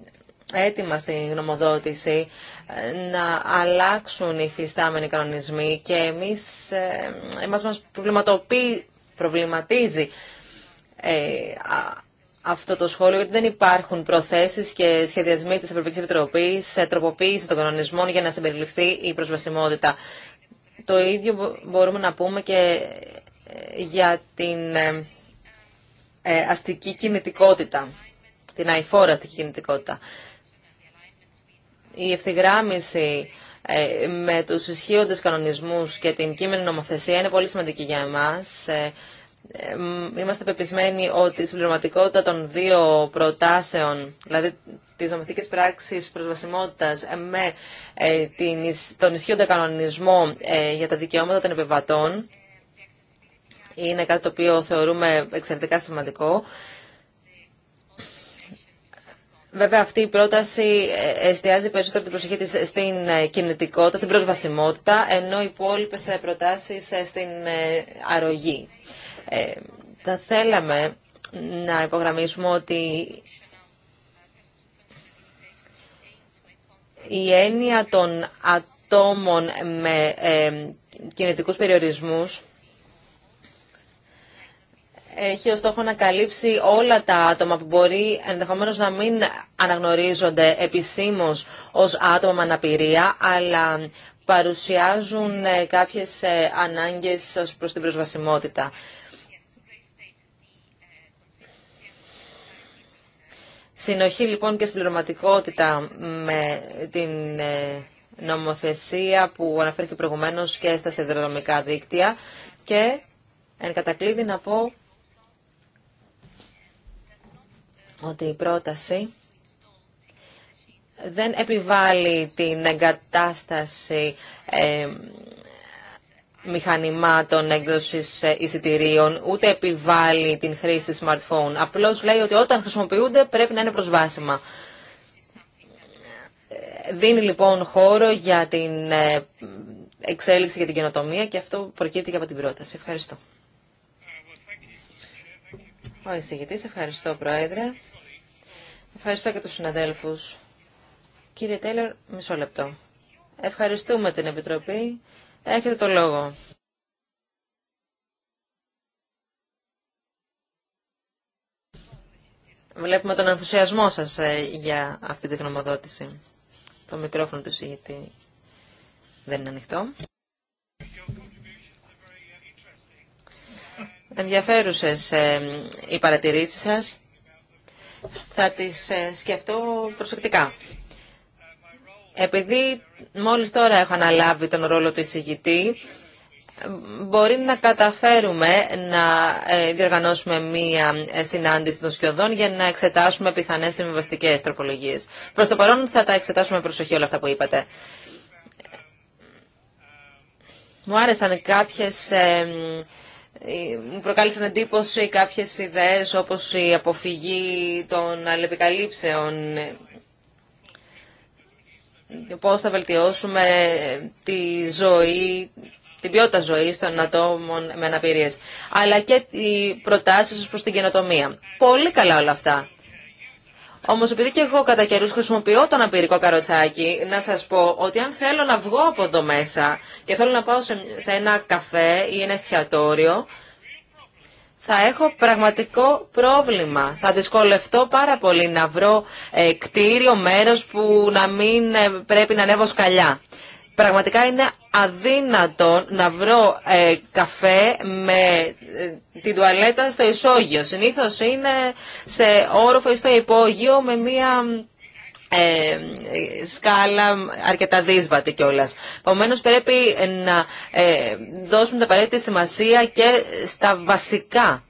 έτοιμα στην γνωμοδότηση ε, να αλλάξουν οι φυστάμενοι κανονισμοί και εμείς, ε, εμάς μας προβληματοποιεί, προβληματίζει αυτό το σχόλιο, γιατί δεν υπάρχουν προθέσεις και σχεδιασμοί της Ευρωπαϊκής Επιτροπής σε τροποποίηση των κανονισμών για να συμπεριληφθεί η προσβασιμότητα. Το ίδιο μπορούμε να πούμε και ε, για την ε, ε, αστική κινητικότητα, την αηφόρα αστική κινητικότητα. Η ευθυγράμμιση με τους ισχύοντες κανονισμούς και την κείμενη νομοθεσία είναι πολύ σημαντική για εμάς είμαστε πεπισμένοι ότι η συμπληρωματικότητα των δύο προτάσεων, δηλαδή της νομοθετικής πράξης προσβασιμότητας με ε, τον ισχύοντα κανονισμό ε, για τα δικαιώματα των επιβατών, είναι κάτι το οποίο θεωρούμε εξαιρετικά σημαντικό. Βέβαια, αυτή η πρόταση ε, εστιάζει περισσότερο την προσοχή της στην κινητικότητα, στην προσβασιμότητα, ενώ οι υπόλοιπε προτάσεις στην αρρωγή. Ε, θα θέλαμε να υπογραμμίσουμε ότι η έννοια των ατόμων με ε, κινητικούς περιορισμούς έχει ως στόχο να καλύψει όλα τα άτομα που μπορεί ενδεχομένως να μην αναγνωρίζονται επισήμως ως άτομα με αναπηρία, αλλά παρουσιάζουν ε, κάποιες ε, ανάγκες ως προς την προσβασιμότητα. Συνοχή λοιπόν και συμπληρωματικότητα με την ε, νομοθεσία που αναφέρθηκε προηγουμένω και στα σιδηροδρομικά δίκτυα και εν κατακλείδη να πω ότι η πρόταση δεν επιβάλλει την εγκατάσταση ε, μηχανημάτων εκδοση ε, εισιτηρίων, ούτε επιβάλλει την χρήση smartphone. Απλώς λέει ότι όταν χρησιμοποιούνται πρέπει να είναι προσβάσιμα. Δίνει λοιπόν χώρο για την ε, εξέλιξη για την καινοτομία και αυτό προκύπτει και από την πρόταση. Ευχαριστώ. Ο εισηγητή, ευχαριστώ Πρόεδρε. Ευχαριστώ και τους συναδέλφους. Κύριε Τέλερ, μισό λεπτό. Ευχαριστούμε την Επιτροπή Έχετε το λόγο. Βλέπουμε τον ενθουσιασμό σας ε, για αυτή τη γνωμοδότηση. Το μικρόφωνο του συγητή δεν είναι ανοιχτό. Ενδιαφέρουσες ε, οι παρατηρήσεις σας. Θα τις ε, σκεφτώ προσεκτικά. Επειδή μόλις τώρα έχω αναλάβει τον ρόλο του εισηγητή, μπορεί να καταφέρουμε να ε, διοργανώσουμε μία ε, συνάντηση των σκιωδών για να εξετάσουμε πιθανές συμβιβαστικέ τροπολογίες. Προς το παρόν θα τα εξετάσουμε προσοχή όλα αυτά που είπατε. Μου άρεσαν κάποιες... Ε, μου προκάλεσαν εντύπωση κάποιες ιδέες όπως η αποφυγή των αλληλεπικαλύψεων πώς θα βελτιώσουμε τη ζωή, την ποιότητα ζωής των ατόμων με αναπηρίες, αλλά και οι προτάσεις προς την καινοτομία. Πολύ καλά όλα αυτά. Όμως επειδή και εγώ κατά καιρού χρησιμοποιώ τον αναπηρικό καροτσάκι, να σας πω ότι αν θέλω να βγω από εδώ μέσα και θέλω να πάω σε ένα καφέ ή ένα εστιατόριο, θα έχω πραγματικό πρόβλημα. Θα δυσκολευτώ πάρα πολύ να βρω ε, κτίριο, μέρος που να μην ε, πρέπει να ανέβω σκαλιά. Πραγματικά είναι αδύνατο να βρω ε, καφέ με ε, την τουαλέτα στο ισόγειο. Συνήθως είναι σε όροφο ή στο υπόγειο με μία ε, σκάλα αρκετά δύσβατη κιόλα. Επομένω, πρέπει να ε, δώσουμε την απαραίτητη σημασία και στα βασικά.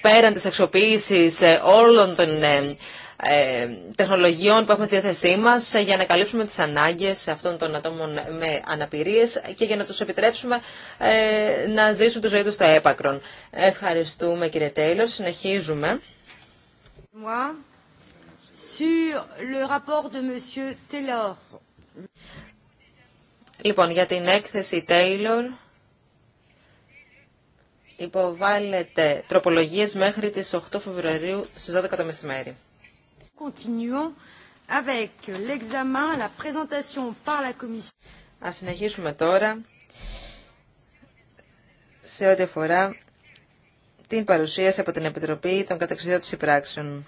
Πέραν της αξιοποίησης ε, όλων των ε, ε, τεχνολογιών που έχουμε στη διάθεσή μας για να καλύψουμε τις ανάγκες αυτών των ατόμων με αναπηρίες και για να τους επιτρέψουμε να ζήσουν τη ζωή τους στα έπακρον. Ευχαριστούμε κύριε Τέιλορ. Συνεχίζουμε. Sur le rapport de Monsieur Taylor. Λοιπόν, για την έκθεση Taylor υποβάλλεται τροπολογίες μέχρι τις 8 Φεβρουαρίου στις 12 το μεσημέρι. Continuons avec l'examen, la présentation par la Commission. Ας συνεχίσουμε τώρα σε ό,τι αφορά την παρουσίαση από την Επιτροπή των της Υπράξεων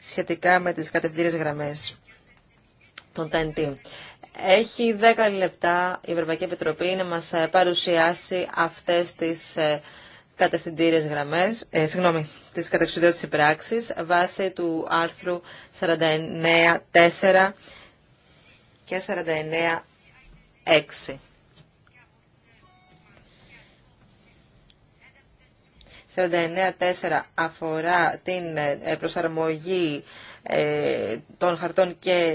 σχετικά με τις κατευθύνες γραμμές των TNT. Έχει 10 λεπτά η Ευρωπαϊκή Επιτροπή να μας ε, παρουσιάσει αυτές τις ε, κατευθυντήριες γραμμές, ε, συγγνώμη, της κατευθυντήρες πράξης βάσει του άρθρου 49.4 και 49.6. Το 49.4 αφορά την ε, προσαρμογή ε, των χαρτών και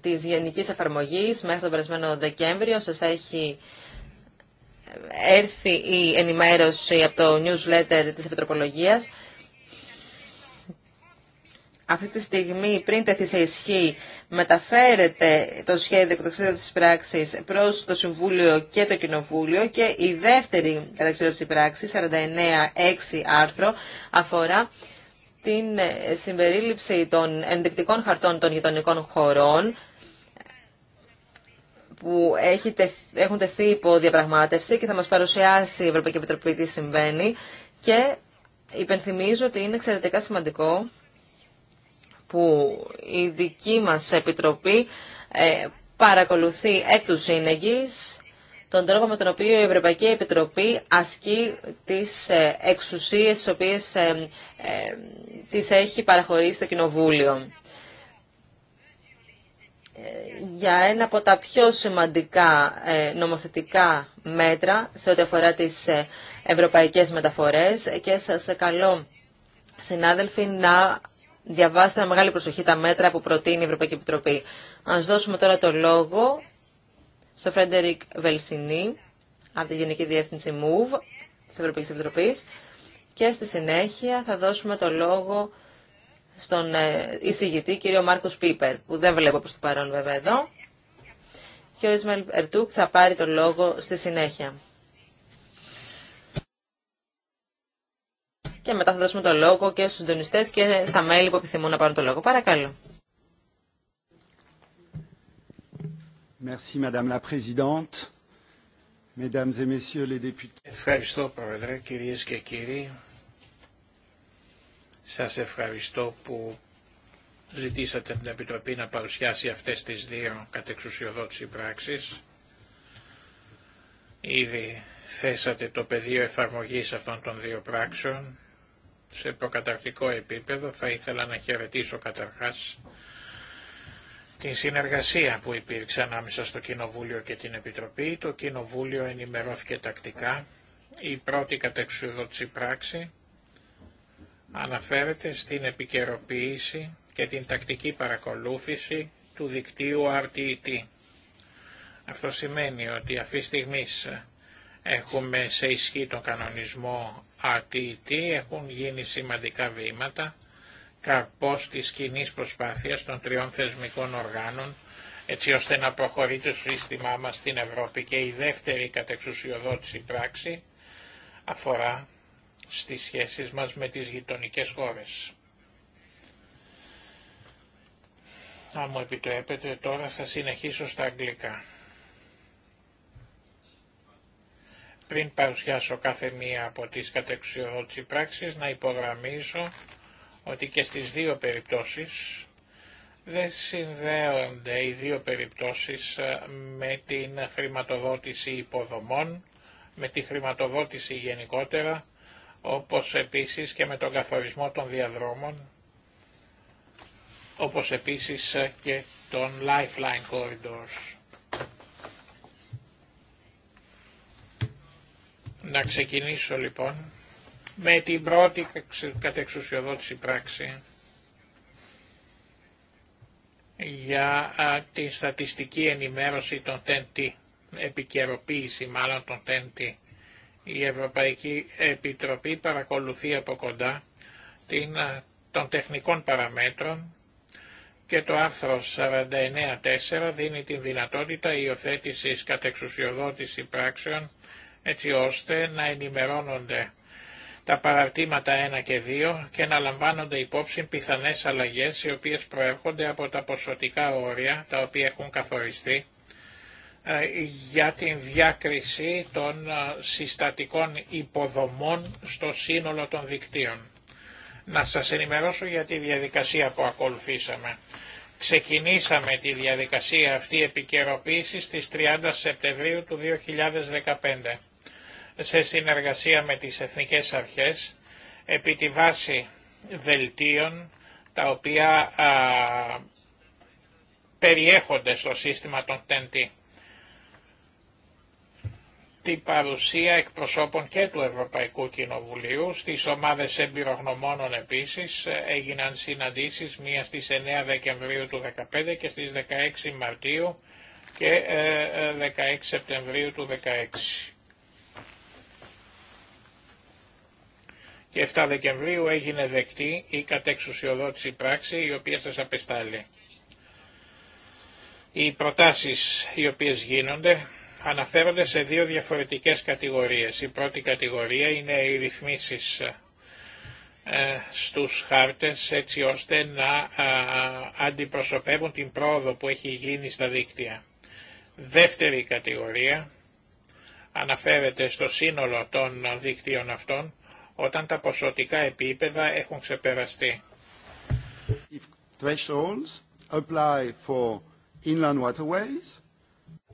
της γενικής εφαρμογής μέχρι τον περασμένο Δεκέμβριο. Σας έχει έρθει η ενημέρωση από το newsletter της Επιτροπολογίας αυτή τη στιγμή πριν τεθεί σε ισχύ μεταφέρεται το σχέδιο καταξιδίου της πράξης προς το Συμβούλιο και το Κοινοβούλιο και η δεύτερη καταξιδίου πράξη, πράξης, 49.6 άρθρο, αφορά την ε, συμπερίληψη των ενδεικτικών χαρτών των γειτονικών χωρών που έχουν τεθεί υπό διαπραγμάτευση και θα μας παρουσιάσει η Ευρωπαϊκή Επιτροπή τι συμβαίνει και υπενθυμίζω ότι είναι εξαιρετικά σημαντικό που η δική μας Επιτροπή ε, παρακολουθεί εκ του τον τρόπο με τον οποίο η Ευρωπαϊκή Επιτροπή ασκεί τις ε, εξουσίες τις οποίες ε, τις έχει παραχωρήσει το Κοινοβούλιο. Για ένα από τα πιο σημαντικά νομοθετικά μέτρα σε ό,τι αφορά τις ευρωπαϊκές μεταφορές και σας καλώ συνάδελφοι να Διαβάστε με μεγάλη προσοχή τα μέτρα που προτείνει η Ευρωπαϊκή Επιτροπή. Α δώσουμε τώρα το λόγο στο Φρέντερικ Βελσινή από τη Γενική Διεύθυνση MOVE της Ευρωπαϊκή Επιτροπής και στη συνέχεια θα δώσουμε το λόγο στον ε, εισηγητή κύριο Μάρκος Πίπερ που δεν βλέπω προς το παρόν βέβαια εδώ και ο Ισμαήλ Ερτούκ θα πάρει το λόγο στη συνέχεια. και μετά θα δώσουμε το λόγο και στους συντονιστέ και στα μέλη που επιθυμούν να πάρουν το λόγο. Παρακαλώ. Ευχαριστώ, Πρόεδρε, κυρίες και κύριοι. Σας ευχαριστώ που ζητήσατε την Επιτροπή να παρουσιάσει αυτές τις δύο κατεξουσιοδότηση πράξεις. Ήδη θέσατε το πεδίο εφαρμογής αυτών των δύο πράξεων σε προκαταρκτικό επίπεδο θα ήθελα να χαιρετήσω καταρχάς την συνεργασία που υπήρξε ανάμεσα στο Κοινοβούλιο και την Επιτροπή. Το Κοινοβούλιο ενημερώθηκε τακτικά. Η πρώτη κατεξουδότηση πράξη αναφέρεται στην επικαιροποίηση και την τακτική παρακολούθηση του δικτύου RTT. E Αυτό σημαίνει ότι αυτή τη στιγμή έχουμε σε ισχύ τον κανονισμό ατήτη έχουν γίνει σημαντικά βήματα καρπός της κοινή προσπάθειας των τριών θεσμικών οργάνων έτσι ώστε να προχωρεί το σύστημά μας στην Ευρώπη και η δεύτερη κατεξουσιοδότηση πράξη αφορά στις σχέσεις μας με τις γειτονικές χώρες. Αν μου επιτρέπετε τώρα θα συνεχίσω στα αγγλικά. Πριν παρουσιάσω κάθε μία από τις κατεξιοδότηση πράξεις, να υπογραμμίζω ότι και στις δύο περιπτώσεις δεν συνδέονται οι δύο περιπτώσεις ε, με την χρηματοδότηση υποδομών, με τη χρηματοδότηση γενικότερα, όπως επίσης και με τον καθορισμό των διαδρόμων, όπως επίσης ε, και των Lifeline Corridors. Να ξεκινήσω λοιπόν με την πρώτη κατεξουσιοδότηση πράξη για τη στατιστική ενημέρωση των TNT, επικαιροποίηση μάλλον των TNT. Η Ευρωπαϊκή Επιτροπή παρακολουθεί από κοντά την, των τεχνικών παραμέτρων και το άρθρο 49.4 δίνει την δυνατότητα υιοθέτησης κατεξουσιοδότηση πράξεων έτσι ώστε να ενημερώνονται τα παραρτήματα 1 και 2 και να λαμβάνονται υπόψη πιθανές αλλαγές οι οποίες προέρχονται από τα ποσοτικά όρια τα οποία έχουν καθοριστεί ε, για την διάκριση των ε, συστατικών υποδομών στο σύνολο των δικτύων. Να σας ενημερώσω για τη διαδικασία που ακολουθήσαμε. Ξεκινήσαμε τη διαδικασία αυτή επικαιροποίηση στις 30 Σεπτεμβρίου του 2015 σε συνεργασία με τις εθνικές αρχές επί τη βάση δελτίων τα οποία περιέχονται στο σύστημα των TNT. Την παρουσία εκπροσώπων και του Ευρωπαϊκού Κοινοβουλίου, στις ομάδες εμπειρογνωμόνων επίσης ε, έγιναν συναντήσεις, μία στις 9 Δεκεμβρίου του 2015 και στις 16 Μαρτίου και 16 ε, ε, Σεπτεμβρίου του 2016. και 7 Δεκεμβρίου έγινε δεκτή η κατεξουσιοδότηση πράξη η οποία σας απεστάλλει. Οι προτάσεις οι οποίες γίνονται αναφέρονται σε δύο διαφορετικές κατηγορίες. Η πρώτη κατηγορία είναι οι ρυθμίσεις ε, στους χάρτες έτσι ώστε να ε, αντιπροσωπεύουν την πρόοδο που έχει γίνει στα δίκτυα. Δεύτερη κατηγορία αναφέρεται στο σύνολο των δίκτυων αυτών όταν τα ποσοτικά επίπεδα έχουν ξεπεραστεί.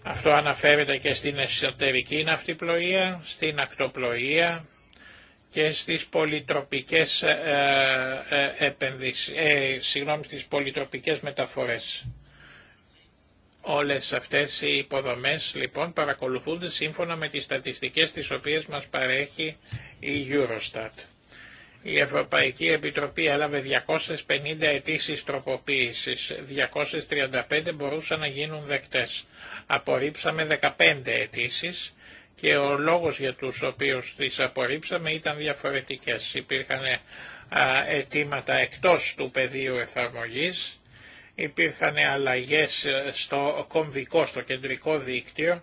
Αυτό αναφέρεται και στην εσωτερική ναυτιπλοεία, στην ακτοπλοεία και στις πολυτροπικές, ε, ε, ε, ε στις πολυτροπικές μεταφορές. Όλες αυτές οι υποδομές λοιπόν παρακολουθούνται σύμφωνα με τις στατιστικές τις οποίες μας παρέχει η Eurostat. Η Ευρωπαϊκή Επιτροπή έλαβε 250 αιτήσει τροποποίησης, 235 μπορούσαν να γίνουν δεκτές. Απορρίψαμε 15 αιτήσει και ο λόγος για τους οποίους τις απορρίψαμε ήταν διαφορετικές. Υπήρχαν αιτήματα εκτός του πεδίου εφαρμογής υπήρχαν αλλαγές στο κομβικό, στο κεντρικό δίκτυο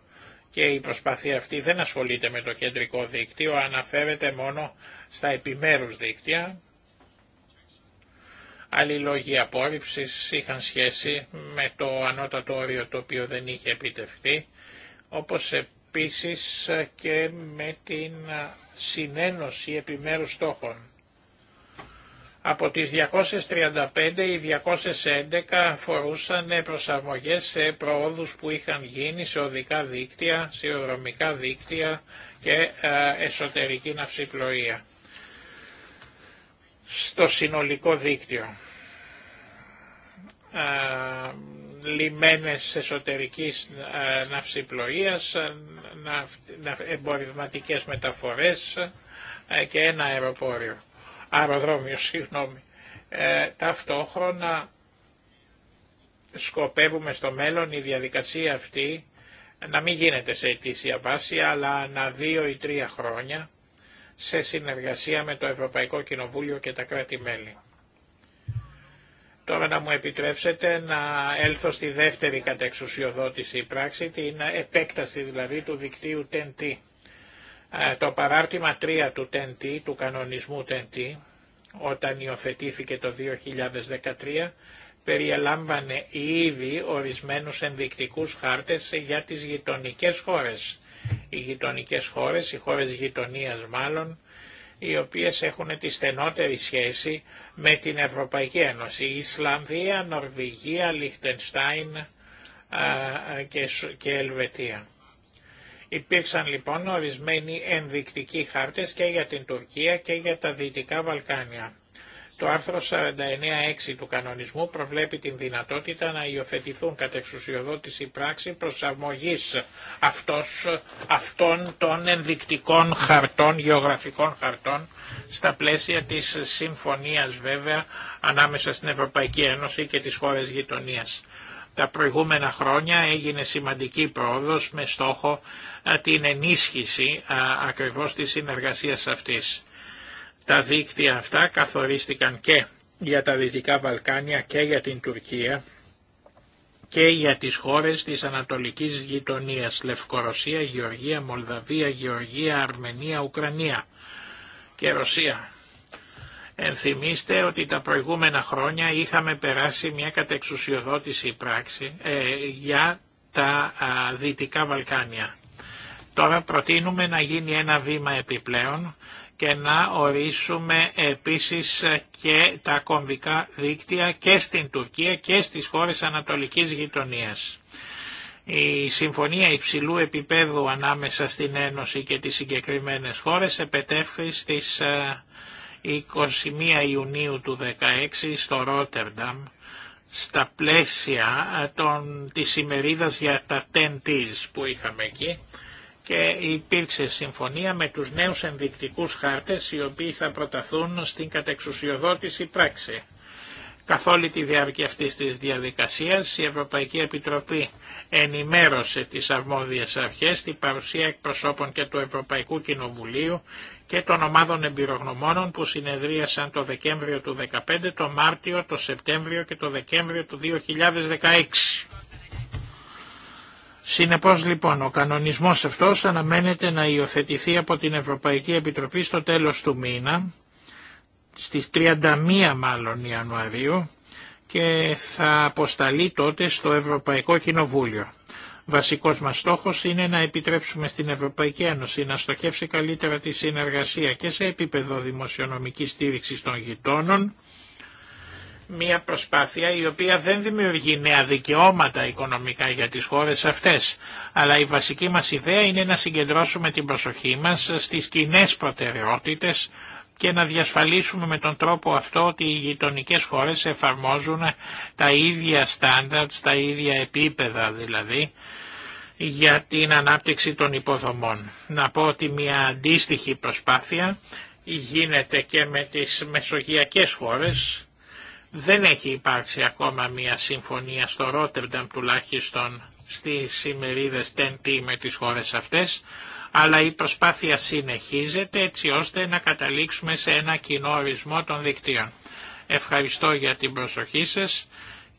και η προσπάθεια αυτή δεν ασχολείται με το κεντρικό δίκτυο, αναφέρεται μόνο στα επιμέρους δίκτυα. Άλλοι λόγοι απόρριψης είχαν σχέση με το ανώτατο όριο το οποίο δεν είχε επιτευχθεί, όπως επίσης και με την συνένωση επιμέρους στόχων. Από τις 235 οι 211 αφορούσαν προσαρμογές σε προόδους που είχαν γίνει σε οδικά δίκτυα, σε οδρομικά δίκτυα και ε, εσωτερική ναυσιπλοεία στο συνολικό δίκτυο. Ε, λιμένες εσωτερικής ε, ναυσιπλοείας, εμπορευματικές μεταφορές και ένα αεροπόριο αεροδρόμιο, συγγνώμη. Ε, ταυτόχρονα σκοπεύουμε στο μέλλον η διαδικασία αυτή να μην γίνεται σε αιτήσια βάση, αλλά να δύο ή τρία χρόνια σε συνεργασία με το Ευρωπαϊκό Κοινοβούλιο και τα κράτη-μέλη. Τώρα να μου επιτρέψετε να έλθω στη δεύτερη κατεξουσιοδότηση πράξη, την επέκταση δηλαδή του δικτύου TNT. Ε, το παράρτημα 3 του TNT, του κανονισμού TNT, όταν υιοθετήθηκε το 2013, περιελάμβανε ήδη ορισμένους ενδεικτικούς χάρτες για τις γειτονικές χώρες. Οι γειτονικές χώρες, οι χώρες γειτονίας μάλλον, οι οποίες έχουν τη στενότερη σχέση με την Ευρωπαϊκή Ένωση. Ισλανδία, Νορβηγία, Λιχτενστάιν ε, ε, και Ελβετία. Υπήρξαν λοιπόν ορισμένοι ενδεικτικοί χάρτες και για την Τουρκία και για τα Δυτικά Βαλκάνια. Το άρθρο 49.6 του κανονισμού προβλέπει την δυνατότητα να υιοθετηθούν κατ' εξουσιοδότηση πράξη προσαρμογής αυτός, αυτών των ενδεικτικών χαρτών, γεωγραφικών χαρτών, στα πλαίσια της συμφωνίας βέβαια ανάμεσα στην Ευρωπαϊκή Ένωση και τις χώρες γειτονίας. Τα προηγούμενα χρόνια έγινε σημαντική πρόοδος με στόχο την ενίσχυση ακριβώς της συνεργασίας αυτής. Τα δίκτυα αυτά καθορίστηκαν και για τα Δυτικά Βαλκάνια και για την Τουρκία και για τις χώρες της Ανατολικής Γειτονίας, Λευκορωσία, Γεωργία, Μολδαβία, Γεωργία, Αρμενία, Ουκρανία και Ρωσία. Ενθυμίστε ότι τα προηγούμενα χρόνια είχαμε περάσει μια κατεξουσιοδότηση πράξη ε, για τα Δυτικά Βαλκάνια. Τώρα προτείνουμε να γίνει ένα βήμα επιπλέον και να ορίσουμε επίσης και τα κομβικά δίκτυα και στην Τουρκία και στις χώρες ανατολικής γειτονίας. Η συμφωνία υψηλού επίπεδου ανάμεσα στην Ένωση και τις συγκεκριμένες χώρες επετέφθη στις ε, 21 Ιουνίου του 2016 στο Ρότερνταμ στα πλαίσια ε, των, της ημερίδας για τα 10 που είχαμε εκεί και υπήρξε συμφωνία με τους νέους ενδεικτικούς χάρτες οι οποίοι θα προταθούν στην κατεξουσιοδότηση πράξη. Καθ' όλη τη διάρκεια αυτής της διαδικασίας η Ευρωπαϊκή Επιτροπή ενημέρωσε τις αρμόδιες αρχές, την παρουσία εκπροσώπων και του Ευρωπαϊκού Κοινοβουλίου και των ομάδων εμπειρογνωμόνων που συνεδρίασαν το Δεκέμβριο του 2015, το Μάρτιο, το Σεπτέμβριο και το Δεκέμβριο του 2016. Συνεπώς λοιπόν ο κανονισμός αυτός αναμένεται να υιοθετηθεί από την Ευρωπαϊκή Επιτροπή στο τέλος του μήνα, στις 31 μάλλον Ιανουαρίου και θα αποσταλεί τότε στο Ευρωπαϊκό Κοινοβούλιο. Βασικός μας στόχος είναι να επιτρέψουμε στην Ευρωπαϊκή Ένωση να στοχεύσει καλύτερα τη συνεργασία και σε επίπεδο δημοσιονομικής στήριξης των γειτόνων, μια προσπάθεια η οποία δεν δημιουργεί νέα δικαιώματα οικονομικά για τις χώρες αυτές, αλλά η βασική μας ιδέα είναι να συγκεντρώσουμε την προσοχή μας στις κοινέ προτεραιότητες και να διασφαλίσουμε με τον τρόπο αυτό ότι οι γειτονικές χώρες εφαρμόζουν τα ίδια standards, τα ίδια επίπεδα δηλαδή για την ανάπτυξη των υποδομών. Να πω ότι μια αντίστοιχη προσπάθεια γίνεται και με τις μεσογειακές χώρες. Δεν έχει υπάρξει ακόμα μια συμφωνία στο Ρότερνταμ τουλάχιστον στις ημερίδες T με τις χώρες αυτές αλλά η προσπάθεια συνεχίζεται έτσι ώστε να καταλήξουμε σε ένα κοινό ορισμό των δικτύων. Ευχαριστώ για την προσοχή σας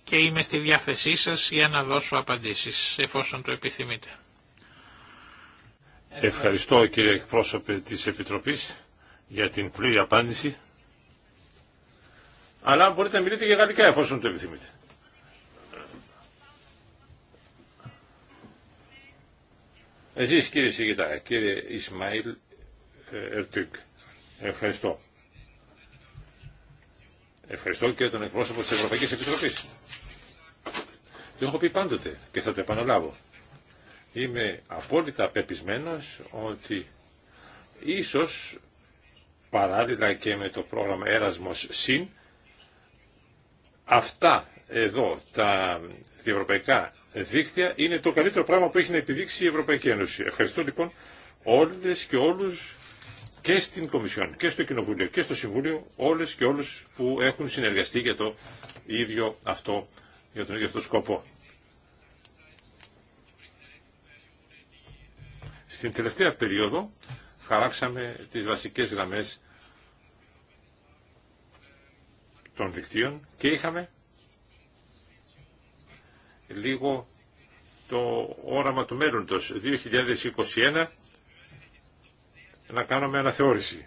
και είμαι στη διάθεσή σας για να δώσω απαντήσεις εφόσον το επιθυμείτε. Ευχαριστώ κύριε εκπρόσωπε της Επιτροπής για την πλήρη απάντηση. Αλλά μπορείτε να μιλείτε για γαλλικά εφόσον το επιθυμείτε. Εσεί, κύριε Σιγητά, κύριε Ισμαήλ ε, Ερτουκ, ευχαριστώ. Ευχαριστώ και τον εκπρόσωπο τη Ευρωπαϊκή Επιτροπή. Το έχω πει πάντοτε και θα το επαναλάβω. Είμαι απόλυτα πεπισμένος ότι ίσω, παράλληλα και με το πρόγραμμα Έρασμος ΣΥΝ αυτά εδώ τα Ευρωπαϊκά δίκτυα είναι το καλύτερο πράγμα που έχει να επιδείξει η Ευρωπαϊκή Ένωση. Ευχαριστώ λοιπόν όλες και όλους και στην Κομισιόν και στο Κοινοβούλιο και στο Συμβούλιο όλες και όλους που έχουν συνεργαστεί για το ίδιο αυτό, για τον ίδιο αυτό σκοπό. Στην τελευταία περίοδο χαράξαμε τις βασικές γραμμές των δικτύων και είχαμε λίγο το όραμα του μέλλοντος 2021 να κάνουμε αναθεώρηση.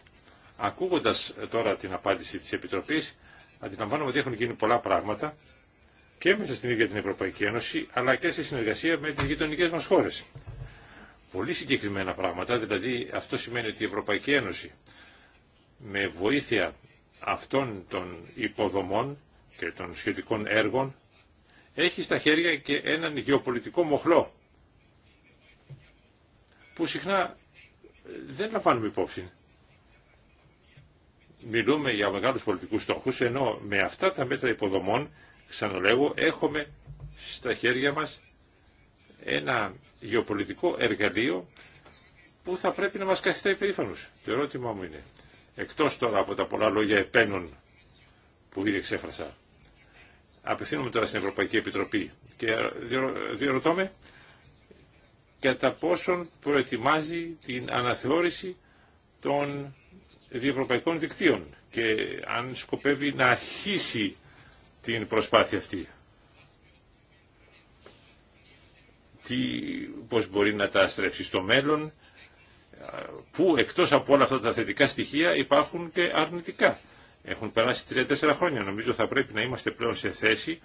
Ακούγοντας τώρα την απάντηση της Επιτροπής, αντιλαμβάνομαι ότι έχουν γίνει πολλά πράγματα και μέσα στην ίδια την Ευρωπαϊκή Ένωση, αλλά και σε συνεργασία με τις γειτονικέ μας χώρες. Πολύ συγκεκριμένα πράγματα, δηλαδή αυτό σημαίνει ότι η Ευρωπαϊκή Ένωση με βοήθεια αυτών των υποδομών και των σχετικών έργων έχει στα χέρια και έναν γεωπολιτικό μοχλό που συχνά δεν λαμβάνουμε υπόψη. Μιλούμε για μεγάλους πολιτικούς στόχους, ενώ με αυτά τα μέτρα υποδομών, ξαναλέγω, έχουμε στα χέρια μας ένα γεωπολιτικό εργαλείο που θα πρέπει να μας καθιστά υπερήφανους. Το ερώτημά μου είναι, εκτός τώρα από τα πολλά λόγια επένων που ήδη εξέφρασα, Απευθύνομαι τώρα στην Ευρωπαϊκή Επιτροπή και διαρωτώ με κατά πόσον προετοιμάζει την αναθεώρηση των διευρωπαϊκών δικτύων και αν σκοπεύει να αρχίσει την προσπάθεια αυτή. Τι, πώς μπορεί να τα στρέψει στο μέλλον, που εκτός από όλα αυτά τα θετικά στοιχεία υπάρχουν και αρνητικά. Έχουν περάσει τρία-τέσσερα χρόνια. Νομίζω θα πρέπει να είμαστε πλέον σε θέση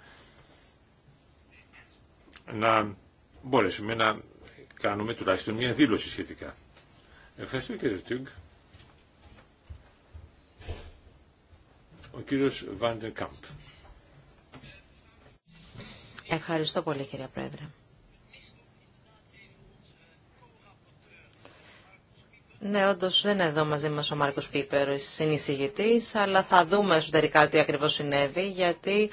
να μπορέσουμε να κάνουμε τουλάχιστον μια δήλωση σχετικά. Ευχαριστώ κύριε Τιούγκ. Ο κύριος Βάντερ Κάμπ. Ευχαριστώ πολύ κύριε Πρόεδρε. Ναι, όντω δεν είναι εδώ μαζί μα ο Μάρκο Πίπερ, συνεισηγητή, αλλά θα δούμε εσωτερικά τι ακριβώ συνέβη, γιατί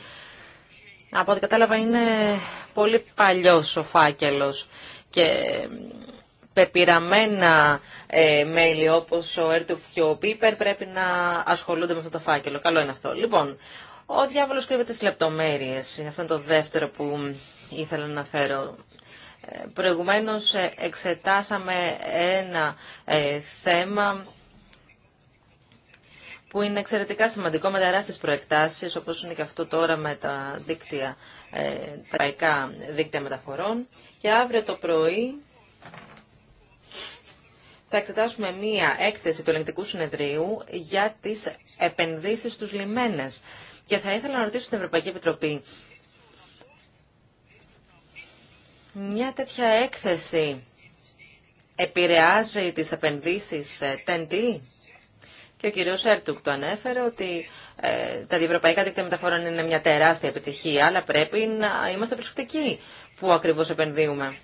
από ό,τι κατάλαβα είναι πολύ παλιό ο φάκελο και πεπειραμένα ε, μέλη όπω ο Έρτουφ και ο Πίπερ πρέπει να ασχολούνται με αυτό το φάκελο. Καλό είναι αυτό. Λοιπόν, ο διάβολο κρύβεται στι λεπτομέρειε. Αυτό είναι το δεύτερο που ήθελα να φέρω. Προηγουμένως ε, εξετάσαμε ένα ε, θέμα που είναι εξαιρετικά σημαντικό με τεράστιες προεκτάσεις, όπως είναι και αυτό τώρα με τα δίκτυα, ε, τα δίκτυα μεταφορών. Και αύριο το πρωί θα εξετάσουμε μία έκθεση του ελεγκτικού συνεδρίου για τις επενδύσεις στους λιμένες. Και θα ήθελα να ρωτήσω την Ευρωπαϊκή Επιτροπή μια τέτοια έκθεση επηρεάζει τις επενδύσεις ε, τεντή Και ο κύριος Σέρτουκ το ανέφερε ότι ε, τα διευρωπαϊκά δίκτυα μεταφορών είναι μια τεράστια επιτυχία, αλλά πρέπει να είμαστε προσεκτικοί που ακριβώς επενδύουμε.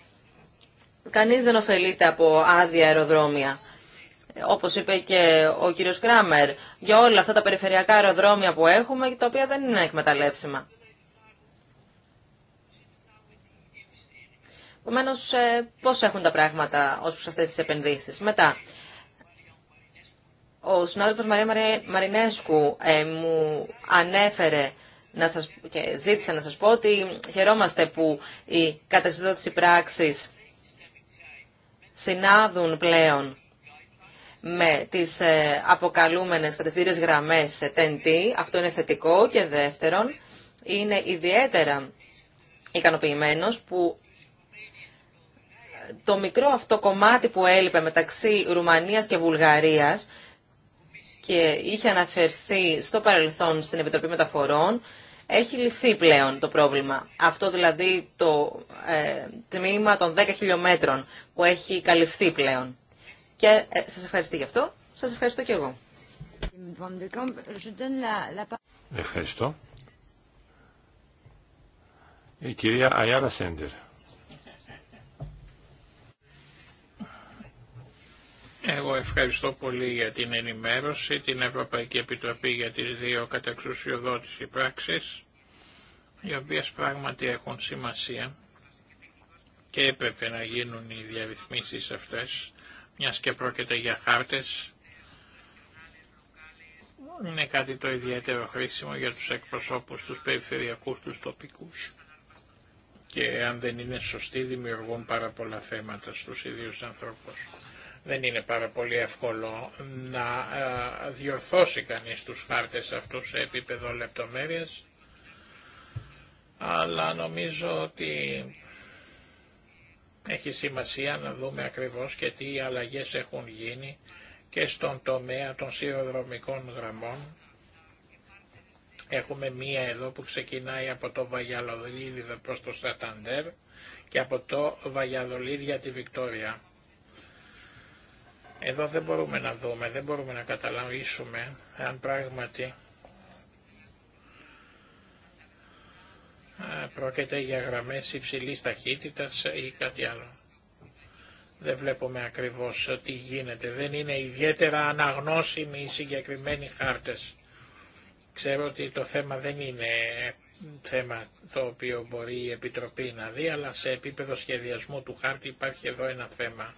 Κανείς δεν ωφελείται από άδεια αεροδρόμια. Όπως είπε και ο κύριος Κράμερ, για όλα αυτά τα περιφερειακά αεροδρόμια που έχουμε, τα οποία δεν είναι εκμεταλλεύσιμα. Επομένω, ε, πώ έχουν τα πράγματα ω προ αυτέ τι επενδύσει. Μετά, ο συνάδελφο Μαρία Μαρινέσκου ε, μου ανέφερε να σας, και ζήτησε να σας πω ότι χαιρόμαστε που οι καταξιδότηση πράξη συνάδουν πλέον με τις ε, αποκαλούμενες κατευθύνες γραμμές TNT. Αυτό είναι θετικό και δεύτερον είναι ιδιαίτερα ικανοποιημένος που το μικρό αυτό κομμάτι που έλειπε μεταξύ Ρουμανίας και Βουλγαρίας και είχε αναφερθεί στο παρελθόν στην Επιτροπή Μεταφορών, έχει λυθεί πλέον το πρόβλημα. Αυτό δηλαδή το ε, τμήμα των 10 χιλιόμετρων που έχει καλυφθεί πλέον. Και ε, σας ευχαριστώ γι' αυτό. Σας ευχαριστώ και εγώ. Ευχαριστώ. Η κυρία Αιάρα Σέντερ. Εγώ ευχαριστώ πολύ για την ενημέρωση, την Ευρωπαϊκή Επιτροπή για τις δύο κατεξουσιοδότηση πράξεις, οι οποίες πράγματι έχουν σημασία και έπρεπε να γίνουν οι διαρρυθμίσεις αυτές, μιας και πρόκειται για χάρτες. Είναι κάτι το ιδιαίτερο χρήσιμο για τους εκπροσώπους, τους περιφερειακούς, τους τοπικούς. Και αν δεν είναι σωστοί δημιουργούν πάρα πολλά θέματα στους ίδιους ανθρώπους. Δεν είναι πάρα πολύ εύκολο να ε, διορθώσει κανείς τους χάρτες αυτούς σε επίπεδο λεπτομέρειας, αλλά νομίζω ότι έχει σημασία να δούμε ακριβώς και τι αλλαγές έχουν γίνει και στον τομέα των σιδηροδρομικών γραμμών. Έχουμε μία εδώ που ξεκινάει από το Βαγιαλοδρίδι προς το Σαταντέρ και από το Βαγιαδολίδια τη Βικτόρια. Εδώ δεν μπορούμε να δούμε, δεν μπορούμε να καταλαβήσουμε αν πράγματι ε, πρόκειται για γραμμές υψηλής ταχύτητας ή κάτι άλλο. Δεν βλέπουμε ακριβώς τι γίνεται. Δεν είναι ιδιαίτερα αναγνώσιμοι οι συγκεκριμένοι χάρτες. Ξέρω ότι το θέμα δεν είναι θέμα το οποίο μπορεί η Επιτροπή να δει, αλλά σε επίπεδο σχεδιασμού του χάρτη υπάρχει εδώ ένα θέμα.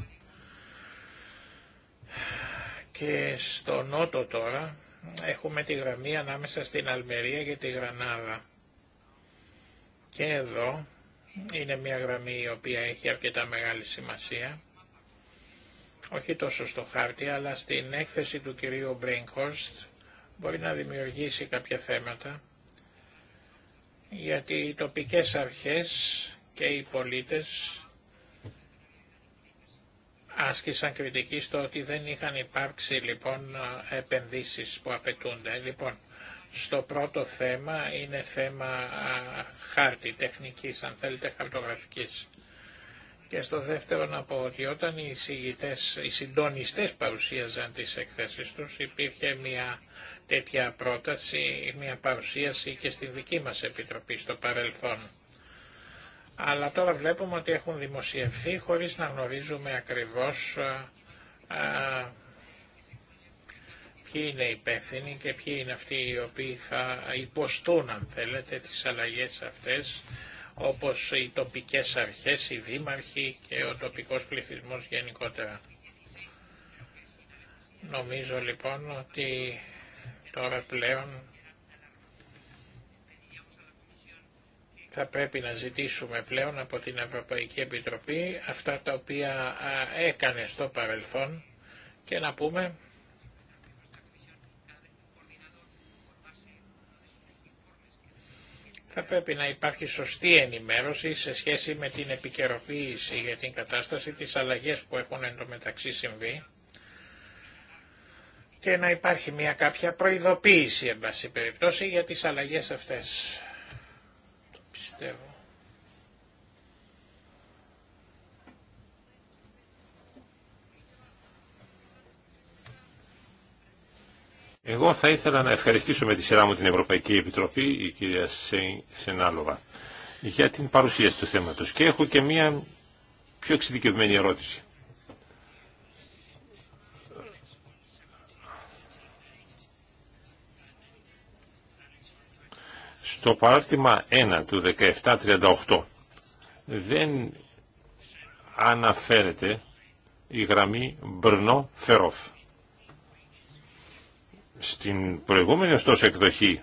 Και στο νότο τώρα έχουμε τη γραμμή ανάμεσα στην Αλμερία και τη Γρανάδα. Και εδώ είναι μια γραμμή η οποία έχει αρκετά μεγάλη σημασία. Όχι τόσο στο χάρτη, αλλά στην έκθεση του κυρίου Μπρέινχορστ μπορεί να δημιουργήσει κάποια θέματα, γιατί οι τοπικές αρχές και οι πολίτες άσκησαν κριτική στο ότι δεν είχαν υπάρξει λοιπόν επενδύσεις που απαιτούνται. Λοιπόν, στο πρώτο θέμα είναι θέμα χάρτη, τεχνικής, αν θέλετε, χαρτογραφικής. Και στο δεύτερο να πω ότι όταν οι, συγητές, οι συντονιστές παρουσίαζαν τις εκθέσεις τους υπήρχε μια τέτοια πρόταση, μια παρουσίαση και στη δική μας Επιτροπή στο παρελθόν αλλά τώρα βλέπουμε ότι έχουν δημοσιευθεί χωρίς να γνωρίζουμε ακριβώς ε, ε, ποιοι είναι υπεύθυνοι και ποιοι είναι αυτοί οι οποίοι θα υποστούν, αν θέλετε, τις αλλαγές αυτές, όπως οι τοπικές αρχές, οι δήμαρχοι και ο τοπικός πληθυσμός γενικότερα. Νομίζω λοιπόν ότι τώρα πλέον θα πρέπει να ζητήσουμε πλέον από την Ευρωπαϊκή Επιτροπή αυτά τα οποία έκανε στο παρελθόν και να πούμε θα πρέπει να υπάρχει σωστή ενημέρωση σε σχέση με την επικαιροποίηση για την κατάσταση, της αλλαγές που έχουν εντωμεταξύ συμβεί και να υπάρχει μια κάποια προειδοποίηση, εν περιπτώσει, για τις αλλαγές αυτές. Εγώ θα ήθελα να ευχαριστήσω με τη σειρά μου την Ευρωπαϊκή Επιτροπή, η κυρία Σενάλοβα, για την παρουσίαση του θέματος. Και έχω και μία πιο εξειδικευμένη ερώτηση. στο παράρτημα 1 του 1738 δεν αναφέρεται η γραμμή Μπρνό-Φερόφ. Στην προηγούμενη ωστόσο εκδοχή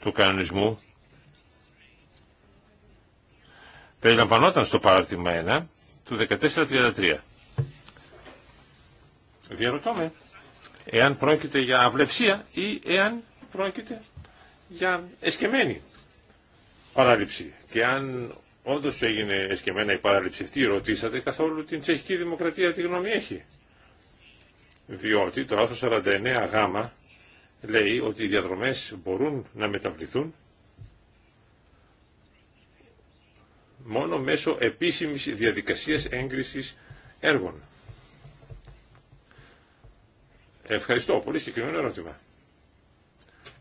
του κανονισμού περιλαμβανόταν στο παράρτημα 1 του 1433. Διαρωτώ με εάν πρόκειται για αυλευσία ή εάν πρόκειται για εσκεμμένη παράληψη. Και αν όντω έγινε εσκεμμένα η παράληψη αυτή, ρωτήσατε καθόλου την τσεχική δημοκρατία τι γνώμη έχει. Διότι το άρθρο 49 γάμα λέει ότι οι διαδρομές μπορούν να μεταβληθούν μόνο μέσω επίσημης διαδικασίας έγκρισης έργων. Ευχαριστώ. Πολύ συγκεκριμένο ερώτημα.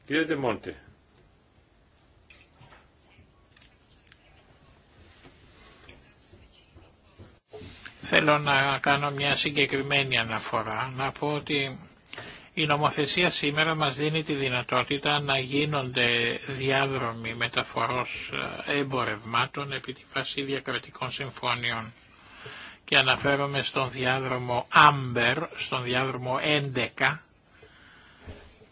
Κύριε Θέλω να κάνω μια συγκεκριμένη αναφορά, να πω ότι η νομοθεσία σήμερα μας δίνει τη δυνατότητα να γίνονται διάδρομοι μεταφορός ε, εμπορευμάτων επί τη βάση διακρατικών συμφώνιων. Και αναφέρομαι στον διάδρομο Άμπερ, στον διάδρομο 11,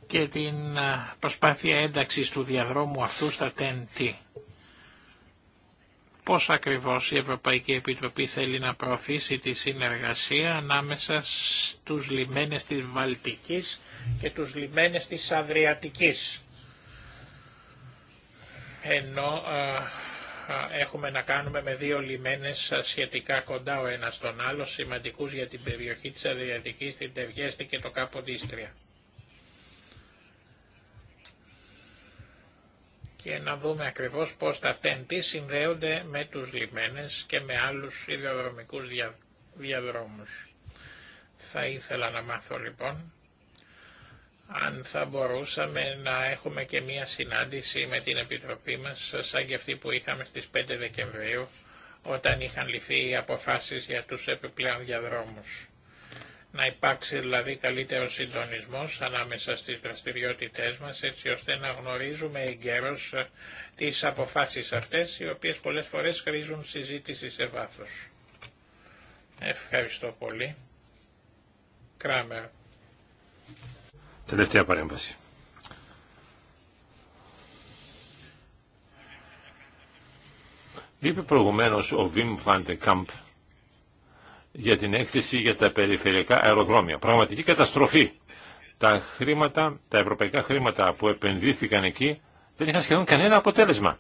και την ε, προσπάθεια ένταξης του διαδρόμου αυτού στα TNT. Πώς ακριβώς η Ευρωπαϊκή Επιτροπή θέλει να προωθήσει τη συνεργασία ανάμεσα στους λιμένες της Βαλτικής και τους λιμένες της Αδριατικής. Ενώ ε, ε, έχουμε να κάνουμε με δύο λιμένες σχετικά κοντά ο ένας τον άλλο, σημαντικούς για την περιοχή της Αδριατικής, την Τευγέστη και το Κάπο και να δούμε ακριβώς πώς τα τέντη συνδέονται με τους λιμένες και με άλλους ιδεοδρομικούς διαδρόμους. Θα ήθελα να μάθω λοιπόν αν θα μπορούσαμε να έχουμε και μία συνάντηση με την Επιτροπή μας σαν και αυτή που είχαμε στις 5 Δεκεμβρίου όταν είχαν ληφθεί οι αποφάσεις για τους επιπλέον διαδρόμους να υπάρξει δηλαδή καλύτερο συντονισμός ανάμεσα στις δραστηριότητές μας έτσι ώστε να γνωρίζουμε εγκαίρως ε, τις αποφάσεις αυτές οι οποίες πολλές φορές χρήζουν συζήτηση σε βάθος. Ευχαριστώ πολύ. Κράμερ. Τελευταία παρέμβαση. Είπε προηγουμένως ο Βιμ Φαντεκάμπ Κάμπ για την έκθεση για τα περιφερειακά αεροδρόμια. Πραγματική καταστροφή. Τα χρήματα, τα ευρωπαϊκά χρήματα που επενδύθηκαν εκεί δεν είχαν σχεδόν κανένα αποτέλεσμα.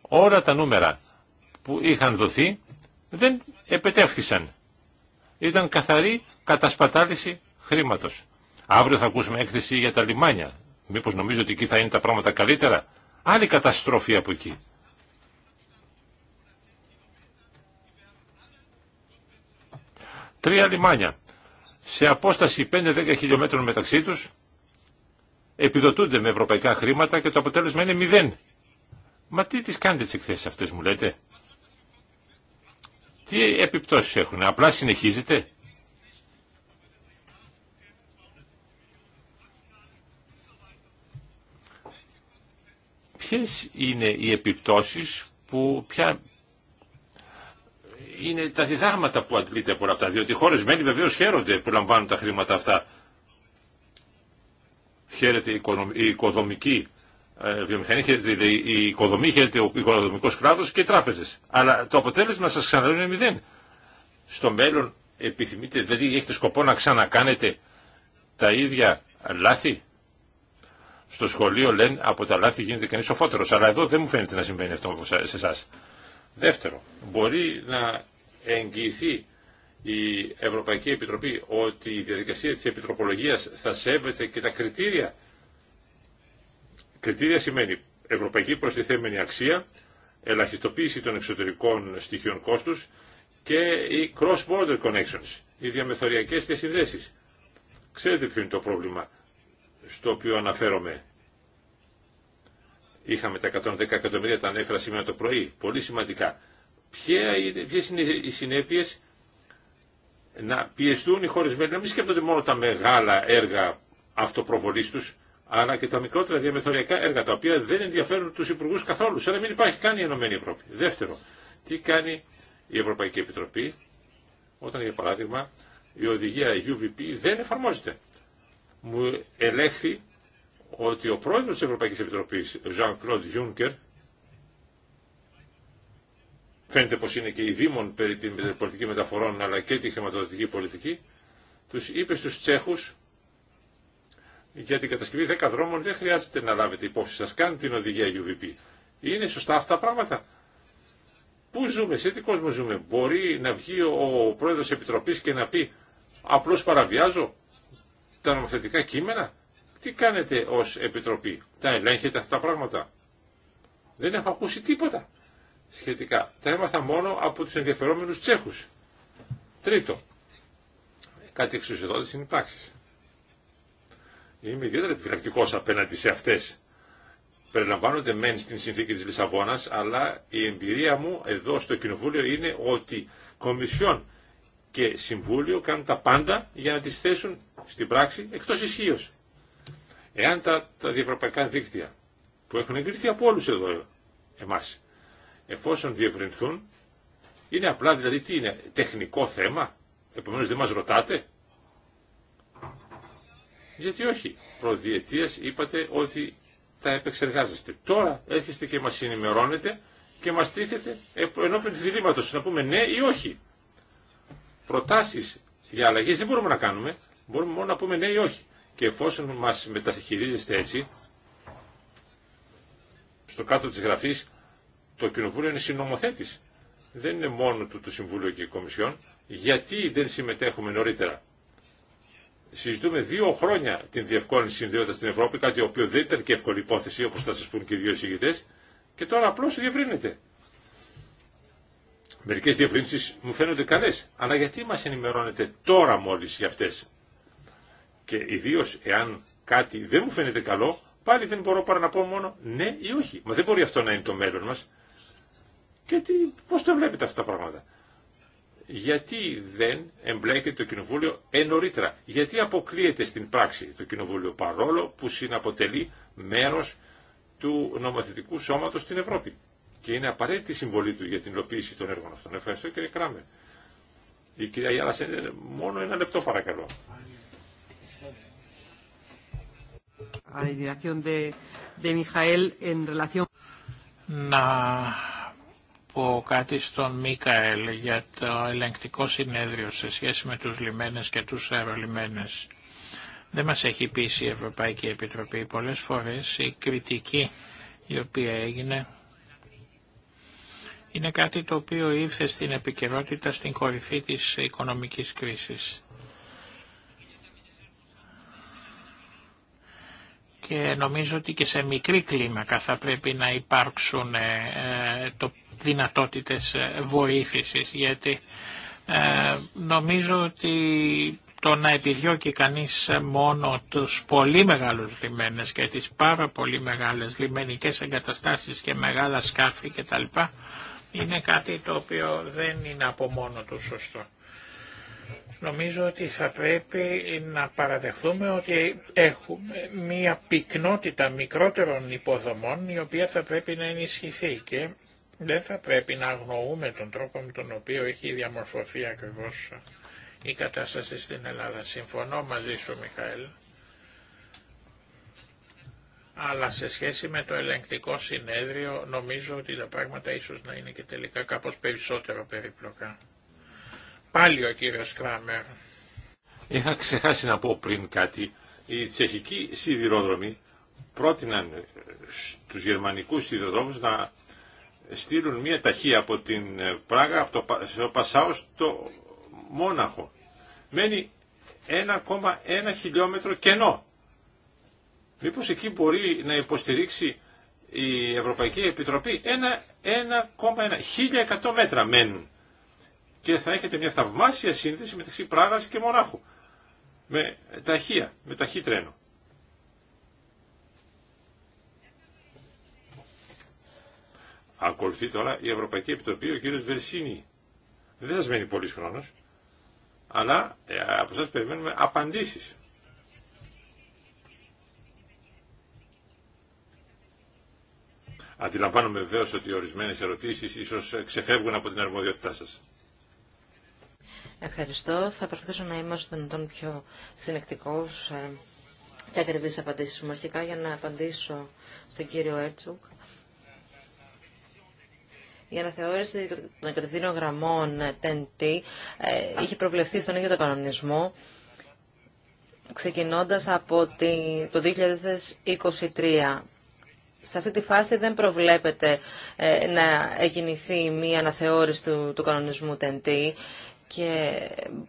Όλα τα νούμερα που είχαν δοθεί δεν επετεύχθησαν. Ήταν καθαρή κατασπατάληση χρήματος. Αύριο θα ακούσουμε έκθεση για τα λιμάνια. Μήπως νομίζω ότι εκεί θα είναι τα πράγματα καλύτερα. Άλλη καταστροφή από εκεί. τρία λιμάνια σε απόσταση 5-10 χιλιόμετρων μεταξύ τους επιδοτούνται με ευρωπαϊκά χρήματα και το αποτέλεσμα είναι μηδέν. Μα τι τις κάνετε τις εκθέσεις αυτές μου λέτε. Τι επιπτώσεις έχουν. Απλά συνεχίζετε. Ποιες είναι οι επιπτώσεις που, πια είναι τα διδάγματα που αντλείται από αυτά. Διότι οι χώρε μέλη βεβαίω χαίρονται που λαμβάνουν τα χρήματα αυτά. Χαίρεται η οικοδομική ε, βιομηχανία, η οικοδομή, χαίρεται ο οικοδομικός κράτος και οι τράπεζες. Αλλά το αποτέλεσμα σας ξαναλέω είναι μηδέν. Στο μέλλον επιθυμείτε, δηλαδή έχετε σκοπό να ξανακάνετε τα ίδια λάθη. Στο σχολείο λένε από τα λάθη γίνεται κανείς σοφότερος. Αλλά εδώ δεν μου φαίνεται να συμβαίνει αυτό σε εσά. Δεύτερο, μπορεί να εγγυηθεί η Ευρωπαϊκή Επιτροπή ότι η διαδικασία της επιτροπολογίας θα σέβεται και τα κριτήρια. Κριτήρια σημαίνει ευρωπαϊκή προστιθέμενη αξία, ελαχιστοποίηση των εξωτερικών στοιχείων κόστους και οι cross-border connections, οι διαμεθοριακές διασυνδέσεις. Ξέρετε ποιο είναι το πρόβλημα στο οποίο αναφέρομαι. Είχαμε τα 110 εκατομμύρια, τα ανέφερα σήμερα το πρωί, πολύ σημαντικά ποιες είναι οι συνέπειες να πιεστούν οι χώρες μέλη να μην σκέφτονται μόνο τα μεγάλα έργα αυτοπροβολής τους, αλλά και τα μικρότερα διαμεθοριακά έργα, τα οποία δεν ενδιαφέρουν τους υπουργού καθόλου, σαν να μην υπάρχει καν η Ενωμένη ΕΕ. Δεύτερο, τι κάνει η Ευρωπαϊκή Επιτροπή, όταν για παράδειγμα η οδηγία UVP δεν εφαρμόζεται. Μου ελέγχθη ότι ο πρόεδρος της Ευρωπαϊκής Επιτροπής, Jean-Claude Juncker, φαίνεται πως είναι και οι Δήμων περί την πολιτική μεταφορών αλλά και τη χρηματοδοτική πολιτική, τους είπε στους Τσέχους για την κατασκευή 10 δρόμων δεν χρειάζεται να λάβετε υπόψη σας καν την οδηγία UVP. Είναι σωστά αυτά τα πράγματα. Πού ζούμε, σε τι κόσμο ζούμε. Μπορεί να βγει ο πρόεδρος Επιτροπής και να πει απλώς παραβιάζω τα νομοθετικά κείμενα. Τι κάνετε ως Επιτροπή. Τα ελέγχετε αυτά τα πράγματα. Δεν έχω ακούσει τίποτα σχετικά. Τα έμαθα μόνο από τους ενδιαφερόμενους Τσέχους. Τρίτο, κάτι εξουσιοδότης είναι πράξεις. Είμαι ιδιαίτερα επιφυλακτικός απέναντι σε αυτές. Περιλαμβάνονται μεν στην συνθήκη της Λισαβόνας, αλλά η εμπειρία μου εδώ στο Κοινοβούλιο είναι ότι Κομισιόν και Συμβούλιο κάνουν τα πάντα για να τις θέσουν στην πράξη εκτός ισχύω. Εάν τα, τα διευρωπαϊκά δίκτυα που έχουν εγκριθεί από όλους εδώ εμάς εφόσον διευρυνθούν, είναι απλά δηλαδή τι είναι, τεχνικό θέμα, επομένως δεν μας ρωτάτε. Γιατί όχι, προδιετίας είπατε ότι τα επεξεργάζεστε. Τώρα έρχεστε και μας ενημερώνετε και μας τίθετε ενώπιν της διλήμματος να πούμε ναι ή όχι. Προτάσεις για αλλαγές δεν μπορούμε να κάνουμε, μπορούμε μόνο να πούμε ναι ή όχι. Και εφόσον μας μεταχειρίζεστε έτσι, στο κάτω της γραφής το Κοινοβούλιο είναι συνομοθέτη. Δεν είναι μόνο του το Συμβούλιο και η Κομισιόν. Γιατί δεν συμμετέχουμε νωρίτερα. Συζητούμε δύο χρόνια την διευκόλυνση συνδέοντα στην Ευρώπη, κάτι το οποίο δεν ήταν και εύκολη υπόθεση, όπω θα σα πούν και οι δύο συγγητέ, και τώρα απλώ διευρύνεται. Μερικέ διευρύνσει μου φαίνονται καλέ, αλλά γιατί μα ενημερώνετε τώρα μόλι για αυτέ. Και ιδίω εάν κάτι δεν μου φαίνεται καλό, πάλι δεν μπορώ παρά να πω μόνο ναι ή όχι. Μα δεν μπορεί αυτό να είναι το μέλλον μα. Και πώ πώς το βλέπετε αυτά τα πράγματα. Γιατί δεν εμπλέκεται το Κοινοβούλιο ενωρίτερα. Γιατί αποκλείεται στην πράξη το Κοινοβούλιο παρόλο που συναποτελεί μέρος του νομοθετικού σώματος στην Ευρώπη. Και είναι απαραίτητη συμβολή του για την υλοποίηση των έργων αυτών. Ευχαριστώ κύριε Κράμερ. Η κυρία Γιάννα μόνο ένα λεπτό παρακαλώ. Ε, Να πω κάτι στον Μίκαελ για το ελεγκτικό συνέδριο σε σχέση με τους λιμένες και τους αερολιμένες. Δεν μας έχει πείσει η Ευρωπαϊκή Επιτροπή πολλές φορές η κριτική η οποία έγινε είναι κάτι το οποίο ήρθε στην επικαιρότητα στην κορυφή της οικονομικής κρίσης. και νομίζω ότι και σε μικρή κλίμακα θα πρέπει να υπάρξουν ε, ε, το δυνατότητες ε, βοήθησης γιατί νομίζω ότι το να επιδιώκει κανείς μόνο τους πολύ μεγάλους λιμένες και τις πάρα πολύ μεγάλες λιμενικές εγκαταστάσεις και μεγάλα σκάφη κτλ είναι κάτι το οποίο δεν είναι από μόνο του σωστό. Νομίζω ότι θα πρέπει να παραδεχθούμε ότι έχουμε μία πυκνότητα μικρότερων υποδομών η οποία θα πρέπει να ενισχυθεί και δεν θα πρέπει να αγνοούμε τον τρόπο με τον οποίο έχει διαμορφωθεί ακριβώς η κατάσταση στην Ελλάδα. Συμφωνώ μαζί σου Μιχαήλ. Αλλά σε σχέση με το ελεγκτικό συνέδριο νομίζω ότι τα πράγματα ίσως να είναι και τελικά κάπως περισσότερο περίπλοκα. Πάλι ο κύριος Κράμερ. Είχα ξεχάσει να πω πριν κάτι. Οι τσεχικοί σιδηρόδρομοι πρότειναν ε, στους γερμανικούς σιδηροδρόμους να στείλουν μία ταχύα από την ε, Πράγα, από το στο Πασάο στο Μόναχο. Μένει 1,1 χιλιόμετρο κενό. Μήπως εκεί μπορεί να υποστηρίξει η Ευρωπαϊκή Επιτροπή ένα 1,1 1100 μέτρα μένουν και θα έχετε μια θαυμάσια σύνδεση μεταξύ Πράγας και Μονάχου. Με ταχεία, με ταχύ τρένο. Ακολουθεί τώρα η Ευρωπαϊκή Επιτροπή, ο κύριος Βερσίνη. Δεν σας μένει πολύς χρόνος, αλλά ε, από σας περιμένουμε απαντήσεις. Αντιλαμβάνομαι βεβαίως ότι ορισμένες ερωτήσεις ίσως ξεφεύγουν από την αρμοδιότητά σας. Ευχαριστώ. Θα προσπαθήσω να είμαι όσο πιο συνεκτικός ε, και ακριβής απαντήσει μου αρχικά για να απαντήσω στον κύριο Έρτσουκ. Η αναθεώρηση των κατευθύνων γραμμών TNT ε, ε, είχε προβλεφθεί στον ίδιο το κανονισμό ξεκινώντας από το 2023. Σε αυτή τη φάση δεν προβλέπεται ε, να εγκινηθεί μία αναθεώρηση του, του κανονισμού TEN-T. Και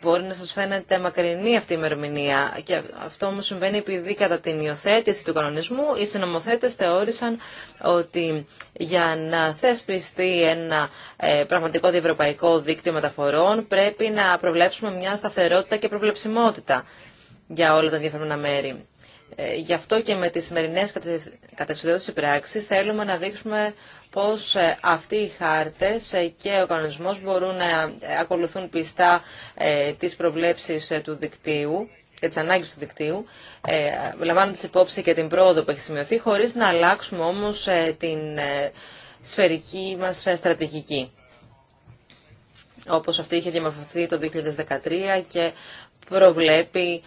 μπορεί να σας φαίνεται μακρινή αυτή η ημερομηνία. Και αυτό όμως συμβαίνει επειδή κατά την υιοθέτηση του κανονισμού οι συνομοθέτες θεώρησαν ότι για να θεσπιστεί ένα ε, πραγματικό διευρωπαϊκό δίκτυο μεταφορών πρέπει να προβλέψουμε μια σταθερότητα και προβλεψιμότητα για όλα τα διαφορετικά μέρη. Ε, γι' αυτό και με τις σημερινές κατευθυντές πράξεις θέλουμε να δείξουμε πώς ε, αυτοί οι χάρτες ε, και ο κανονισμός μπορούν να ε, ακολουθούν πιστά τις προβλέψεις του δικτύου και τι ανάγκε του δικτύου, ε, λαμβάνοντα υπόψη και την πρόοδο που έχει σημειωθεί, χωρίς να αλλάξουμε όμως την σφαιρική μας στρατηγική. όπως αυτή είχε διαμορφωθεί το 2013 και προβλέπει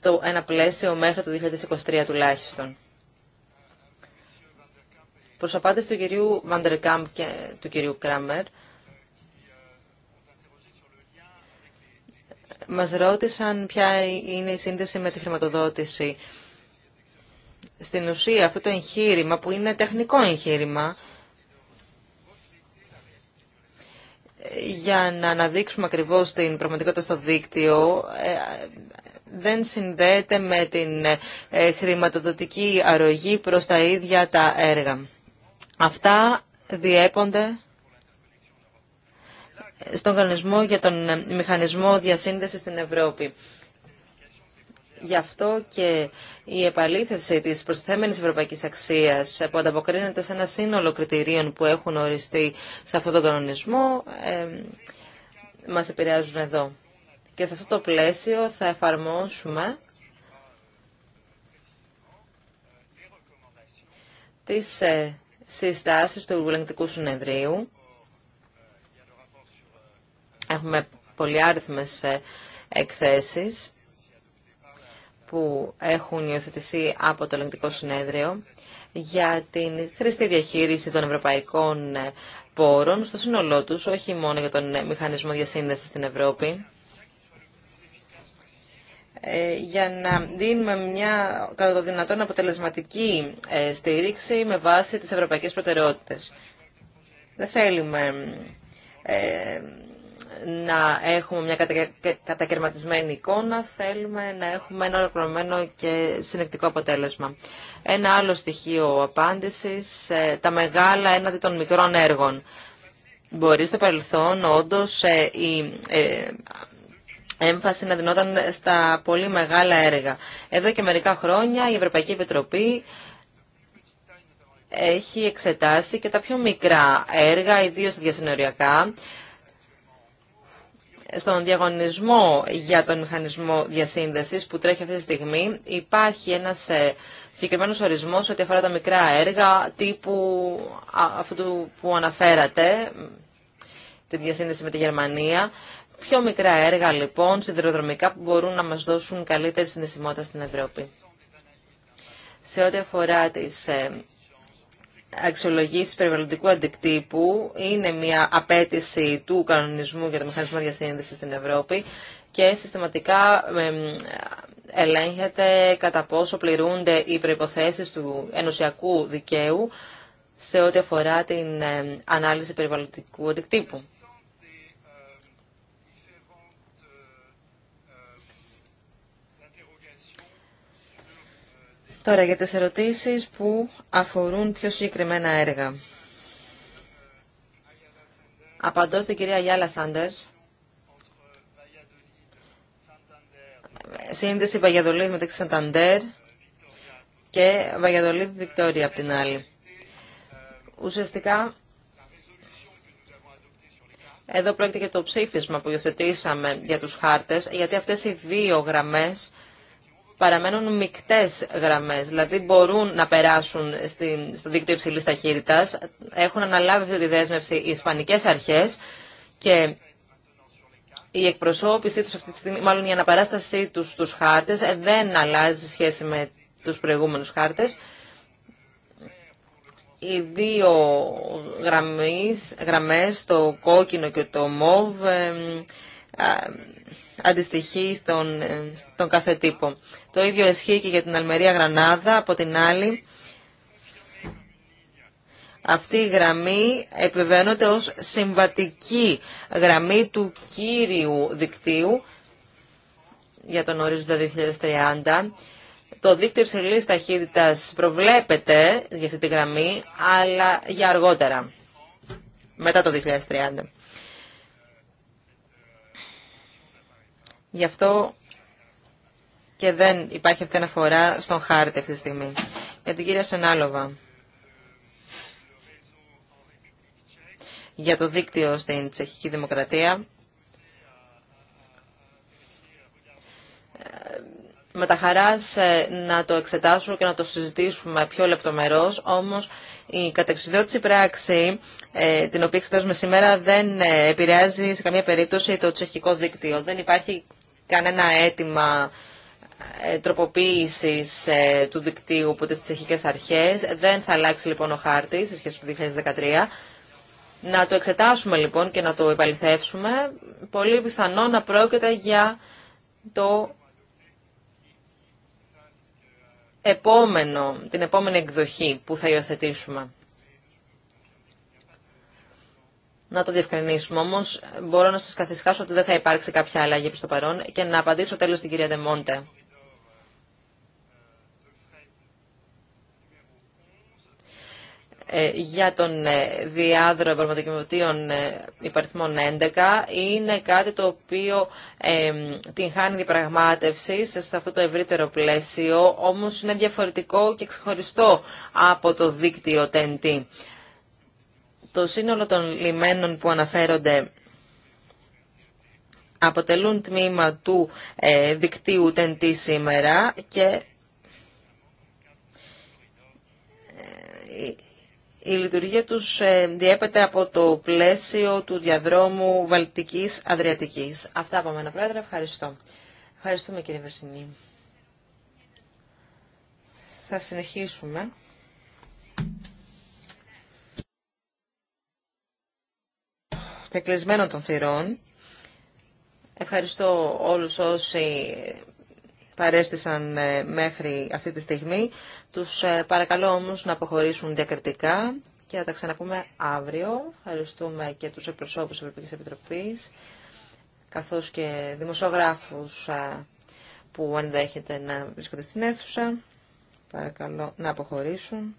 το, ένα πλαίσιο μέχρι το 2023 τουλάχιστον. Προς απάντηση του κυρίου Βαντερκάμπ και του κυρίου Κράμερ, μας ρώτησαν ποια είναι η σύνδεση με τη χρηματοδότηση. Στην ουσία αυτό το εγχείρημα που είναι τεχνικό εγχείρημα για να αναδείξουμε ακριβώς την πραγματικότητα στο δίκτυο ε, δεν συνδέεται με την ε, χρηματοδοτική αρρωγή προς τα ίδια τα έργα. Αυτά διέπονται στον κανονισμό για τον μηχανισμό διασύνδεσης στην Ευρώπη. Γι' αυτό και η επαλήθευση της προσθέμενης ευρωπαϊκής αξίας που ανταποκρίνεται σε ένα σύνολο κριτηρίων που έχουν οριστεί σε αυτόν τον κανονισμό μας επηρεάζουν εδώ. Και σε αυτό το πλαίσιο θα εφαρμόσουμε τις ε, συστάσεις του Ευρωπαϊκού Συνεδρίου. Έχουμε πολυάριθμες ε, εκθέσεις που έχουν υιοθετηθεί από το Ελληνικό Συνέδριο για την χρηστή διαχείριση των ευρωπαϊκών ε, πόρων στο σύνολό τους, όχι μόνο για τον μηχανισμό διασύνδεσης στην Ευρώπη, ε, για να δίνουμε μια κατά το δυνατόν αποτελεσματική ε, στήριξη με βάση τις ευρωπαϊκές προτεραιότητες. Δεν θέλουμε ε, να έχουμε μια κατακαιρματισμένη εικόνα, θέλουμε να έχουμε ένα ολοκληρωμένο και συνεκτικό αποτέλεσμα. Ένα άλλο στοιχείο απάντησης, τα μεγάλα έναντι των μικρών έργων. Μπορεί στο παρελθόν όντως η έμφαση να δινόταν στα πολύ μεγάλα έργα. Εδώ και μερικά χρόνια η Ευρωπαϊκή Επιτροπή έχει εξετάσει και τα πιο μικρά έργα, ιδίως διασυνοριακά, στον διαγωνισμό για τον μηχανισμό διασύνδεσης που τρέχει αυτή τη στιγμή υπάρχει ένας ε, συγκεκριμένος ορισμός ότι αφορά τα μικρά έργα τύπου αυτού που αναφέρατε, τη διασύνδεση με τη Γερμανία. Πιο μικρά έργα λοιπόν, σιδηροδρομικά που μπορούν να μας δώσουν καλύτερη συνδεσιμότητα στην Ευρώπη. Σε ό,τι αφορά τις ε, αξιολογήσεις περιβαλλοντικού αντικτύπου, είναι μια απέτηση του κανονισμού για το μηχανισμό διασύνδεσης στην Ευρώπη και συστηματικά ε, ελέγχεται κατά πόσο πληρούνται οι προϋποθέσεις του ενωσιακού δικαίου σε ό,τι αφορά την ε, ανάλυση περιβαλλοντικού αντικτύπου. Τώρα για τις ερωτήσεις που αφορούν πιο συγκεκριμένα έργα. Απαντώ στην κυρία Γιάλα Σάντερς. Σύνδεση Βαγιαδολίδη μεταξύ Σανταντέρ και Βαγιαδολίδη Βικτόρια από την άλλη. Ουσιαστικά, εδώ πρόκειται και το ψήφισμα που υιοθετήσαμε για τους χάρτες, γιατί αυτές οι δύο γραμμές παραμένουν μεικτέ γραμμέ, δηλαδή μπορούν να περάσουν στο δίκτυο υψηλή ταχύτητα. Έχουν αναλάβει αυτή τη δέσμευση οι ισπανικέ αρχές και η εκπροσώπησή του αυτή τη στιγμή, μάλλον η αναπαράστασή τους στου χάρτες ε, δεν αλλάζει σε σχέση με τους προηγούμενους χάρτες. Οι δύο γραμμές, το κόκκινο και το μόβ, ε, ε, αντιστοιχεί στον, ε, στον κάθε τύπο. Το ίδιο ισχύει και για την Αλμερία Γρανάδα. Από την άλλη, αυτή η γραμμή επιβαίνεται ως συμβατική γραμμή του κύριου δικτύου για τον ορίζοντα 2030. Το δίκτυο υψηλής ταχύτητας προβλέπεται για αυτή τη γραμμή, αλλά για αργότερα, μετά το 2030. Γι' αυτό και δεν υπάρχει αυτή αναφορά στον χάρτη αυτή τη στιγμή. Για την κυρία Σενάλοβα. Για το δίκτυο στην Τσεχική Δημοκρατία. Με τα χαράς ε, να το εξετάσουμε και να το συζητήσουμε πιο λεπτομερώς, όμως η καταξιδιώτηση πράξη, ε, την οποία εξετάζουμε σήμερα, δεν ε, επηρεάζει σε καμία περίπτωση το τσεχικό δίκτυο. Δεν υπάρχει κανένα αίτημα ε, τροποποίησης ε, του δικτύου από τις τσεχικέ αρχές. Δεν θα αλλάξει λοιπόν ο χάρτης σε σχέση με το 2013. Να το εξετάσουμε λοιπόν και να το επαληθεύσουμε. Πολύ πιθανό να πρόκειται για το επόμενο, την επόμενη εκδοχή που θα υιοθετήσουμε. να το διευκρινίσουμε. Όμω μπορώ να σα καθισχάσω ότι δεν θα υπάρξει κάποια αλλαγή προ το παρόν και να απαντήσω τέλο στην κυρία Δεμόντε. Ε, για τον ε, διάδρο εμπορματοκινητήων ε, υπαριθμών 11 είναι κάτι το οποίο την χάνει διαπραγμάτευση σε αυτό το ευρύτερο πλαίσιο, όμως είναι διαφορετικό και ξεχωριστό από το δίκτυο TNT. Το σύνολο των λιμένων που αναφέρονται αποτελούν τμήμα του ε, δικτύου TNT σήμερα και ε, η λειτουργία τους ε, διέπεται από το πλαίσιο του διαδρόμου Βαλτικής Αδριατικής. Αυτά από μένα, Πρόεδρε. Ευχαριστώ. Ευχαριστούμε, κύριε Βερσινή. Θα συνεχίσουμε. κλεισμένο των θυρών. Ευχαριστώ όλους όσοι παρέστησαν ε, μέχρι αυτή τη στιγμή. Τους ε, παρακαλώ όμως να αποχωρήσουν διακριτικά και θα τα ξαναπούμε αύριο. Ευχαριστούμε και τους εκπροσώπους της Ευρωπαϊκής Επιτροπής καθώς και δημοσιογράφους ε, που ενδέχεται να βρίσκονται στην αίθουσα. Παρακαλώ να αποχωρήσουν.